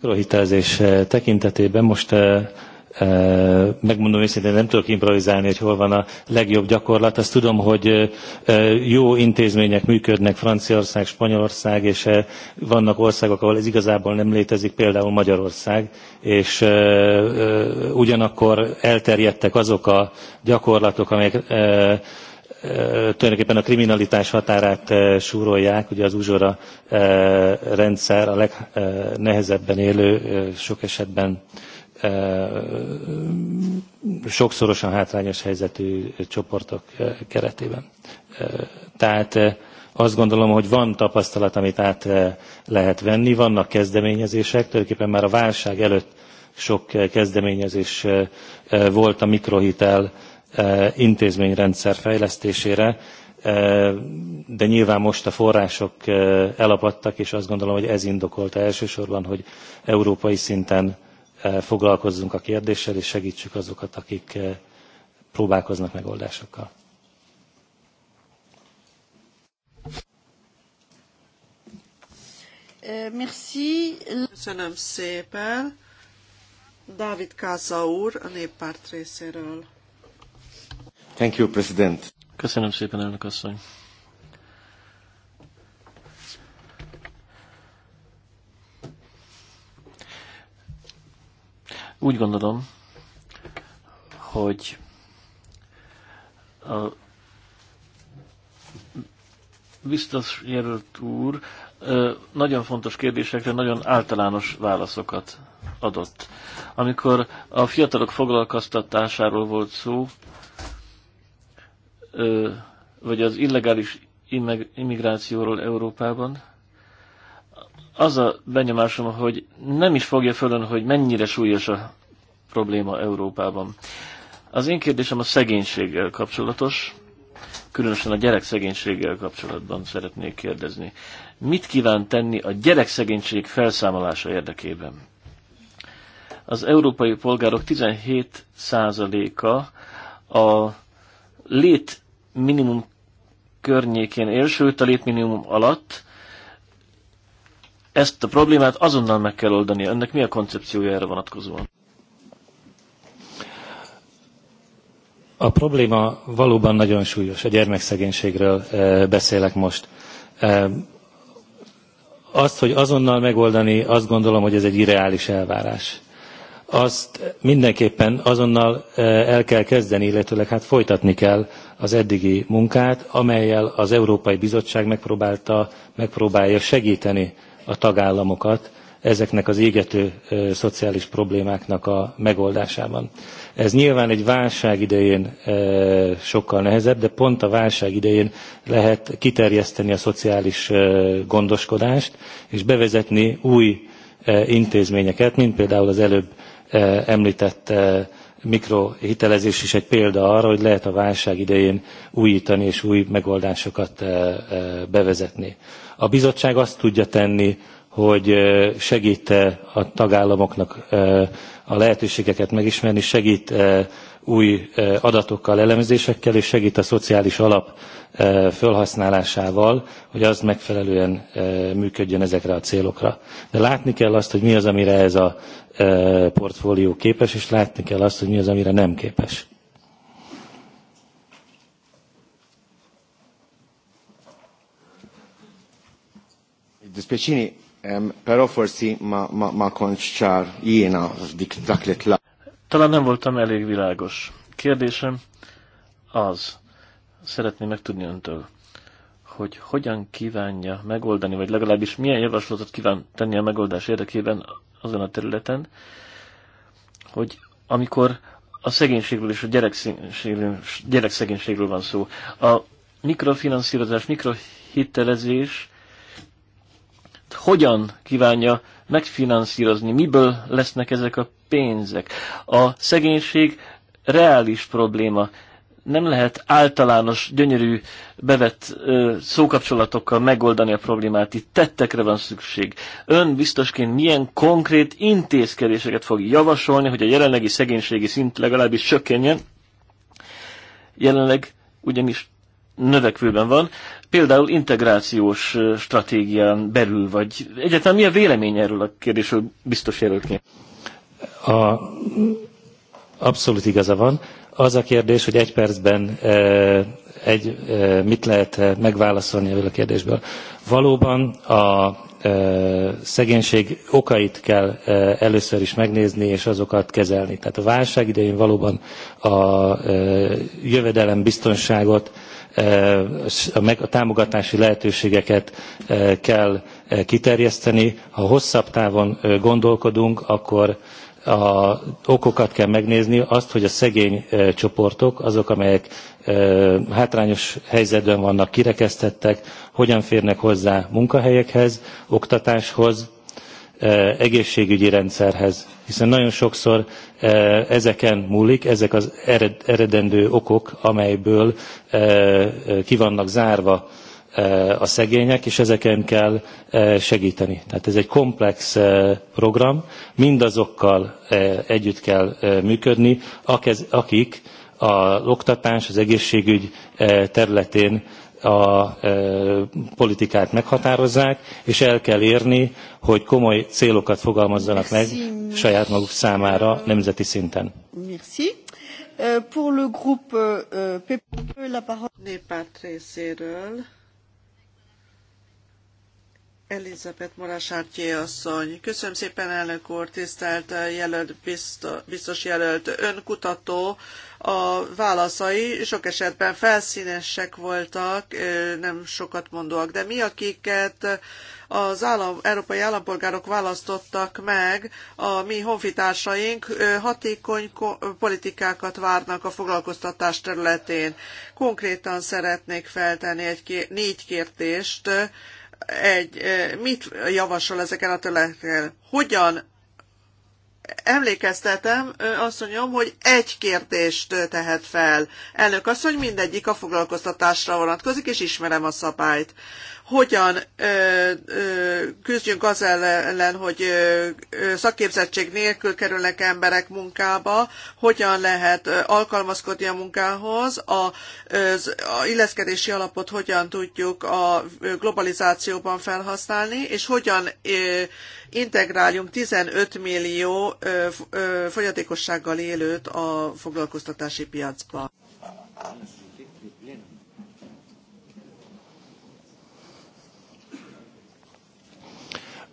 Mikrohitelezés tekintetében most megmondom őszintén, nem tudok improvizálni, hogy hol van a legjobb gyakorlat. Azt tudom, hogy jó intézmények működnek Franciaország, Spanyolország, és vannak országok, ahol ez igazából nem létezik, például Magyarország, és ugyanakkor elterjedtek azok a gyakorlatok, amelyek tulajdonképpen a kriminalitás határát súrolják, ugye az uzsora rendszer a legnehezebben élő, sok esetben sokszorosan hátrányos helyzetű csoportok keretében. Tehát azt gondolom, hogy van tapasztalat, amit át lehet venni, vannak kezdeményezések, tulajdonképpen már a válság előtt sok kezdeményezés volt a mikrohitel intézményrendszer fejlesztésére, de nyilván most a források elapadtak, és azt gondolom, hogy ez indokolta elsősorban, hogy európai szinten Eh, foglalkozzunk a kérdéssel, és segítsük azokat, akik eh, próbálkoznak megoldásokkal. Eh, merci. Köszönöm szépen. Dávid Káza úr, a néppárt részéről. Thank you, President. Köszönöm szépen, elnök asszony. Úgy gondolom, hogy a biztos jelölt úr nagyon fontos kérdésekre nagyon általános válaszokat adott. Amikor a fiatalok foglalkoztatásáról volt szó, vagy az illegális immigrációról Európában, az a benyomásom, hogy nem is fogja fölön, hogy mennyire súlyos a probléma Európában. Az én kérdésem a szegénységgel kapcsolatos, különösen a gyerekszegénységgel kapcsolatban szeretnék kérdezni. Mit kíván tenni a gyerekszegénység felszámolása érdekében? Az európai polgárok 17%-a a lét minimum környékén él, sőt a minimum alatt, ezt a problémát azonnal meg kell oldani. Ennek mi a koncepciója erre vonatkozóan? A probléma valóban nagyon súlyos. A gyermekszegénységről eh, beszélek most. Eh, azt, hogy azonnal megoldani, azt gondolom, hogy ez egy irreális elvárás. Azt mindenképpen azonnal eh, el kell kezdeni, illetőleg hát folytatni kell az eddigi munkát, amelyel az Európai Bizottság megpróbálta, megpróbálja segíteni a tagállamokat ezeknek az égető szociális problémáknak a megoldásában. Ez nyilván egy válság idején sokkal nehezebb, de pont a válság idején lehet kiterjeszteni a szociális gondoskodást, és bevezetni új intézményeket, mint például az előbb említett mikrohitelezés is egy példa arra, hogy lehet a válság idején újítani és új megoldásokat eh, eh, bevezetni. A bizottság azt tudja tenni, hogy eh, segít a tagállamoknak a lehetőségeket megismerni, segít új adatokkal, elemzésekkel, és segít a szociális alap felhasználásával, hogy az megfelelően működjön ezekre a célokra. De látni kell azt, hogy mi az, amire ez a portfólió képes, és látni kell azt, hogy mi az, amire nem képes. dispjaċini, um, però forsi ma, ma, ma konċ ċar jiena dik talán nem voltam elég világos. Kérdésem az, szeretném megtudni öntől, hogy hogyan kívánja megoldani, vagy legalábbis milyen javaslatot kíván tenni a megoldás érdekében azon a területen, hogy amikor a szegénységről és a gyerekszegénységről, van szó, a mikrofinanszírozás, mikrohitelezés hogyan kívánja megfinanszírozni, miből lesznek ezek a pénzek. A szegénység reális probléma. Nem lehet általános, gyönyörű, bevett ö, szókapcsolatokkal megoldani a problémát. Itt tettekre van szükség. Ön biztosként milyen konkrét intézkedéseket fog javasolni, hogy a jelenlegi szegénységi szint legalábbis csökkenjen? Jelenleg ugyanis növekvőben van például integrációs stratégián belül, vagy egyáltalán mi a vélemény erről a kérdésről biztos jelöltként? A, abszolút igaza van. Az a kérdés, hogy egy percben egy, mit lehet megválaszolni ebből a kérdésből. Valóban a szegénység okait kell először is megnézni, és azokat kezelni. Tehát a válság idején valóban a jövedelem biztonságot a támogatási lehetőségeket kell kiterjeszteni. Ha hosszabb távon gondolkodunk, akkor a okokat kell megnézni, azt, hogy a szegény csoportok, azok, amelyek hátrányos helyzetben vannak, kirekesztettek, hogyan férnek hozzá munkahelyekhez, oktatáshoz, egészségügyi rendszerhez. Hiszen nagyon sokszor ezeken múlik, ezek az eredendő okok, amelyből ki vannak zárva a szegények, és ezeken kell segíteni. Tehát ez egy komplex program, mindazokkal együtt kell működni, akik az oktatás, az egészségügy területén a e, politikát meghatározzák, és el kell érni, hogy komoly célokat fogalmazzanak meg saját maguk számára nemzeti szinten. Merci. E, pour le groupe PPE, e, la parole... asszony. Köszönöm szépen, elnök úr, tisztelt jelölt, biztos, biztos jelölt. Ön kutató, a válaszai sok esetben felszínesek voltak, nem sokat mondóak, de mi, akiket az állam, európai állampolgárok választottak meg, a mi honfitársaink hatékony politikákat várnak a foglalkoztatás területén. Konkrétan szeretnék feltenni egy négy kérdést, egy, mit javasol ezeken a területeken? Hogyan emlékeztetem, asszonyom, hogy egy kérdést tehet fel. Elnök asszony, mindegyik a foglalkoztatásra vonatkozik, és ismerem a szabályt hogyan küzdjünk az ellen, hogy szakképzettség nélkül kerülnek emberek munkába, hogyan lehet alkalmazkodni a munkához, az illeszkedési alapot hogyan tudjuk a globalizációban felhasználni, és hogyan integráljunk 15 millió fogyatékossággal élőt a foglalkoztatási piacba.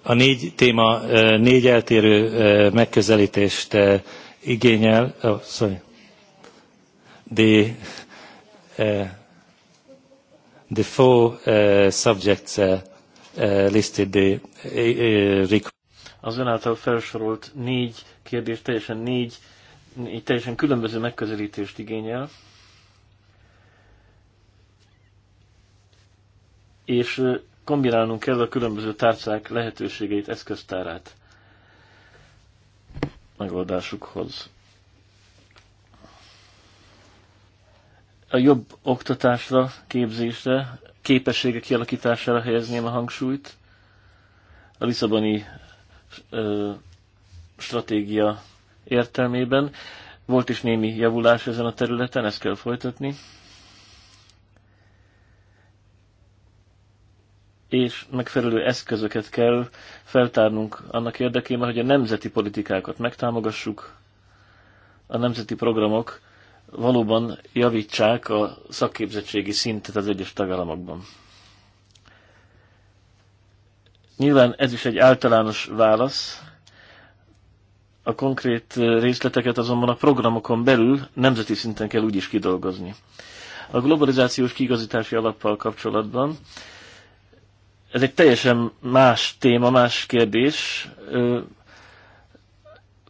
a négy téma négy eltérő megközelítést igényel. Oh, sorry. The, uh, the four uh, subjects uh, listed the uh, Az ön által felsorolt négy kérdés teljesen négy, négy teljesen különböző megközelítést igényel. És kombinálnunk kell a különböző tárcák lehetőségeit, eszköztárát megoldásukhoz. A jobb oktatásra, képzésre, képessége kialakítására helyezném a hangsúlyt. A Lisszaboni ö, stratégia értelmében volt is némi javulás ezen a területen, ezt kell folytatni. és megfelelő eszközöket kell feltárnunk annak érdekében, hogy a nemzeti politikákat megtámogassuk, a nemzeti programok valóban javítsák a szakképzettségi szintet az egyes tagállamokban. Nyilván ez is egy általános válasz, a konkrét részleteket azonban a programokon belül nemzeti szinten kell úgyis kidolgozni. A globalizációs kigazítási alappal kapcsolatban ez egy teljesen más téma, más kérdés,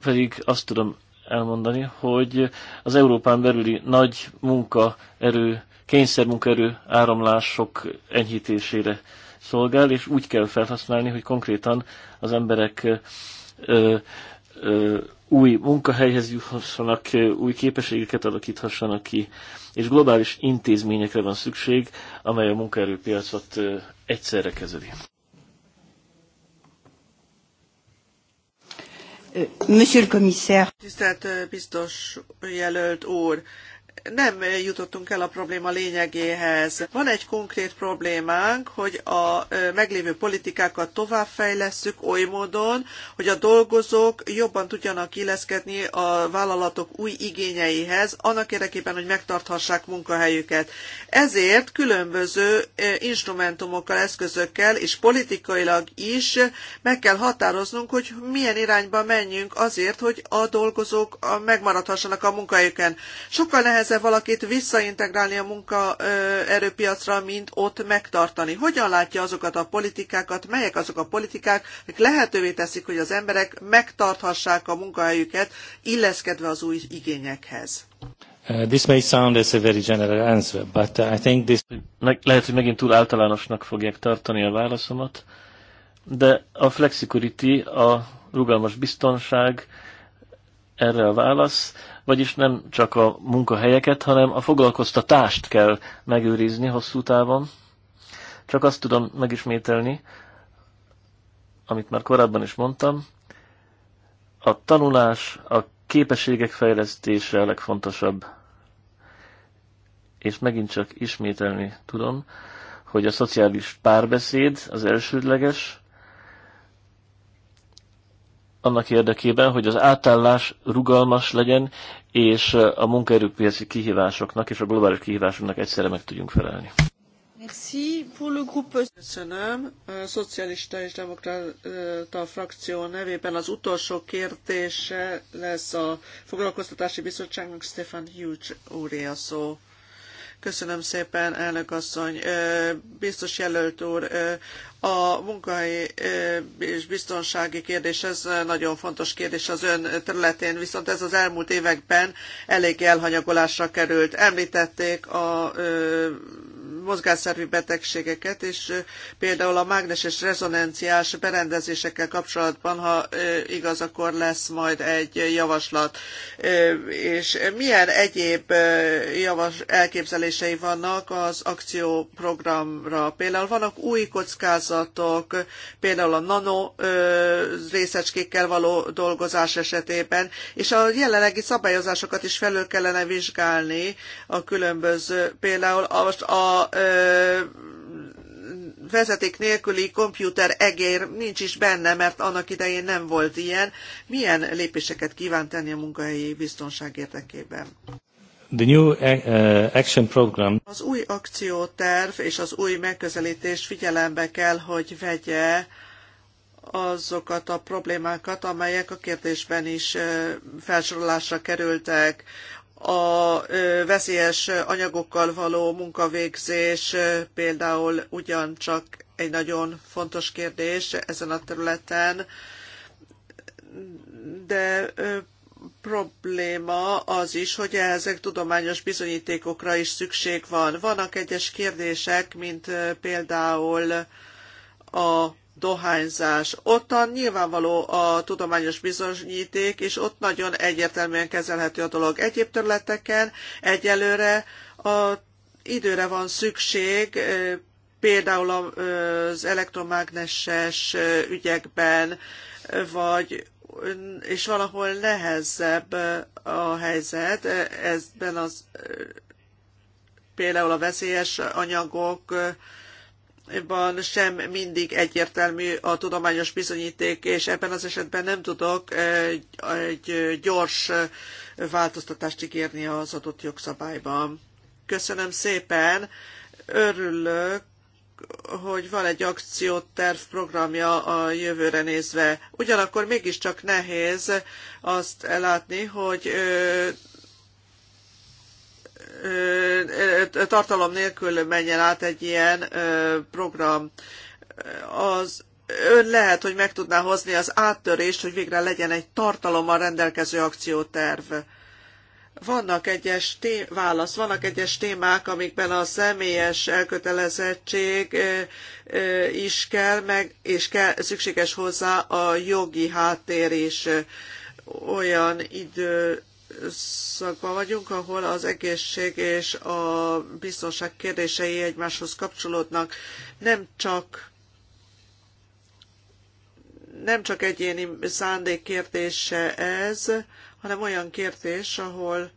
pedig azt tudom elmondani, hogy az Európán belüli nagy munkaerő, kényszermunkaerő áramlások enyhítésére szolgál, és úgy kell felhasználni, hogy konkrétan az emberek ö, ö, új munkahelyhez juthassanak, új képességeket alakíthassanak ki, és globális intézményekre van szükség, amely a munkaerőpiacot egyszerre kezeli. Monsieur le commissaire. Tisztelt biztos jelölt úr, nem jutottunk el a probléma lényegéhez. Van egy konkrét problémánk, hogy a meglévő politikákat továbbfejlesszük oly módon, hogy a dolgozók jobban tudjanak illeszkedni a vállalatok új igényeihez, annak érdekében, hogy megtarthassák munkahelyüket. Ezért különböző instrumentumokkal, eszközökkel és politikailag is meg kell határoznunk, hogy milyen irányba menjünk azért, hogy a dolgozók megmaradhassanak a munkahelyüken. Sokkal nehezebb persze valakit visszaintegrálni a munkaerőpiacra, mint ott megtartani. Hogyan látja azokat a politikákat, melyek azok a politikák, amik lehetővé teszik, hogy az emberek megtarthassák a munkahelyüket, illeszkedve az új igényekhez? Uh, this may sound as a very general answer, but uh, I think this... Lehet, hogy megint túl általánosnak fogják tartani a válaszomat, de a flexicurity, a rugalmas biztonság, erre a válasz. Vagyis nem csak a munkahelyeket, hanem a foglalkoztatást kell megőrizni hosszú távon. Csak azt tudom megismételni, amit már korábban is mondtam, a tanulás, a képességek fejlesztése a legfontosabb. És megint csak ismételni tudom, hogy a szociális párbeszéd az elsődleges, annak érdekében, hogy az átállás rugalmas legyen, és a munkaerőpiaci kihívásoknak és a globális kihívásoknak egyszerre meg tudjunk felelni. Merci pour le groupe. Köszönöm. A szocialista és demokrata frakció nevében az utolsó kérdése lesz a foglalkoztatási bizottságnak Stefan Hughes úré a szó. Köszönöm szépen, elnök asszony. Biztos jelölt úr, a munkahelyi és biztonsági kérdés, ez nagyon fontos kérdés az ön területén, viszont ez az elmúlt években elég elhanyagolásra került. Említették a mozgásszervi betegségeket, és például a mágneses rezonanciás berendezésekkel kapcsolatban, ha igaz, akkor lesz majd egy javaslat. És milyen egyéb javas elképzelései vannak az akcióprogramra? Például vannak új kockázatok, például a nano részecskékkel való dolgozás esetében, és a jelenlegi szabályozásokat is felül kellene vizsgálni a különböző, például a, a ö, vezeték nélküli komputer egér nincs is benne, mert annak idején nem volt ilyen. Milyen lépéseket kíván tenni a munkahelyi biztonság érdekében? The new uh, uh, action program. Az új akcióterv és az új megközelítés figyelembe kell, hogy vegye azokat a problémákat, amelyek a kérdésben is felsorolásra kerültek a veszélyes anyagokkal való munkavégzés például ugyancsak egy nagyon fontos kérdés ezen a területen, de probléma az is, hogy ezek tudományos bizonyítékokra is szükség van. Vannak egyes kérdések, mint például a dohányzás. Ottan nyilvánvaló a tudományos bizonyíték, és ott nagyon egyértelműen kezelhető a dolog. Egyéb területeken egyelőre a időre van szükség, például az elektromágneses ügyekben, vagy és valahol nehezebb a helyzet, ezben az például a veszélyes anyagok ban sem mindig egyértelmű a tudományos bizonyíték, és ebben az esetben nem tudok egy gyors változtatást ígérni az adott jogszabályban. Köszönöm szépen, örülök, hogy van egy akcióterv programja a jövőre nézve. Ugyanakkor mégiscsak nehéz azt látni, hogy tartalom nélkül menjen át egy ilyen program. Az ön lehet, hogy meg tudná hozni az áttörést, hogy végre legyen egy tartalommal rendelkező akcióterv. Vannak egyes, té- válasz, vannak egyes témák, amikben a személyes elkötelezettség is kell, meg, és kell, szükséges hozzá a jogi háttér is olyan idő időszakban vagyunk, ahol az egészség és a biztonság kérdései egymáshoz kapcsolódnak. Nem csak nem csak egyéni szándék kérdése ez, hanem olyan kérdés, ahol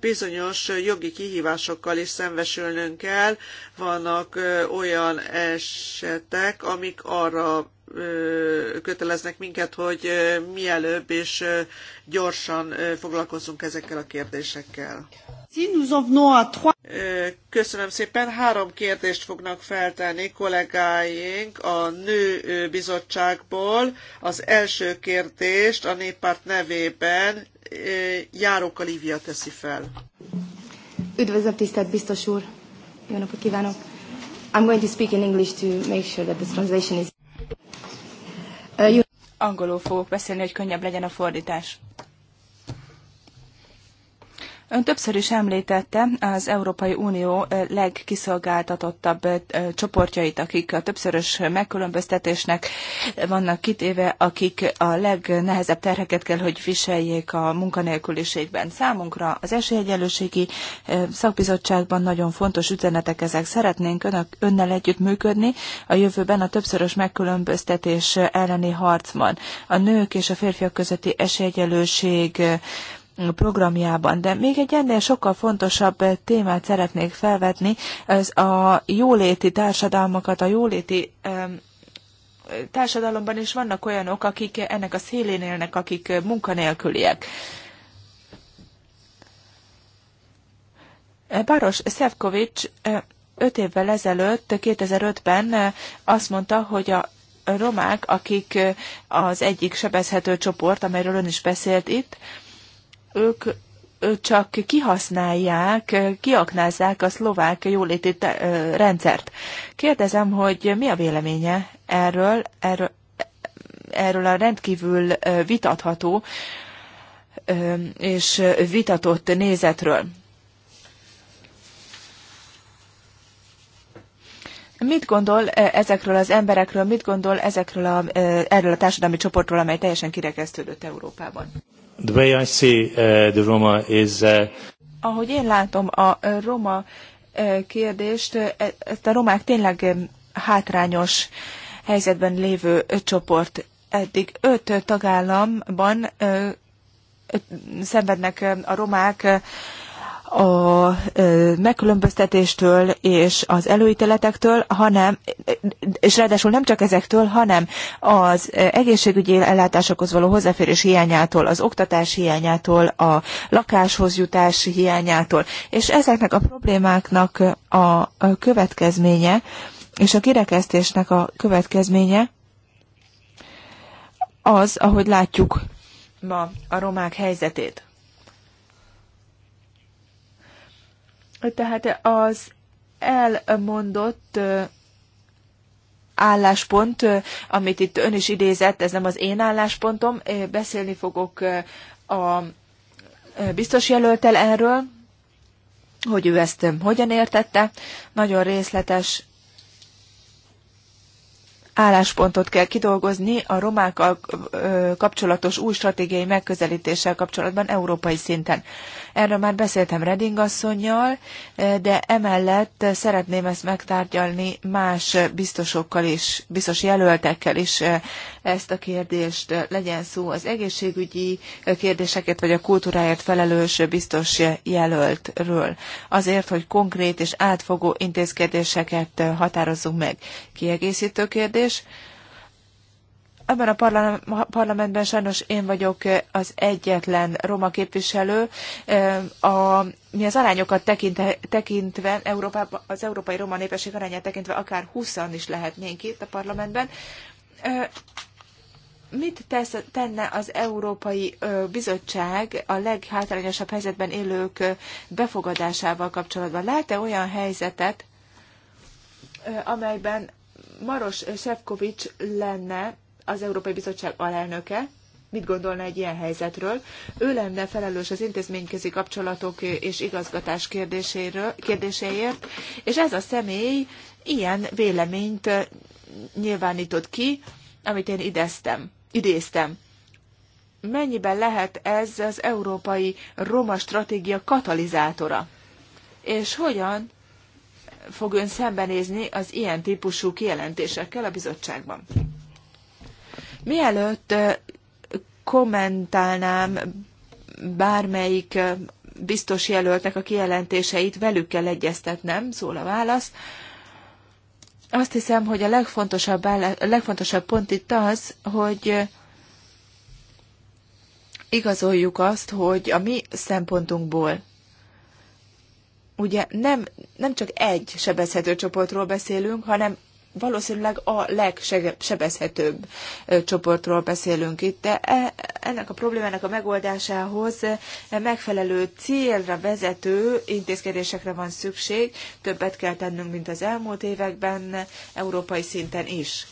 bizonyos jogi kihívásokkal is szembesülnünk kell. Vannak olyan esetek, amik arra köteleznek minket, hogy mielőbb és gyorsan foglalkozzunk ezekkel a kérdésekkel. Köszönöm szépen. Három kérdést fognak feltenni kollégáink a nő bizottságból. Az első kérdést a néppárt nevében Járóka Lívia teszi fel. Üdvözlöm, tisztelt biztos úr! Jó napot kívánok! I'm going to speak in English to make sure that the translation is... Angolul fogok beszélni, hogy könnyebb legyen a fordítás. Ön többször is említette az Európai Unió legkiszolgáltatottabb csoportjait, akik a többszörös megkülönböztetésnek vannak kitéve, akik a legnehezebb terheket kell, hogy viseljék a munkanélküliségben. Számunkra az esélyegyenlőségi szakbizottságban nagyon fontos üzenetek ezek. Szeretnénk önök, önnel együtt működni a jövőben a többszörös megkülönböztetés elleni harcban. A nők és a férfiak közötti esélyegyenlőség programjában. De még egy ennél sokkal fontosabb eh, témát szeretnék felvetni, ez a jóléti társadalmakat, a jóléti társadalomban is vannak olyanok, akik ennek a szélén élnek, akik eh, munkanélküliek. Eh, Baros Szevkovics öt évvel ezelőtt, 2005-ben azt mondta, hogy a romák, akik az egyik sebezhető csoport, amelyről ön is beszélt itt, ők csak kihasználják, kiaknázzák a szlovák jóléti rendszert. Kérdezem, hogy mi a véleménye erről, erről, erről a rendkívül vitatható és vitatott nézetről. Mit gondol ezekről az emberekről, mit gondol ezekről a, erről a társadalmi csoportról, amely teljesen kirekesztődött Európában? the way I see uh, the Roma is... Uh... Ahogy én látom a uh, roma uh, kérdést, uh, e, ezt a romák tényleg um, hátrányos helyzetben lévő csoport. Eddig öt tagállamban szenvednek a romák a megkülönböztetéstől és az előítéletektől, hanem, és ráadásul nem csak ezektől, hanem az egészségügyi ellátásokhoz való hozzáférés hiányától, az oktatás hiányától, a lakáshoz jutás hiányától. És ezeknek a problémáknak a következménye, és a kirekesztésnek a következménye az, ahogy látjuk ma a romák helyzetét. Tehát az elmondott álláspont, amit itt ön is idézett, ez nem az én álláspontom, beszélni fogok a biztos jelöltel erről, hogy ő ezt hogyan értette. Nagyon részletes álláspontot kell kidolgozni a romákkal kapcsolatos új stratégiai megközelítéssel kapcsolatban európai szinten. Erről már beszéltem Reding asszonynal, eh, de emellett szeretném ezt megtárgyalni más biztosokkal is, biztos jelöltekkel is eh, ezt a kérdést. Legyen szó az egészségügyi eh, kérdéseket, vagy a kultúráért felelős biztos jelöltről. Azért, hogy konkrét és átfogó intézkedéseket határozzunk meg. Kiegészítő kérdés Ebben a parlamentben sajnos én vagyok eh, az egyetlen roma képviselő. Eh, a, mi az arányokat tekintve, tekintve, Európában, az európai roma népesség arányát tekintve akár 20 is lehetnénk itt a parlamentben. Eh, mit tesz, tenne az Európai Bizottság a leghátrányosabb helyzetben élők befogadásával kapcsolatban? Lát-e olyan helyzetet, amelyben Maros Sefcovics lenne az Európai Bizottság alelnöke, mit gondolna egy ilyen helyzetről. Ő lenne felelős az intézményközi kapcsolatok és igazgatás kérdéséért, és ez a személy ilyen véleményt nyilvánított ki, amit én ideztem, idéztem. Mennyiben lehet ez az európai roma stratégia katalizátora? És hogyan fog ön szembenézni az ilyen típusú kijelentésekkel a bizottságban? Mielőtt kommentálnám bármelyik biztos jelöltnek a kijelentéseit, velük kell egyeztetnem, szól a válasz. Azt hiszem, hogy a legfontosabb, a legfontosabb pont itt az, hogy igazoljuk azt, hogy a mi szempontunkból ugye nem, nem csak egy sebezhető csoportról beszélünk, hanem valószínűleg a legsebezhetőbb csoportról beszélünk itt, de e, ennek a problémának a megoldásához e, megfelelő célra vezető intézkedésekre van szükség, többet kell tennünk, mint az elmúlt években, európai szinten is.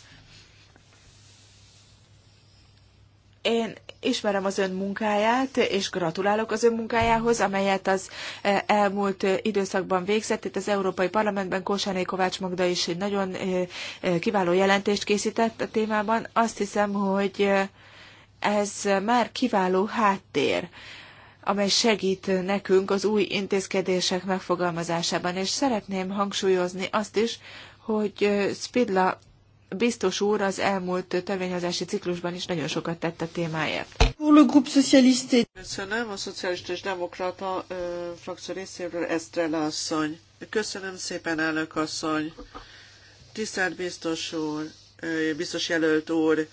Én ismerem az ön munkáját, és gratulálok az ön munkájához, amelyet az e, elmúlt e, időszakban végzett. Itt az Európai Parlamentben Kósáné Kovács Magda is egy nagyon e, kiváló jelentést készített a témában. Azt hiszem, hogy ez már kiváló háttér amely segít nekünk az új intézkedések megfogalmazásában. És szeretném hangsúlyozni azt is, hogy Spidla biztos úr az elmúlt törvényhozási ciklusban is nagyon sokat tett a témáért. Köszönöm a Szocialista és Demokrata ö, frakció részéről Esztrella asszony. Köszönöm szépen, elnök asszony. Tisztelt biztos úr, ö, biztos jelölt úr,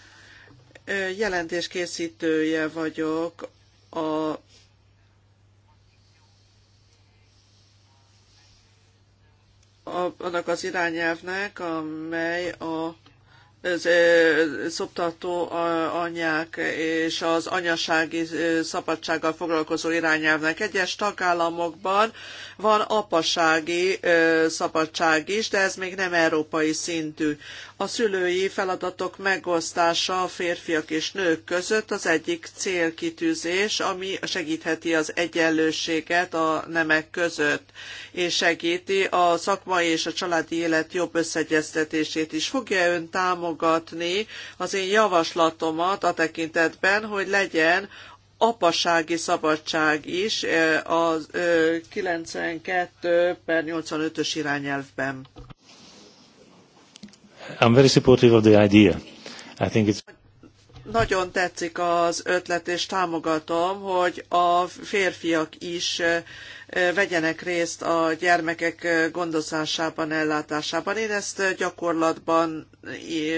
ö, jelentés készítője vagyok a a, annak az irányelvnek, amely a szoptató anyák és az anyasági szabadsággal foglalkozó irányelvnek. Egyes tagállamokban van apasági szabadság is, de ez még nem európai szintű. A szülői feladatok megosztása a férfiak és nők között az egyik célkitűzés, ami segítheti az egyenlőséget a nemek között, és segíti a szakmai és a családi élet jobb összegyeztetését is. Fogja ön támogatni az én javaslatomat a tekintetben, hogy legyen apasági szabadság is a 92 per 85-ös irányelvben. I'm very supportive of the idea. I think it's nagyon tetszik az ötlet, és támogatom, hogy a férfiak is vegyenek részt a gyermekek gondozásában, ellátásában. Én ezt gyakorlatban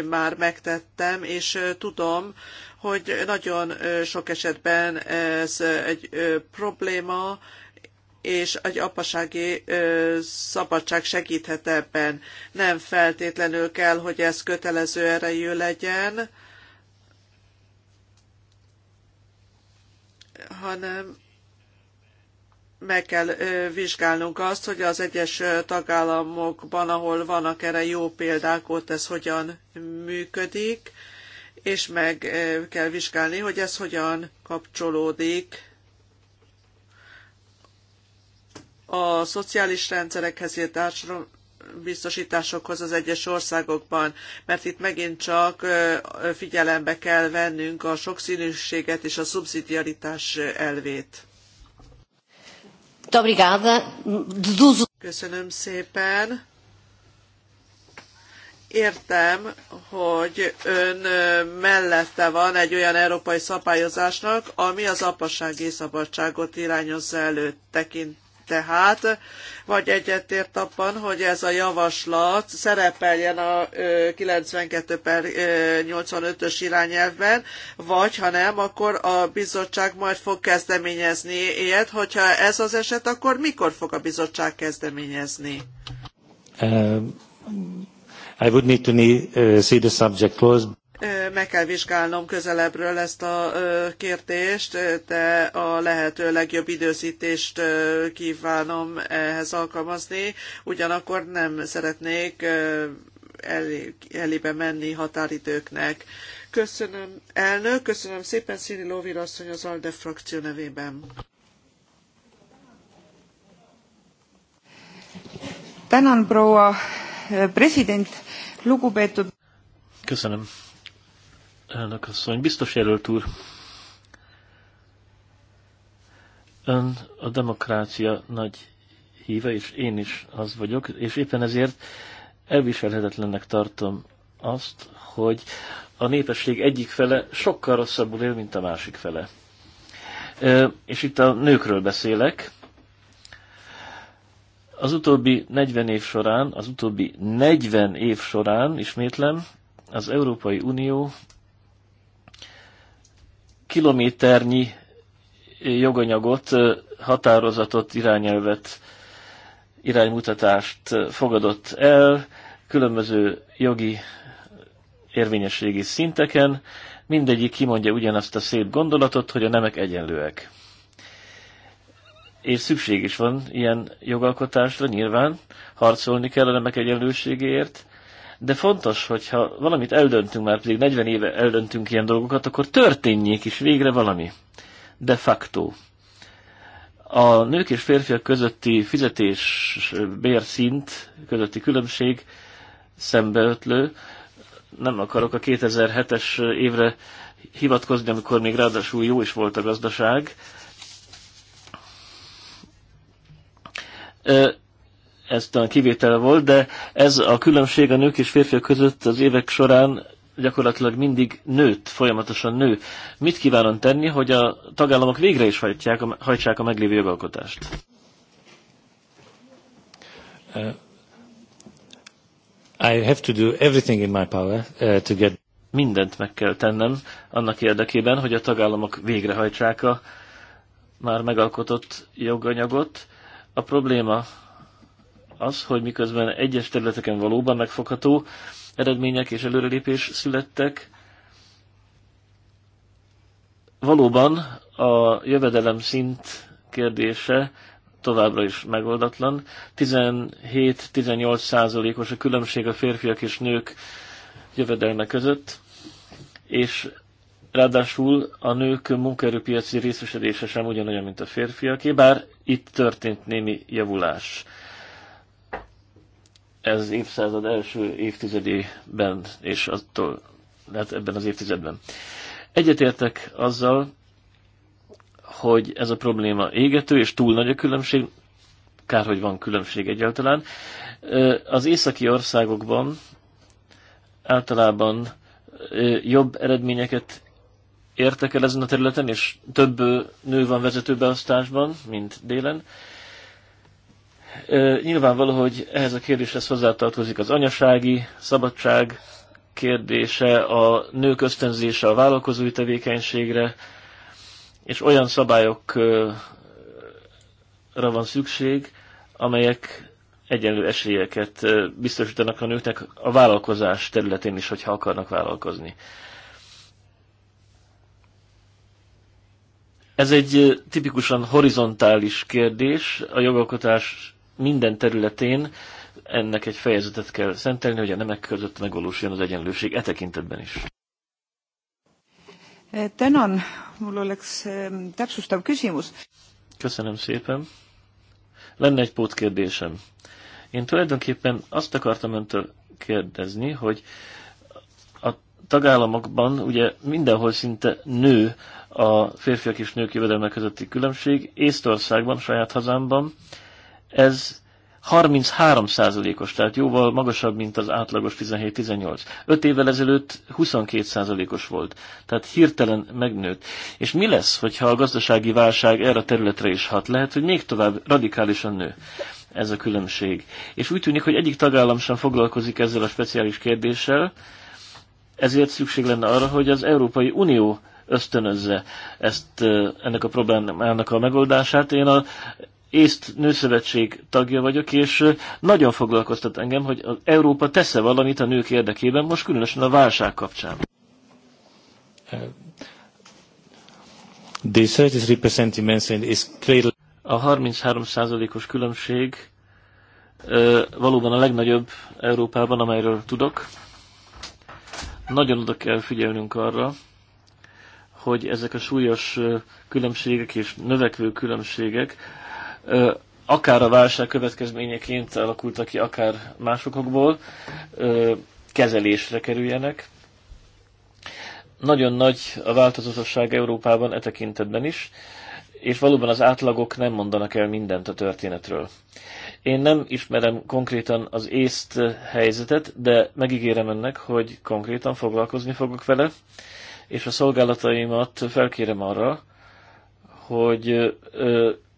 már megtettem, és tudom, hogy nagyon sok esetben ez egy probléma, és egy apasági ö, szabadság segíthet ebben. Nem feltétlenül kell, hogy ez kötelező erejű legyen, hanem meg kell ö, vizsgálnunk azt, hogy az egyes tagállamokban, ahol vannak erre jó példák, ott ez hogyan működik, és meg kell vizsgálni, hogy ez hogyan kapcsolódik a szociális rendszerekhez, a társadalom, biztosításokhoz az egyes országokban, mert itt megint csak figyelembe kell vennünk a sokszínűséget és a szubszidiaritás elvét. Köszönöm szépen értem, hogy ön mellette van egy olyan európai szabályozásnak, ami az apassági szabadságot irányozza elő tekint. Tehát, vagy egyetért abban, hogy ez a javaslat szerepeljen a 92 per 85-ös irányelvben, vagy ha nem, akkor a bizottság majd fog kezdeményezni ilyet. Hogyha ez az eset, akkor mikor fog a bizottság kezdeményezni? Um I would need to uh, see the subject close. Meg kell vizsgálnom közelebbről ezt a kérdést, de a lehető legjobb időzítést kívánom ehhez alkalmazni, ugyanakkor nem szeretnék elé, elébe menni határidőknek. Köszönöm, elnök, köszönöm szépen Sziri Lóvir asszony az ALDE frakció nevében. Tänan, proua president Köszönöm, elnök asszony. Biztos jelölt úr, ön a demokrácia nagy híve, és én is az vagyok, és éppen ezért elviselhetetlennek tartom azt, hogy a népesség egyik fele sokkal rosszabbul él, mint a másik fele. És itt a nőkről beszélek, az utóbbi 40 év során, az utóbbi 40 év során, ismétlem, az Európai Unió kilométernyi joganyagot, határozatot, irányelvet, iránymutatást fogadott el különböző jogi érvényességi szinteken. Mindegyik kimondja ugyanazt a szép gondolatot, hogy a nemek egyenlőek és szükség is van ilyen jogalkotásra, nyilván harcolni kell a nemek egyenlőségéért, de fontos, hogyha valamit eldöntünk, már pedig 40 éve eldöntünk ilyen dolgokat, akkor történjék is végre valami. De facto. A nők és férfiak közötti fizetés bérszint közötti különbség szembeötlő. Nem akarok a 2007-es évre hivatkozni, amikor még ráadásul jó is volt a gazdaság, ez talán kivétel volt, de ez a különbség a nők és férfiak között az évek során gyakorlatilag mindig nőtt, folyamatosan nő. Mit kívánom tenni, hogy a tagállamok végre is hajtják, hajtsák a meglévő jogalkotást? Uh, I have to do everything in my power uh, to get... Mindent meg kell tennem annak érdekében, hogy a tagállamok végrehajtsák a már megalkotott joganyagot, a probléma az, hogy miközben egyes területeken valóban megfogható eredmények és előrelépés születtek, valóban a jövedelem szint kérdése továbbra is megoldatlan. 17-18 százalékos a különbség a férfiak és nők jövedelme között, és Ráadásul a nők munkaerőpiaci részesedése sem ugyanolyan, mint a férfiaké, bár itt történt némi javulás. Ez az évszázad első évtizedében, és attól, lehet ebben az évtizedben. Egyetértek azzal, hogy ez a probléma égető, és túl nagy a különbség, kár, hogy van különbség egyáltalán. Az északi országokban általában jobb eredményeket értek el ezen a területen, és több nő van vezetőbeosztásban, mint délen. Nyilvánvaló, hogy ehhez a kérdéshez hozzátartozik az anyasági, szabadság kérdése, a nők ösztönzése a vállalkozói tevékenységre, és olyan szabályokra van szükség, amelyek egyenlő esélyeket biztosítanak a nőknek a vállalkozás területén is, hogyha akarnak vállalkozni. Ez egy tipikusan horizontális kérdés, a jogalkotás minden területén ennek egy fejezetet kell szentelni, hogy a nemek között megvalósuljon az egyenlőség e tekintetben is. Eh, Tänan, mul oleks täpsustav küsimus. Köszönöm szépen. Lenne egy pótkérdésem. Én tulajdonképpen azt akartam öntől kérdezni, hogy a tagállamokban ugye mindenhol szinte nő a férfiak és nők jövedelme közötti különbség. Észtországban, saját hazámban ez 33 százalékos, tehát jóval magasabb, mint az átlagos 17-18. Öt évvel ezelőtt 22 százalékos volt, tehát hirtelen megnőtt. És mi lesz, hogyha a gazdasági válság erre a területre is hat? Lehet, hogy még tovább radikálisan nő ez a különbség. És úgy tűnik, hogy egyik tagállam sem foglalkozik ezzel a speciális kérdéssel, ezért szükség lenne arra, hogy az Európai Unió ösztönözze ezt, ennek a problémának a megoldását. Én a észt nőszövetség tagja vagyok, és nagyon foglalkoztat engem, hogy az Európa tesz-e valamit a nők érdekében, most különösen a válság kapcsán. Uh, a 33%-os különbség valóban a legnagyobb Európában, amelyről tudok. Nagyon oda kell figyelnünk arra, hogy ezek a súlyos különbségek és növekvő különbségek akár a válság következményeként alakultak ki, akár másokból kezelésre kerüljenek. Nagyon nagy a változatosság Európában e tekintetben is, és valóban az átlagok nem mondanak el mindent a történetről. Én nem ismerem konkrétan az észt helyzetet, de megígérem ennek, hogy konkrétan foglalkozni fogok vele, és a szolgálataimat felkérem arra, hogy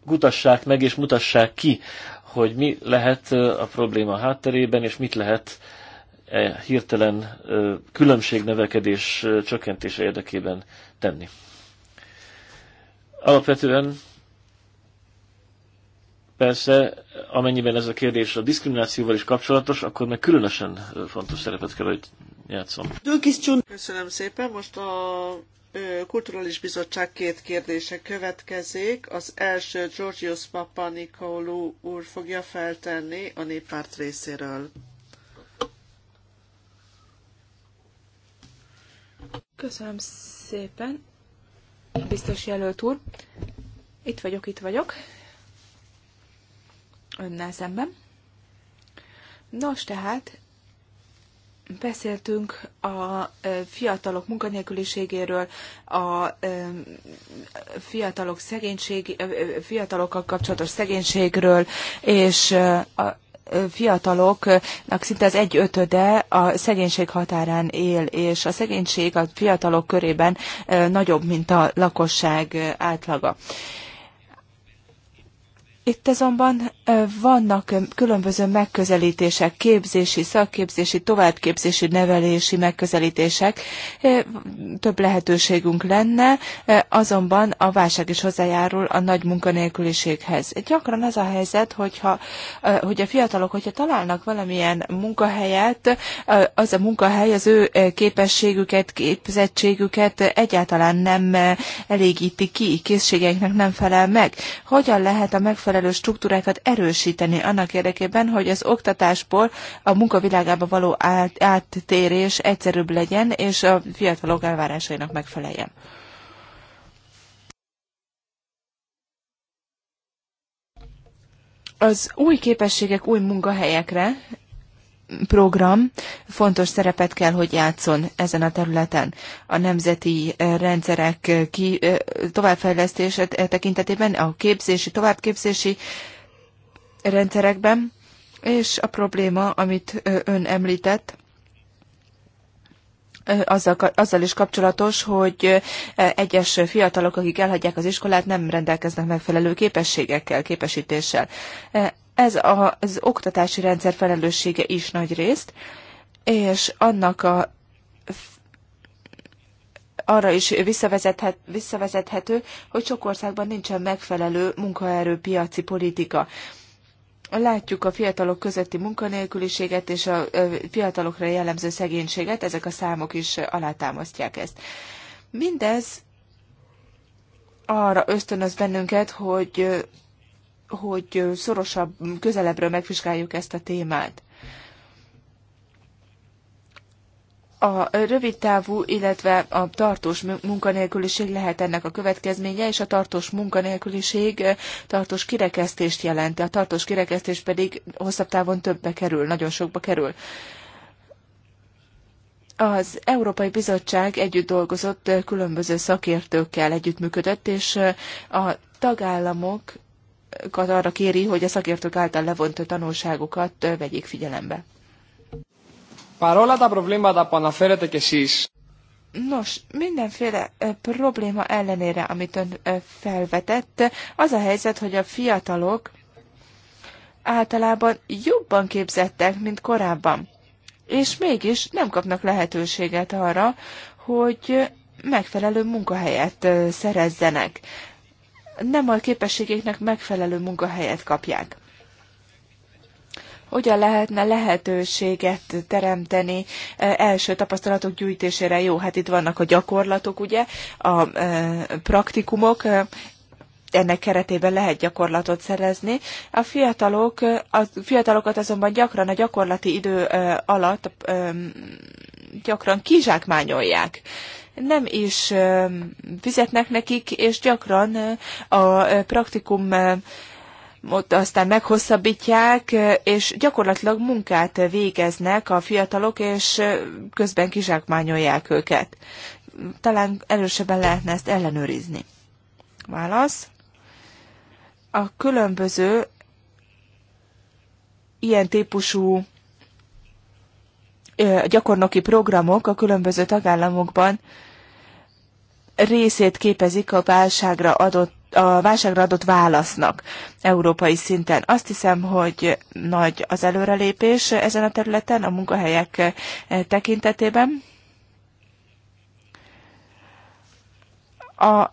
kutassák meg és mutassák ki, hogy mi lehet a probléma hátterében, és mit lehet e hirtelen különbségnevekedés csökkentése érdekében tenni. Alapvetően Persze, amennyiben ez a kérdés a diszkriminációval is kapcsolatos, akkor meg különösen fontos szerepet kell, hogy játszom. Köszönöm szépen. Most a Kulturális Bizottság két kérdése következik. Az első Georgios Papa Nikolú úr fogja feltenni a néppárt részéről. Köszönöm szépen, biztos jelölt úr. Itt vagyok, itt vagyok önnel szemben. Nos, tehát beszéltünk a fiatalok munkanélküliségéről, a fiatalok szegénység, fiatalokkal kapcsolatos szegénységről, és a fiataloknak szinte az egy ötöde a szegénység határán él, és a szegénység a fiatalok körében nagyobb, mint a lakosság átlaga. Itt azonban vannak különböző megközelítések, képzési, szakképzési, továbbképzési, nevelési megközelítések. Több lehetőségünk lenne, azonban a válság is hozzájárul a nagy munkanélküliséghez. Gyakran az a helyzet, hogyha, hogy a fiatalok, hogyha találnak valamilyen munkahelyet, az a munkahely az ő képességüket, képzettségüket egyáltalán nem elégíti ki, készségeiknek nem felel meg. Hogyan lehet a megfelelő megfelelő struktúrákat erősíteni annak érdekében, hogy az oktatásból a munkavilágába való át, áttérés egyszerűbb legyen, és a fiatalok elvárásainak megfeleljen. Az új képességek új munkahelyekre program fontos szerepet kell, hogy játszon ezen a területen. A nemzeti eh, rendszerek eh, ki, eh, továbbfejlesztése tekintetében, a képzési, továbbképzési rendszerekben, és a probléma, amit ön említett, azzal, azzal is kapcsolatos, hogy egyes fiatalok, akik elhagyják az iskolát, nem rendelkeznek megfelelő képességekkel, képesítéssel ez az oktatási rendszer felelőssége is nagy részt, és annak a arra is visszavezethet, visszavezethető, hogy sok országban nincsen megfelelő munkaerőpiaci politika. Látjuk a fiatalok közötti munkanélküliséget és a fiatalokra jellemző szegénységet, ezek a számok is alátámasztják ezt. Mindez arra ösztönöz bennünket, hogy hogy szorosabb, közelebbről megvizsgáljuk ezt a témát. A rövidtávú, illetve a tartós munkanélküliség lehet ennek a következménye, és a tartós munkanélküliség tartós kirekesztést jelenti. A tartós kirekesztés pedig hosszabb távon többbe kerül, nagyon sokba kerül. Az Európai Bizottság együtt dolgozott, különböző szakértőkkel együttműködött, és a tagállamok arra kéri, hogy a szakértők által levont tanulságokat vegyék figyelembe. Parola da problémáda panaferete que sis. Nos, mindenféle probléma ellenére, amit ön felvetett, az a helyzet, hogy a fiatalok általában jobban képzettek, mint korábban. És mégis nem kapnak lehetőséget arra, hogy megfelelő munkahelyet szerezzenek nem a képességeknek megfelelő munkahelyet kapják. Hogyan lehetne lehetőséget teremteni eh, első tapasztalatok gyűjtésére? Jó, hát itt vannak a gyakorlatok, ugye, a eh, praktikumok, eh, ennek keretében lehet gyakorlatot szerezni. A, fiatalok, a fiatalokat azonban gyakran a gyakorlati idő alatt gyakran kizsákmányolják nem is fizetnek nekik, és gyakran a praktikum ott aztán meghosszabbítják, és gyakorlatilag munkát végeznek a fiatalok, és közben kizsákmányolják őket. Talán erősebben lehetne ezt ellenőrizni. Válasz. A különböző ilyen típusú gyakornoki programok a különböző tagállamokban részét képezik a válságra adott a válságra adott válasznak európai szinten. Azt hiszem, hogy nagy az előrelépés ezen a területen, a munkahelyek eh, tekintetében. A,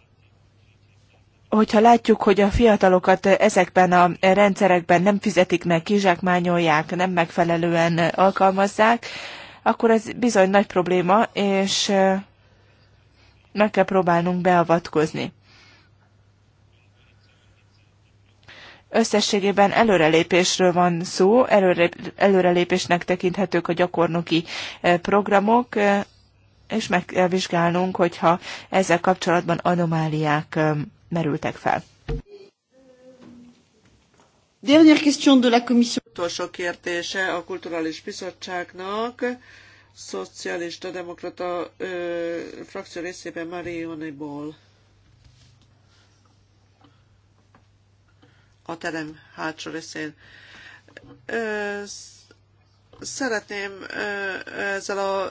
hogyha látjuk, hogy a fiatalokat ezekben a rendszerekben nem fizetik meg, kizsákmányolják, nem megfelelően alkalmazzák, akkor ez bizony nagy probléma, és eh, meg kell próbálnunk beavatkozni. Összességében előrelépésről van szó, előrelépésnek tekinthetők a gyakornoki e, programok, e, és meg kell vizsgálnunk, hogyha ezzel kapcsolatban anomáliák e, merültek fel. Dernière question de la Commission. Utolsó kérdése a Kulturális Bizottságnak szocialista demokrata ö, frakció részében Marioniból. A terem hátsó részén. Ö, Szeretném ezzel a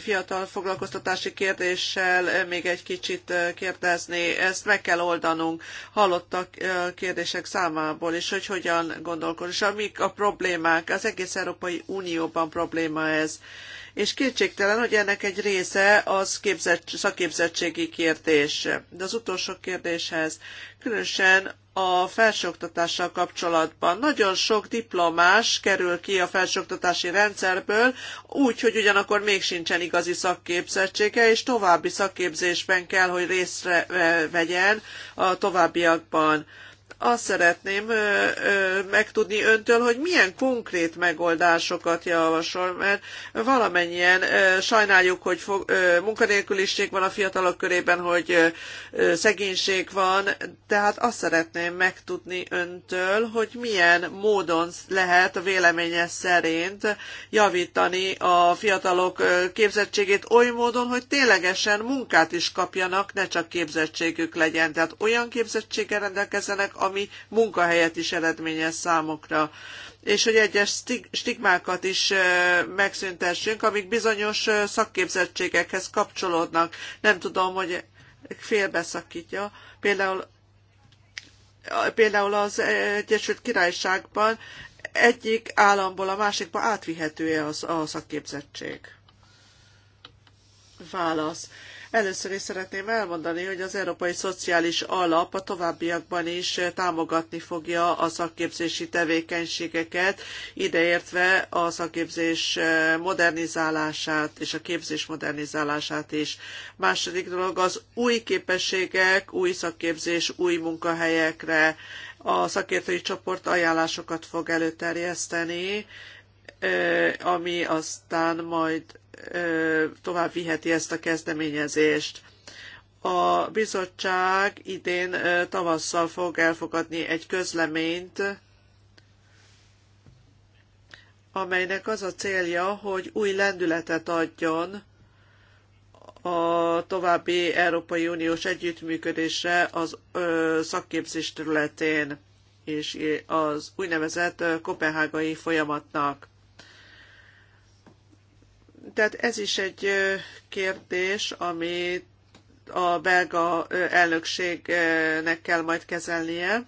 fiatal foglalkoztatási kérdéssel még egy kicsit kérdezni. Ezt meg kell oldanunk. Hallottak kérdések számából is, hogy hogyan gondolkodik, és amik a problémák. Az egész Európai Unióban probléma ez és kétségtelen, hogy ennek egy része az képzett, szakképzettségi kérdés. De az utolsó kérdéshez, különösen a felsőoktatással kapcsolatban. Nagyon sok diplomás kerül ki a felsőoktatási rendszerből, úgy, hogy ugyanakkor még sincsen igazi szakképzettsége, és további szakképzésben kell, hogy részt eh, vegyen a továbbiakban. Azt szeretném megtudni öntől, hogy milyen konkrét megoldásokat javasol, mert valamennyien sajnáljuk, hogy fog, munkanélküliség van a fiatalok körében, hogy szegénység van, tehát azt szeretném megtudni öntől, hogy milyen módon lehet a véleménye szerint javítani a fiatalok képzettségét oly módon, hogy ténylegesen munkát is kapjanak, ne csak képzettségük legyen. Tehát olyan képzettséggel rendelkezzenek, ami munkahelyet is eredményez számokra és hogy egyes stigmákat is megszüntessünk, amik bizonyos szakképzettségekhez kapcsolódnak. Nem tudom, hogy félbeszakítja. Például, például az Egyesült Királyságban egyik államból a másikba átvihető-e az, a szakképzettség? Válasz. Először is szeretném elmondani, hogy az Európai Szociális Alap a továbbiakban is támogatni fogja a szakképzési tevékenységeket, ideértve a szakképzés modernizálását és a képzés modernizálását is. Második dolog az új képességek, új szakképzés, új munkahelyekre. A szakértői csoport ajánlásokat fog előterjeszteni, ami aztán majd tovább viheti ezt a kezdeményezést. A bizottság idén tavasszal fog elfogadni egy közleményt, amelynek az a célja, hogy új lendületet adjon a további Európai Uniós együttműködésre az szakképzés területén és az úgynevezett kopenhágai folyamatnak tehát ez is egy kérdés, amit a belga elnökségnek kell majd kezelnie.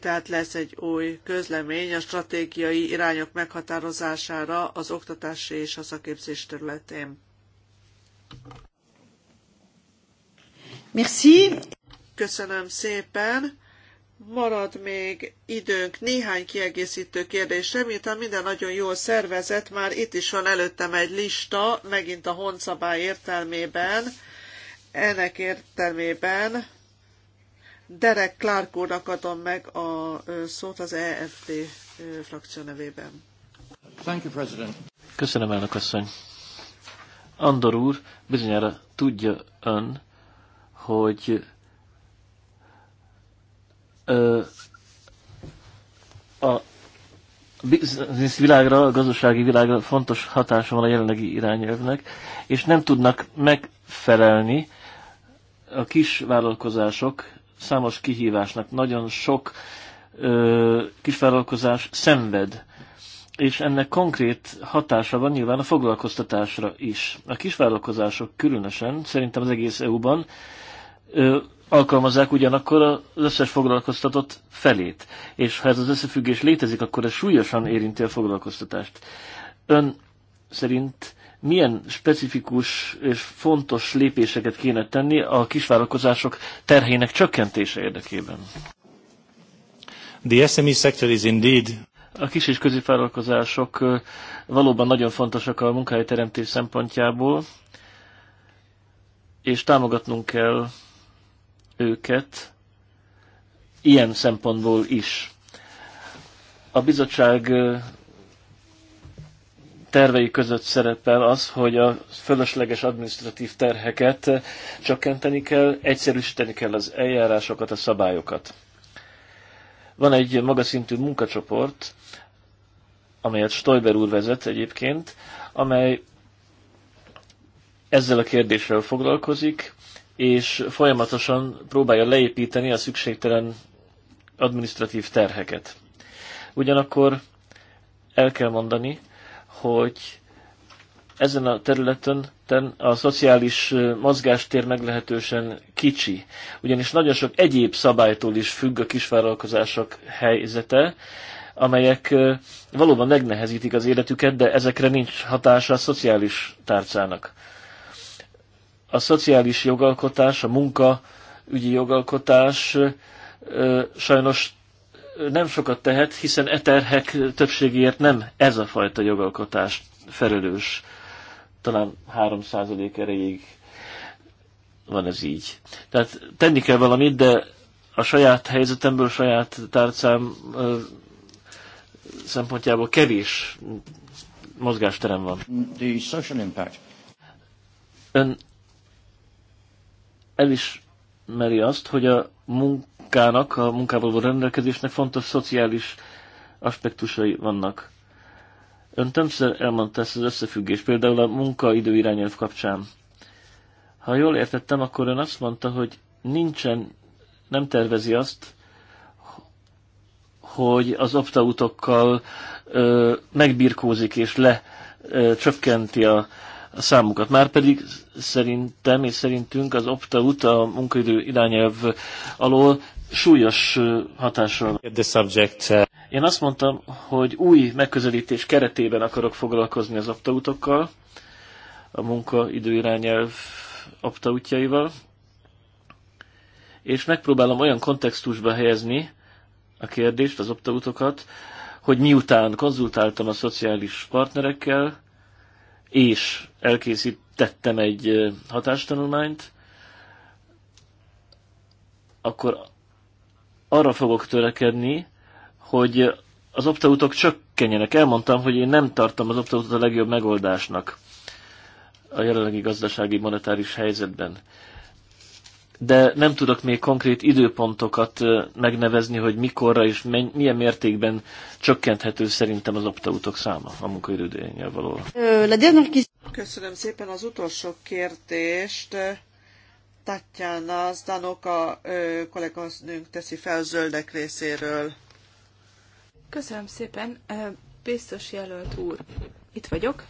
Tehát lesz egy új közlemény a stratégiai irányok meghatározására az oktatási és a szaképzés területén. Merci. Köszönöm szépen marad még időnk néhány kiegészítő kérdésre, miután minden nagyon jól szervezett, már itt is van előttem egy lista, megint a honszabály értelmében, ennek értelmében Derek Clark úrnak adom meg a szót az EFT frakció nevében. Thank you, President. Köszönöm, elnök asszony. Andor úr, bizonyára tudja ön, hogy a biznisz világra, a gazdasági világra fontos hatása van a jelenlegi irányelvnek, és nem tudnak megfelelni a kis vállalkozások számos kihívásnak. Nagyon sok ö, kisvállalkozás szenved, és ennek konkrét hatása van nyilván a foglalkoztatásra is. A kisvállalkozások különösen, szerintem az egész EU-ban alkalmazzák ugyanakkor az összes foglalkoztatott felét. És ha ez az összefüggés létezik, akkor ez súlyosan érinti a foglalkoztatást. Ön szerint milyen specifikus és fontos lépéseket kéne tenni a kisvállalkozások terhének csökkentése érdekében? The SME sector is indeed a kis és középvállalkozások valóban nagyon fontosak a munkahelyteremtés szempontjából, és támogatnunk kell őket ilyen szempontból is. A bizottság tervei között szerepel az, hogy a fölösleges administratív terheket csökkenteni kell, egyszerűsíteni kell az eljárásokat, a szabályokat. Van egy magaszintű munkacsoport, amelyet Stoiber úr vezet egyébként, amely ezzel a kérdéssel foglalkozik, és folyamatosan próbálja leépíteni a szükségtelen administratív terheket. Ugyanakkor el kell mondani, hogy ezen a területen a szociális mozgástér meglehetősen kicsi, ugyanis nagyon sok egyéb szabálytól is függ a kisvállalkozások helyzete, amelyek valóban megnehezítik az életüket, de ezekre nincs hatása a szociális tárcának a szociális jogalkotás, a munka ügyi jogalkotás sajnos nem sokat tehet, hiszen eterhek többségéért nem ez a fajta jogalkotás felelős. Talán 3% erejéig van ez így. Tehát tenni kell valamit, de a saját helyzetemből, a saját tárcám szempontjából kevés mozgásterem van. The social impact. Ön elismeri azt, hogy a munkának, a való rendelkezésnek fontos szociális aspektusai vannak. Ön többször elmondta ezt az összefüggést, például a munka irányelv kapcsán. Ha jól értettem, akkor ön azt mondta, hogy nincsen, nem tervezi azt, hogy az optautokkal megbirkózik és lecsökkenti a a számukat. Márpedig szerintem és szerintünk az opt-out a munkaidő irányelv alól súlyos hatással. subject. Uh, Én azt mondtam, hogy új megközelítés keretében akarok foglalkozni az optautokkal, a munkaidő irányelv optautjaival, és megpróbálom olyan kontextusba helyezni a kérdést, az optautokat, hogy miután konzultáltam a szociális partnerekkel, és elkészítettem egy hatástanulmányt, akkor arra fogok törekedni, hogy az optautok csökkenjenek. Elmondtam, hogy én nem tartom az optautot a legjobb megoldásnak a jelenlegi gazdasági monetáris helyzetben de nem tudok még konkrét időpontokat megnevezni, hogy mikorra és milyen mértékben csökkenthető szerintem az optautok száma a munkaidődényel való. Köszönöm szépen az utolsó kérdést. Tatjana Zdanoka kolléganőnk teszi fel zöldek részéről. Köszönöm szépen, biztos jelölt úr. Itt vagyok.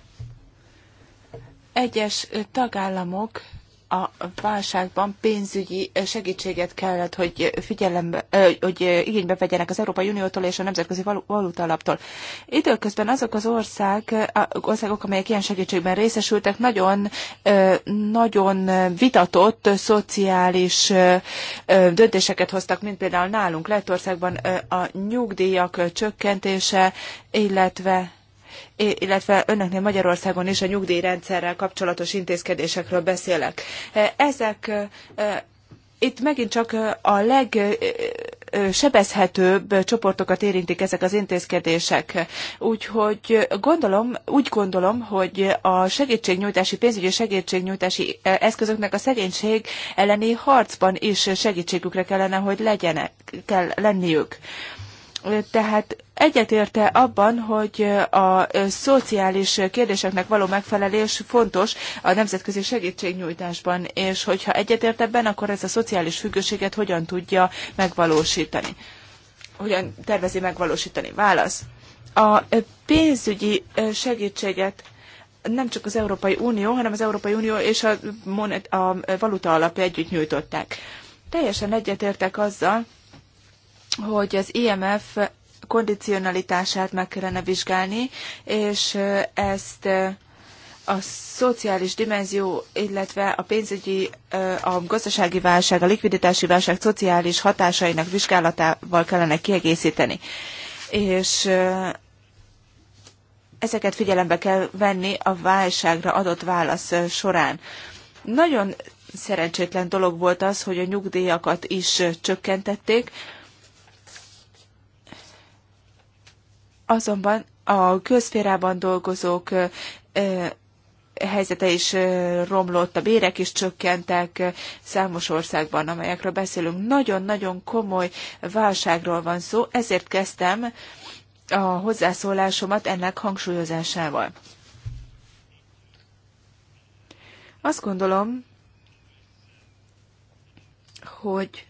Egyes tagállamok a válságban pénzügyi segítséget kellett, hogy figyelembe, hogy igénybe vegyenek az Európai Uniótól és a Nemzetközi Alaptól. Időközben azok az ország, országok, amelyek ilyen segítségben részesültek, nagyon, nagyon vitatott szociális döntéseket hoztak, mint például nálunk Lettországban a nyugdíjak csökkentése, illetve illetve önöknél Magyarországon is a nyugdíjrendszerrel kapcsolatos intézkedésekről beszélek. E, ezek e, e, itt megint csak a leg sebezhetőbb csoportokat érintik ezek az intézkedések. Úgyhogy gondolom, úgy gondolom, hogy a segítségnyújtási, pénzügyi segítségnyújtási eszközöknek a szegénység elleni harcban is segítségükre kellene, hogy legyenek, kell lenniük. Tehát egyetérte abban, hogy a szociális kérdéseknek való megfelelés fontos a nemzetközi segítségnyújtásban, és hogyha egyetért ebben, akkor ez a szociális függőséget hogyan tudja megvalósítani? Hogyan tervezi megvalósítani? Válasz. A pénzügyi segítséget nem csak az Európai Unió, hanem az Európai Unió és a, monet, a valuta alapja együtt nyújtották. Teljesen egyetértek azzal, hogy az IMF kondicionalitását meg kellene vizsgálni, és ezt a szociális dimenzió, illetve a pénzügyi, a gazdasági válság, a likviditási válság szociális hatásainak vizsgálatával kellene kiegészíteni. És ezeket figyelembe kell venni a válságra adott válasz során. Nagyon szerencsétlen dolog volt az, hogy a nyugdíjakat is csökkentették, Azonban a közférában dolgozók helyzete is romlott, a bérek is csökkentek számos országban, amelyekről beszélünk. Nagyon-nagyon komoly válságról van szó, ezért kezdtem a hozzászólásomat ennek hangsúlyozásával. Azt gondolom, hogy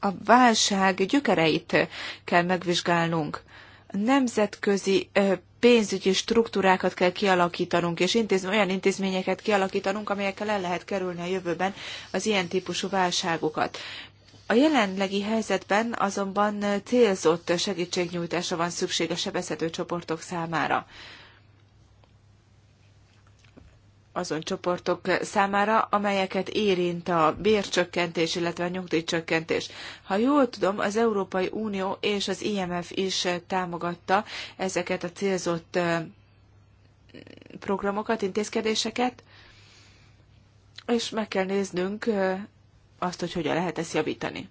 a válság gyökereit kell megvizsgálnunk nemzetközi pénzügyi struktúrákat kell kialakítanunk, és intézm- olyan intézményeket kialakítanunk, amelyekkel el lehet kerülni a jövőben az ilyen típusú válságokat. A jelenlegi helyzetben azonban célzott segítségnyújtásra van szükség a sebezhető csoportok számára azon csoportok számára, amelyeket érint a bércsökkentés, illetve a nyugdíjcsökkentés. Ha jól tudom, az Európai Unió és az IMF is támogatta ezeket a célzott programokat, intézkedéseket, és meg kell néznünk azt, hogy hogyan lehet ezt javítani.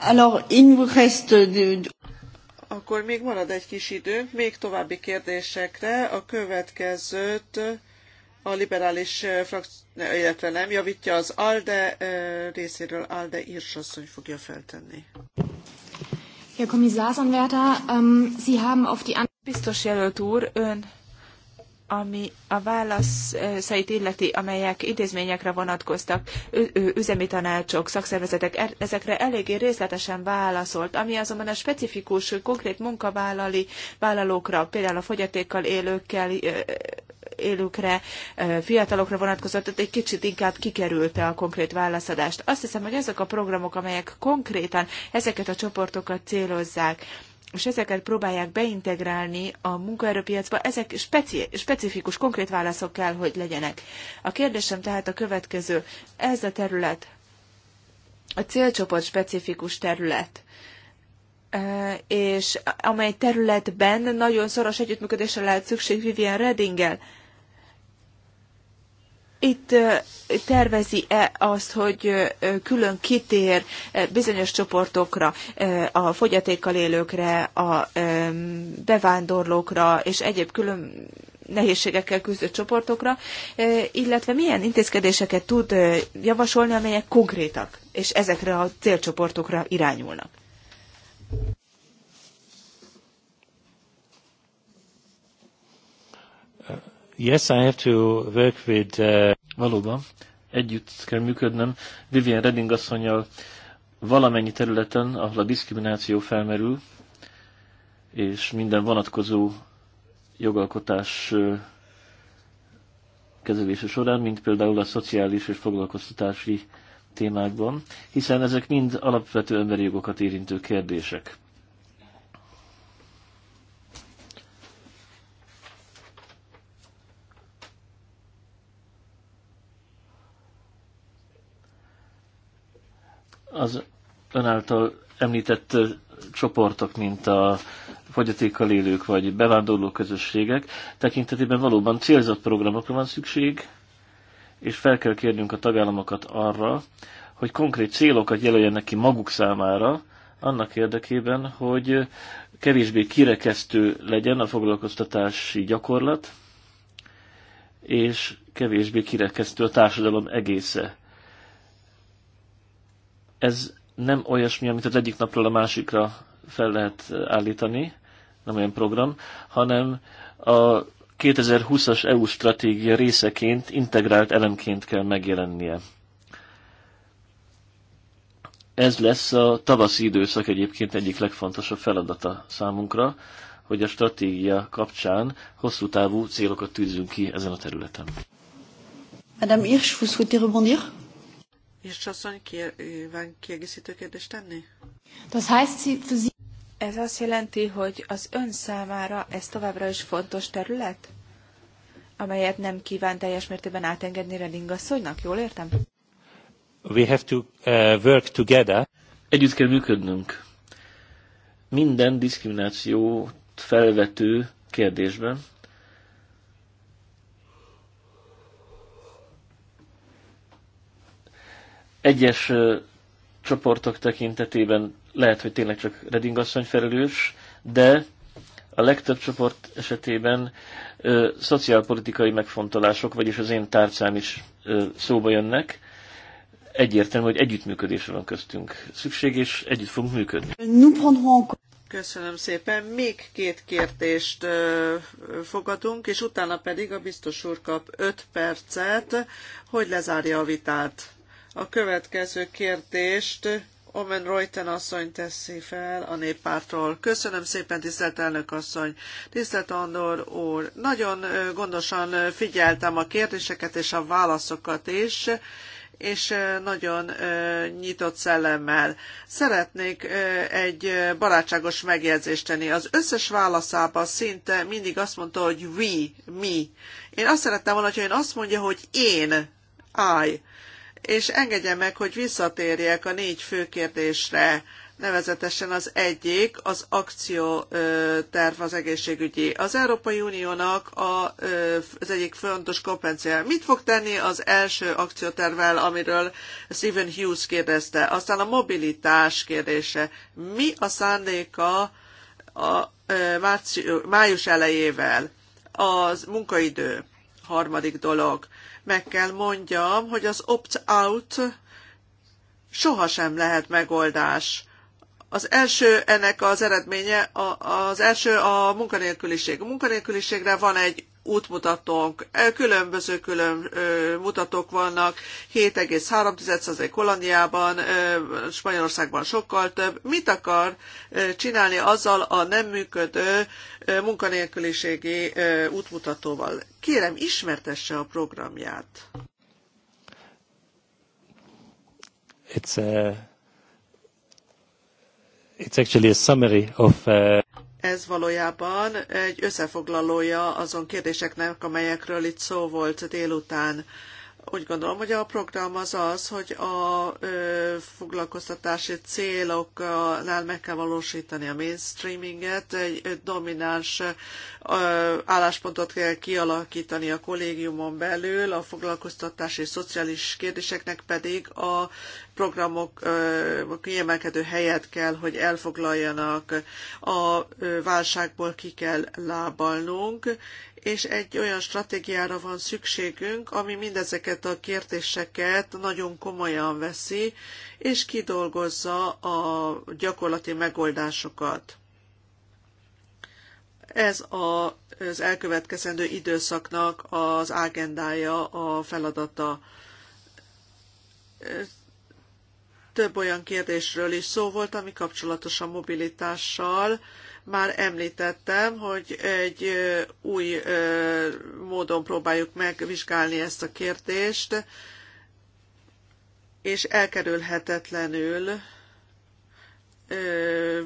Alors, il nous reste de... Akkor még marad egy kis időnk, még további kérdésekre. A következőt a liberális eh, frakció, eh, illetve nem, javítja az ALDE eh, részéről, ALDE írsasszony fogja feltenni. Herr Kommissarsanwärter, ähm, Sie haben auf die Biztos jelölt úr, ön ami a válaszait illeti, amelyek intézményekre vonatkoztak, üzemi tanácsok, szakszervezetek, e-, ezekre eléggé részletesen válaszolt, ami azonban a specifikus, konkrét munkavállalói vállalókra, például a fogyatékkal élőkkel, élőkre, fiatalokra vonatkozott, tehát egy kicsit inkább kikerülte a konkrét válaszadást. Azt hiszem, hogy ezek a programok, amelyek konkrétan ezeket a csoportokat célozzák, és ezeket próbálják beintegrálni a munkaerőpiacba, ezek speci- specifikus, konkrét válaszok kell, hogy legyenek. A kérdésem tehát a következő. Ez a terület, a célcsoport specifikus terület, e, és amely területben nagyon szoros együttműködésre lehet szükség Vivian Reddinggel, itt tervezi-e azt, hogy külön kitér bizonyos csoportokra, a fogyatékkal élőkre, a bevándorlókra és egyéb külön nehézségekkel küzdő csoportokra, illetve milyen intézkedéseket tud javasolni, amelyek konkrétak, és ezekre a célcsoportokra irányulnak. Yes, I have to work with... Uh... Valóban, együtt kell működnöm Vivian Redding asszonyjal valamennyi területen, ahol a diszkrimináció felmerül, és minden vonatkozó jogalkotás kezelése során, mint például a szociális és foglalkoztatási témákban, hiszen ezek mind alapvető emberi jogokat érintő kérdések. az ön által említett csoportok, mint a fogyatékkal élők vagy bevándorló közösségek tekintetében valóban célzott programokra van szükség, és fel kell kérnünk a tagállamokat arra, hogy konkrét célokat jelöljenek ki maguk számára, annak érdekében, hogy kevésbé kirekesztő legyen a foglalkoztatási gyakorlat, és kevésbé kirekesztő a társadalom egésze ez nem olyasmi, amit az egyik napról a másikra fel lehet állítani, nem olyan program, hanem a 2020-as EU stratégia részeként, integrált elemként kell megjelennie. Ez lesz a tavaszi időszak egyébként egyik legfontosabb feladata számunkra, hogy a stratégia kapcsán hosszú távú célokat tűzünk ki ezen a területen. Madame Hirsch, vous souhaitez rebondir? És asszony kíván kiegészítő kérdést tenni? Ez azt jelenti, hogy az ön számára ez továbbra is fontos terület, amelyet nem kíván teljes mértében átengedni Redding asszonynak, jól értem? We have to uh, work together. Együtt kell működnünk. Minden diszkriminációt felvető kérdésben Egyes csoportok tekintetében lehet, hogy tényleg csak Reding asszony felelős, de a legtöbb csoport esetében ö, szociálpolitikai megfontolások, vagyis az én tárcám is ö, szóba jönnek. Egyértelmű, hogy együttműködésre van köztünk szükség, és együtt fogunk működni. Köszönöm szépen. Még két kérdést ö, fogadunk, és utána pedig a biztos úr kap 5 percet, hogy lezárja a vitát. A következő kérdést Omen Reuten asszony teszi fel a néppártól. Köszönöm szépen, tisztelt elnök asszony. Tisztelt Andor úr, nagyon gondosan figyeltem a kérdéseket és a válaszokat is, és nagyon nyitott szellemmel. Szeretnék egy barátságos megjegyzést tenni. Az összes válaszában szinte mindig azt mondta, hogy we, mi. Én azt szerettem volna, hogy én azt mondja, hogy én, I és engedje meg, hogy visszatérjek a négy fő kérdésre, nevezetesen az egyik, az akcióterv az egészségügyi. Az Európai Uniónak a, az egyik fontos kompenciál. Mit fog tenni az első akciótervvel, amiről Stephen Hughes kérdezte? Aztán a mobilitás kérdése. Mi a szándéka a márciu, május elejével? Az munkaidő, harmadik dolog meg kell mondjam, hogy az opt-out sohasem lehet megoldás. Az első ennek az eredménye, az első a munkanélküliség. A munkanélküliségre van egy útmutatónk. Különböző külön mutatók vannak, 7,3% Hollandiában, Spanyolországban sokkal több. Mit akar csinálni azzal a nem működő munkanélküliségi útmutatóval? Kérem, ismertesse a programját. It's a, it's actually a summary of uh ez valójában egy összefoglalója azon kérdéseknek, amelyekről itt szó volt délután úgy gondolom, hogy a program az az, hogy a ö, foglalkoztatási céloknál meg kell valósítani a mainstreaminget, egy domináns ö, álláspontot kell kialakítani a kollégiumon belül, a foglalkoztatási és szociális kérdéseknek pedig a programok ö, kiemelkedő helyet kell, hogy elfoglaljanak. A ö, válságból ki kell lábalnunk, és egy olyan stratégiára van szükségünk, ami mindezeket a kérdéseket nagyon komolyan veszi, és kidolgozza a gyakorlati megoldásokat. Ez a, az elkövetkezendő időszaknak az agendája, a feladata több olyan kérdésről is szó volt, ami kapcsolatos a mobilitással, már említettem, hogy egy új módon próbáljuk megvizsgálni ezt a kérdést, és elkerülhetetlenül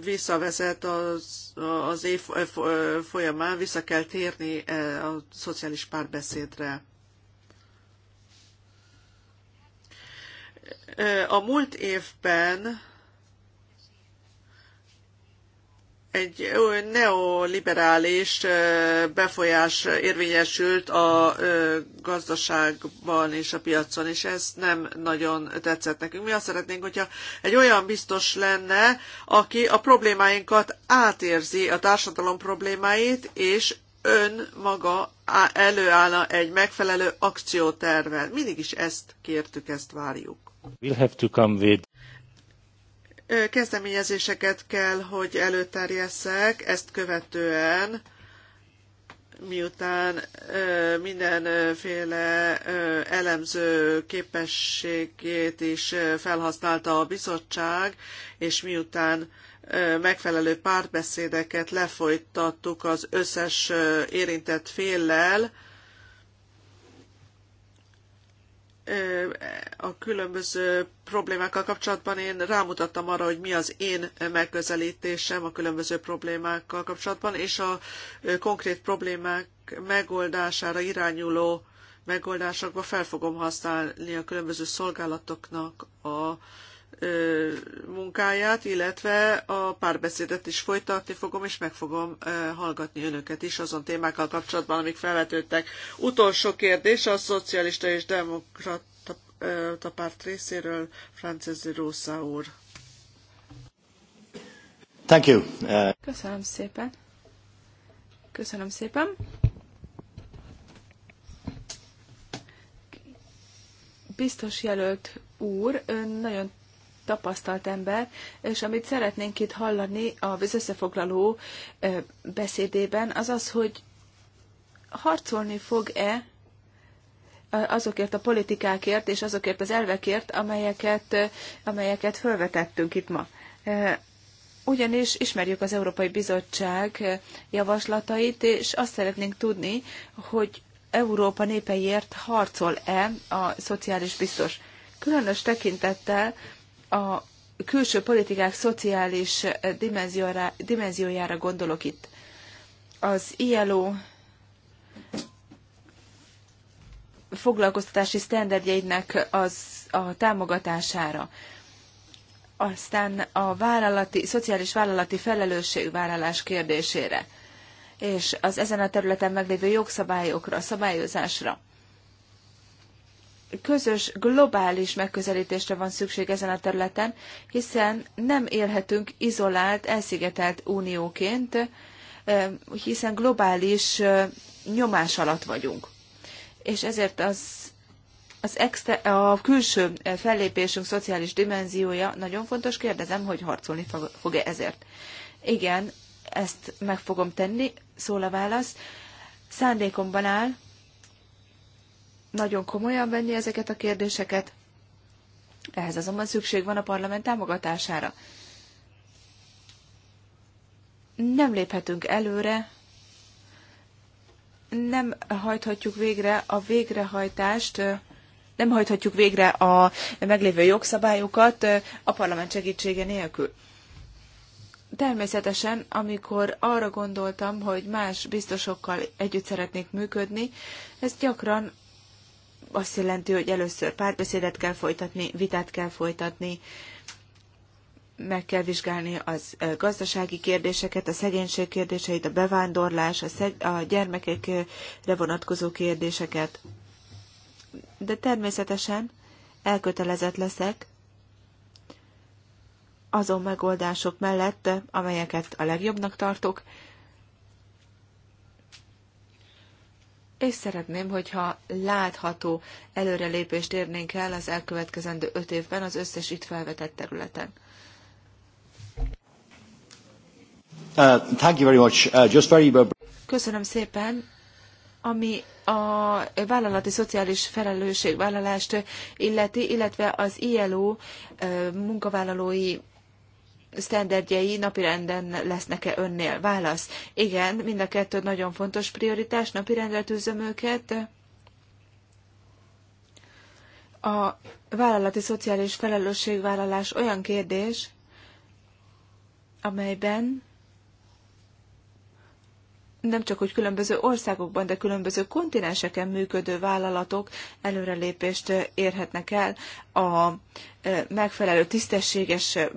visszavezet az, az év folyamán, vissza kell térni a szociális párbeszédre. A múlt évben egy neoliberális befolyás érvényesült a gazdaságban és a piacon, és ez nem nagyon tetszett nekünk. Mi azt szeretnénk, hogyha egy olyan biztos lenne, aki a problémáinkat átérzi, a társadalom problémáit, és ön maga előállna egy megfelelő akciótervel. Mindig is ezt kértük, ezt várjuk. We'll have to come with Kezdeményezéseket kell, hogy előterjesszek, ezt követően miután mindenféle elemző képességét is felhasználta a bizottság, és miután megfelelő párbeszédeket lefolytattuk az összes érintett féllel, a különböző problémákkal kapcsolatban én rámutattam arra, hogy mi az én megközelítésem a különböző problémákkal kapcsolatban, és a konkrét problémák megoldására irányuló megoldásokba fel fogom használni a különböző szolgálatoknak a munkáját, illetve a párbeszédet is folytatni fogom, és meg fogom hallgatni önöket is azon témákkal kapcsolatban, amik felvetődtek. Utolsó kérdés a szocialista és demokrata párt részéről, Francesco Rosa úr. Thank you. Köszönöm szépen. Köszönöm szépen. Biztos jelölt úr, ön nagyon tapasztalt ember, és amit szeretnénk itt hallani a összefoglaló beszédében, az az, hogy harcolni fog-e azokért a politikákért és azokért az elvekért, amelyeket, amelyeket felvetettünk itt ma. Ugyanis ismerjük az Európai Bizottság javaslatait, és azt szeretnénk tudni, hogy Európa népeiért harcol-e a szociális biztos. Különös tekintettel a külső politikák szociális dimenziójára gondolok itt. Az ILO foglalkoztatási sztenderdjeinek az, a támogatására. Aztán a vállalati, szociális vállalati felelősségvállalás kérdésére és az ezen a területen meglévő jogszabályokra, szabályozásra közös globális megközelítésre van szükség ezen a területen, hiszen nem élhetünk izolált, elszigetelt unióként, hiszen globális nyomás alatt vagyunk. És ezért az, az extra, a külső fellépésünk szociális dimenziója nagyon fontos. Kérdezem, hogy harcolni fog-e ezért. Igen, ezt meg fogom tenni, szól a válasz. Szándékomban áll, nagyon komolyan venni ezeket a kérdéseket. Ehhez azonban szükség van a parlament támogatására. Nem léphetünk előre, nem hajthatjuk végre a végrehajtást, nem hajthatjuk végre a meglévő jogszabályokat a parlament segítsége nélkül. Természetesen, amikor arra gondoltam, hogy más biztosokkal együtt szeretnék működni, ez gyakran azt jelenti, hogy először párbeszédet kell folytatni, vitát kell folytatni, meg kell vizsgálni az gazdasági kérdéseket, a szegénység kérdéseit, a bevándorlás, a, szeg- a gyermekekre vonatkozó kérdéseket. De természetesen elkötelezett leszek azon megoldások mellett, amelyeket a legjobbnak tartok, és szeretném, hogyha látható előrelépést érnénk el az elkövetkezendő öt évben az összes itt felvetett területen. Uh, thank you very much. Uh, just very... Köszönöm szépen. Ami a vállalati szociális felelősségvállalást illeti, illetve az ILO uh, munkavállalói sztenderdjei napirenden lesznek-e önnél? Válasz. Igen, mind a kettő nagyon fontos prioritás, napirendre tűzöm őket. A vállalati szociális felelősségvállalás olyan kérdés, amelyben nem csak hogy különböző országokban, de különböző kontinenseken működő vállalatok előrelépést eh, érhetnek el a eh, megfelelő tisztességes eh,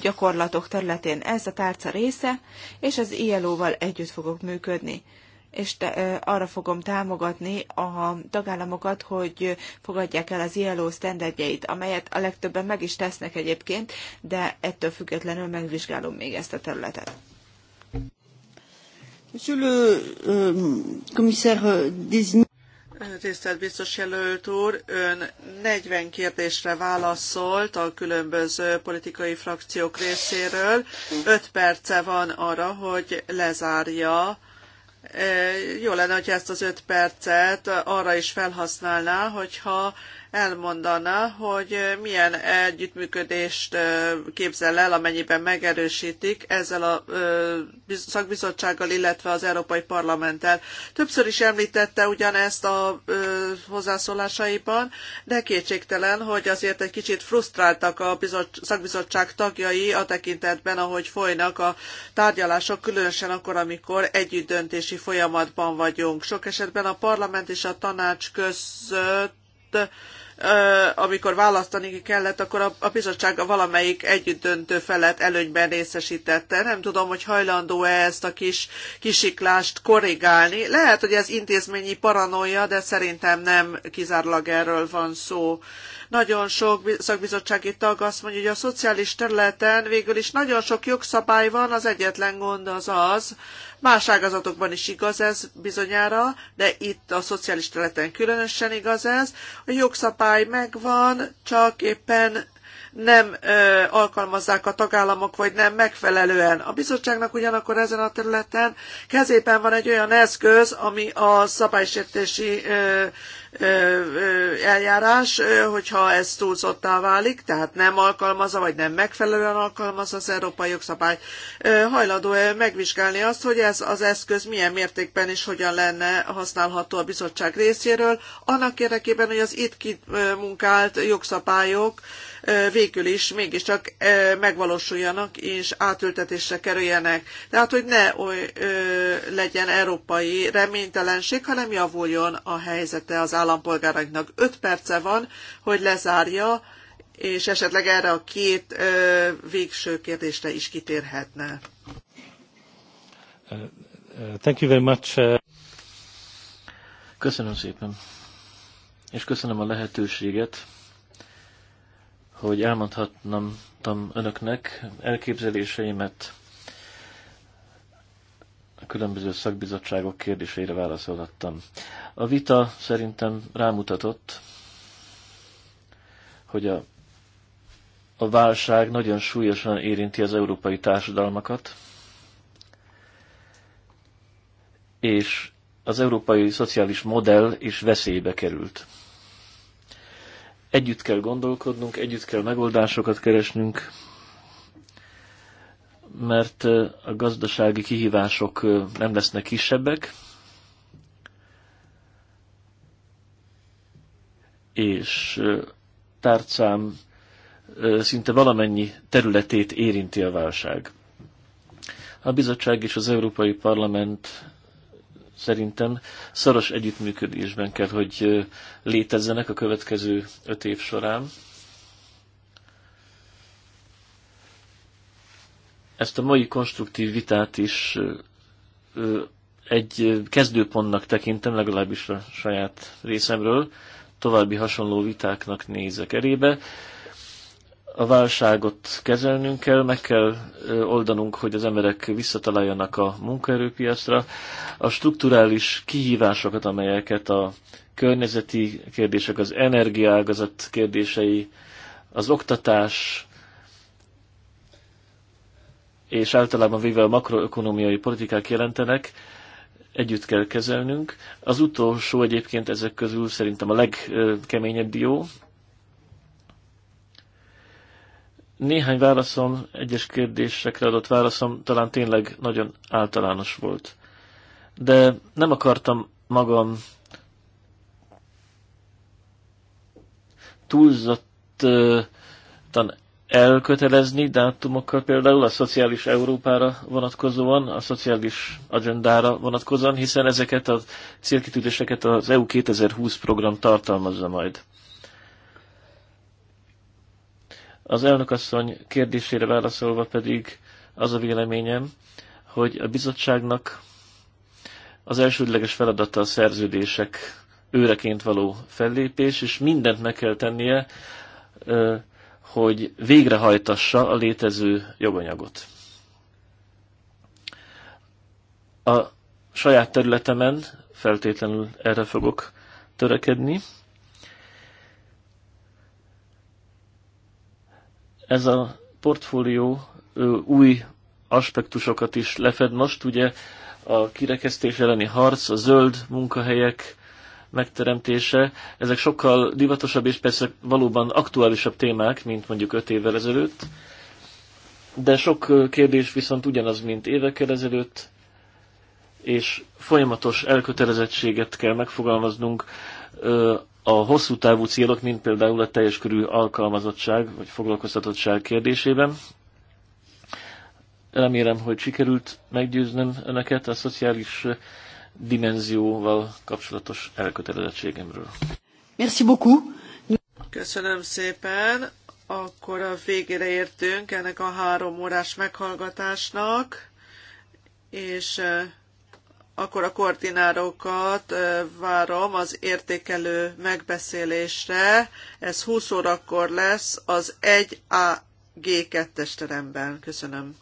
gyakorlatok területén. Ez a tárca része, és az ILO-val együtt fogok működni és te, arra fogom támogatni a tagállamokat, hogy fogadják el az ILO sztenderdjeit, amelyet a legtöbben meg is tesznek egyébként, de ettől függetlenül megvizsgálom még ezt a területet. Euh, euh, Tisztelt biztos jelölt úr, ön 40 kérdésre válaszolt a különböző politikai frakciók részéről. 5 perce van arra, hogy lezárja. Jó lenne, hogy ezt az 5 percet arra is felhasználná, hogyha elmondaná, hogy milyen együttműködést képzel el, amennyiben megerősítik ezzel a szakbizottsággal, illetve az Európai Parlamenttel. Többször is említette ugyanezt a hozzászólásaiban, de kétségtelen, hogy azért egy kicsit frusztráltak a szakbizottság tagjai a tekintetben, ahogy folynak a tárgyalások, különösen akkor, amikor együttdöntési folyamatban vagyunk. Sok esetben a parlament és a tanács között ott amikor választani kellett, akkor a, bizottság a valamelyik együttdöntő felett előnyben részesítette. Nem tudom, hogy hajlandó-e ezt a kis kisiklást korrigálni. Lehet, hogy ez intézményi paranoia, de szerintem nem kizárólag erről van szó. Nagyon sok szakbizottsági tag azt mondja, hogy a szociális területen végül is nagyon sok jogszabály van, az egyetlen gond az az, Más ágazatokban is igaz ez bizonyára, de itt a szociális területen különösen igaz ez. A jogszabály megvan, csak éppen nem ö, alkalmazzák a tagállamok, vagy nem megfelelően. A bizottságnak ugyanakkor ezen a területen kezében van egy olyan eszköz, ami a szabálysértési ö, eljárás, hogyha ez túlzottá válik, tehát nem alkalmazza, vagy nem megfelelően alkalmazza az európai jogszabály, hajlandó -e megvizsgálni azt, hogy ez az eszköz milyen mértékben és hogyan lenne használható a bizottság részéről, annak érdekében, hogy az itt kimunkált jogszabályok végül is mégiscsak megvalósuljanak és átültetésre kerüljenek. Tehát, hogy ne oly, legyen európai reménytelenség, hanem javuljon a helyzete az állampolgárainknak. Öt perce van, hogy lezárja, és esetleg erre a két végső kérdésre is kitérhetne. Thank you very much. Uh, köszönöm szépen, és köszönöm a lehetőséget hogy elmondhatnám önöknek elképzeléseimet a különböző szakbizottságok kérdéseire válaszolhattam. A vita szerintem rámutatott, hogy a, a válság nagyon súlyosan érinti az európai társadalmakat, és az európai szociális modell is veszélybe került. Együtt kell gondolkodnunk, együtt kell megoldásokat keresnünk, mert a gazdasági kihívások nem lesznek kisebbek, és tárcám szinte valamennyi területét érinti a válság. A bizottság és az Európai Parlament szerintem szoros együttműködésben kell, hogy létezzenek a következő öt év során. Ezt a mai konstruktív vitát is egy kezdőpontnak tekintem, legalábbis a saját részemről. További hasonló vitáknak nézek erébe a válságot kezelnünk kell, meg kell oldanunk, hogy az emberek visszataláljanak a munkaerőpiacra. A strukturális kihívásokat, amelyeket a környezeti kérdések, az energiaágazat kérdései, az oktatás és általában véve a makroökonomiai politikák jelentenek, együtt kell kezelnünk. Az utolsó egyébként ezek közül szerintem a legkeményebb dió, Néhány válaszom, egyes kérdésekre adott válaszom talán tényleg nagyon általános volt. De nem akartam magam túlzottan elkötelezni dátumokkal, például a szociális Európára vonatkozóan, a szociális agendára vonatkozóan, hiszen ezeket a célkitűzéseket az EU 2020 program tartalmazza majd. Az elnökasszony kérdésére válaszolva pedig az a véleményem, hogy a bizottságnak az elsődleges feladata a szerződések őreként való fellépés, és mindent meg kell tennie, hogy végrehajtassa a létező joganyagot. A saját területemen feltétlenül erre fogok törekedni, Ez a portfólió új aspektusokat is lefed most, ugye a kirekesztés elleni harc, a zöld munkahelyek megteremtése, ezek sokkal divatosabb és persze valóban aktuálisabb témák, mint mondjuk öt évvel ezelőtt, de sok kérdés viszont ugyanaz, mint évekkel ezelőtt, és folyamatos elkötelezettséget kell megfogalmaznunk a hosszú távú célok, mint például a teljes körű alkalmazottság vagy foglalkoztatottság kérdésében. Remélem, hogy sikerült meggyőznöm Önöket a szociális dimenzióval kapcsolatos elkötelezettségemről. Merci beaucoup. Köszönöm szépen. Akkor a végére értünk ennek a három órás meghallgatásnak, és akkor a koordinárokat várom az értékelő megbeszélésre. Ez 20 órakor lesz az 1 g 2 es teremben. Köszönöm.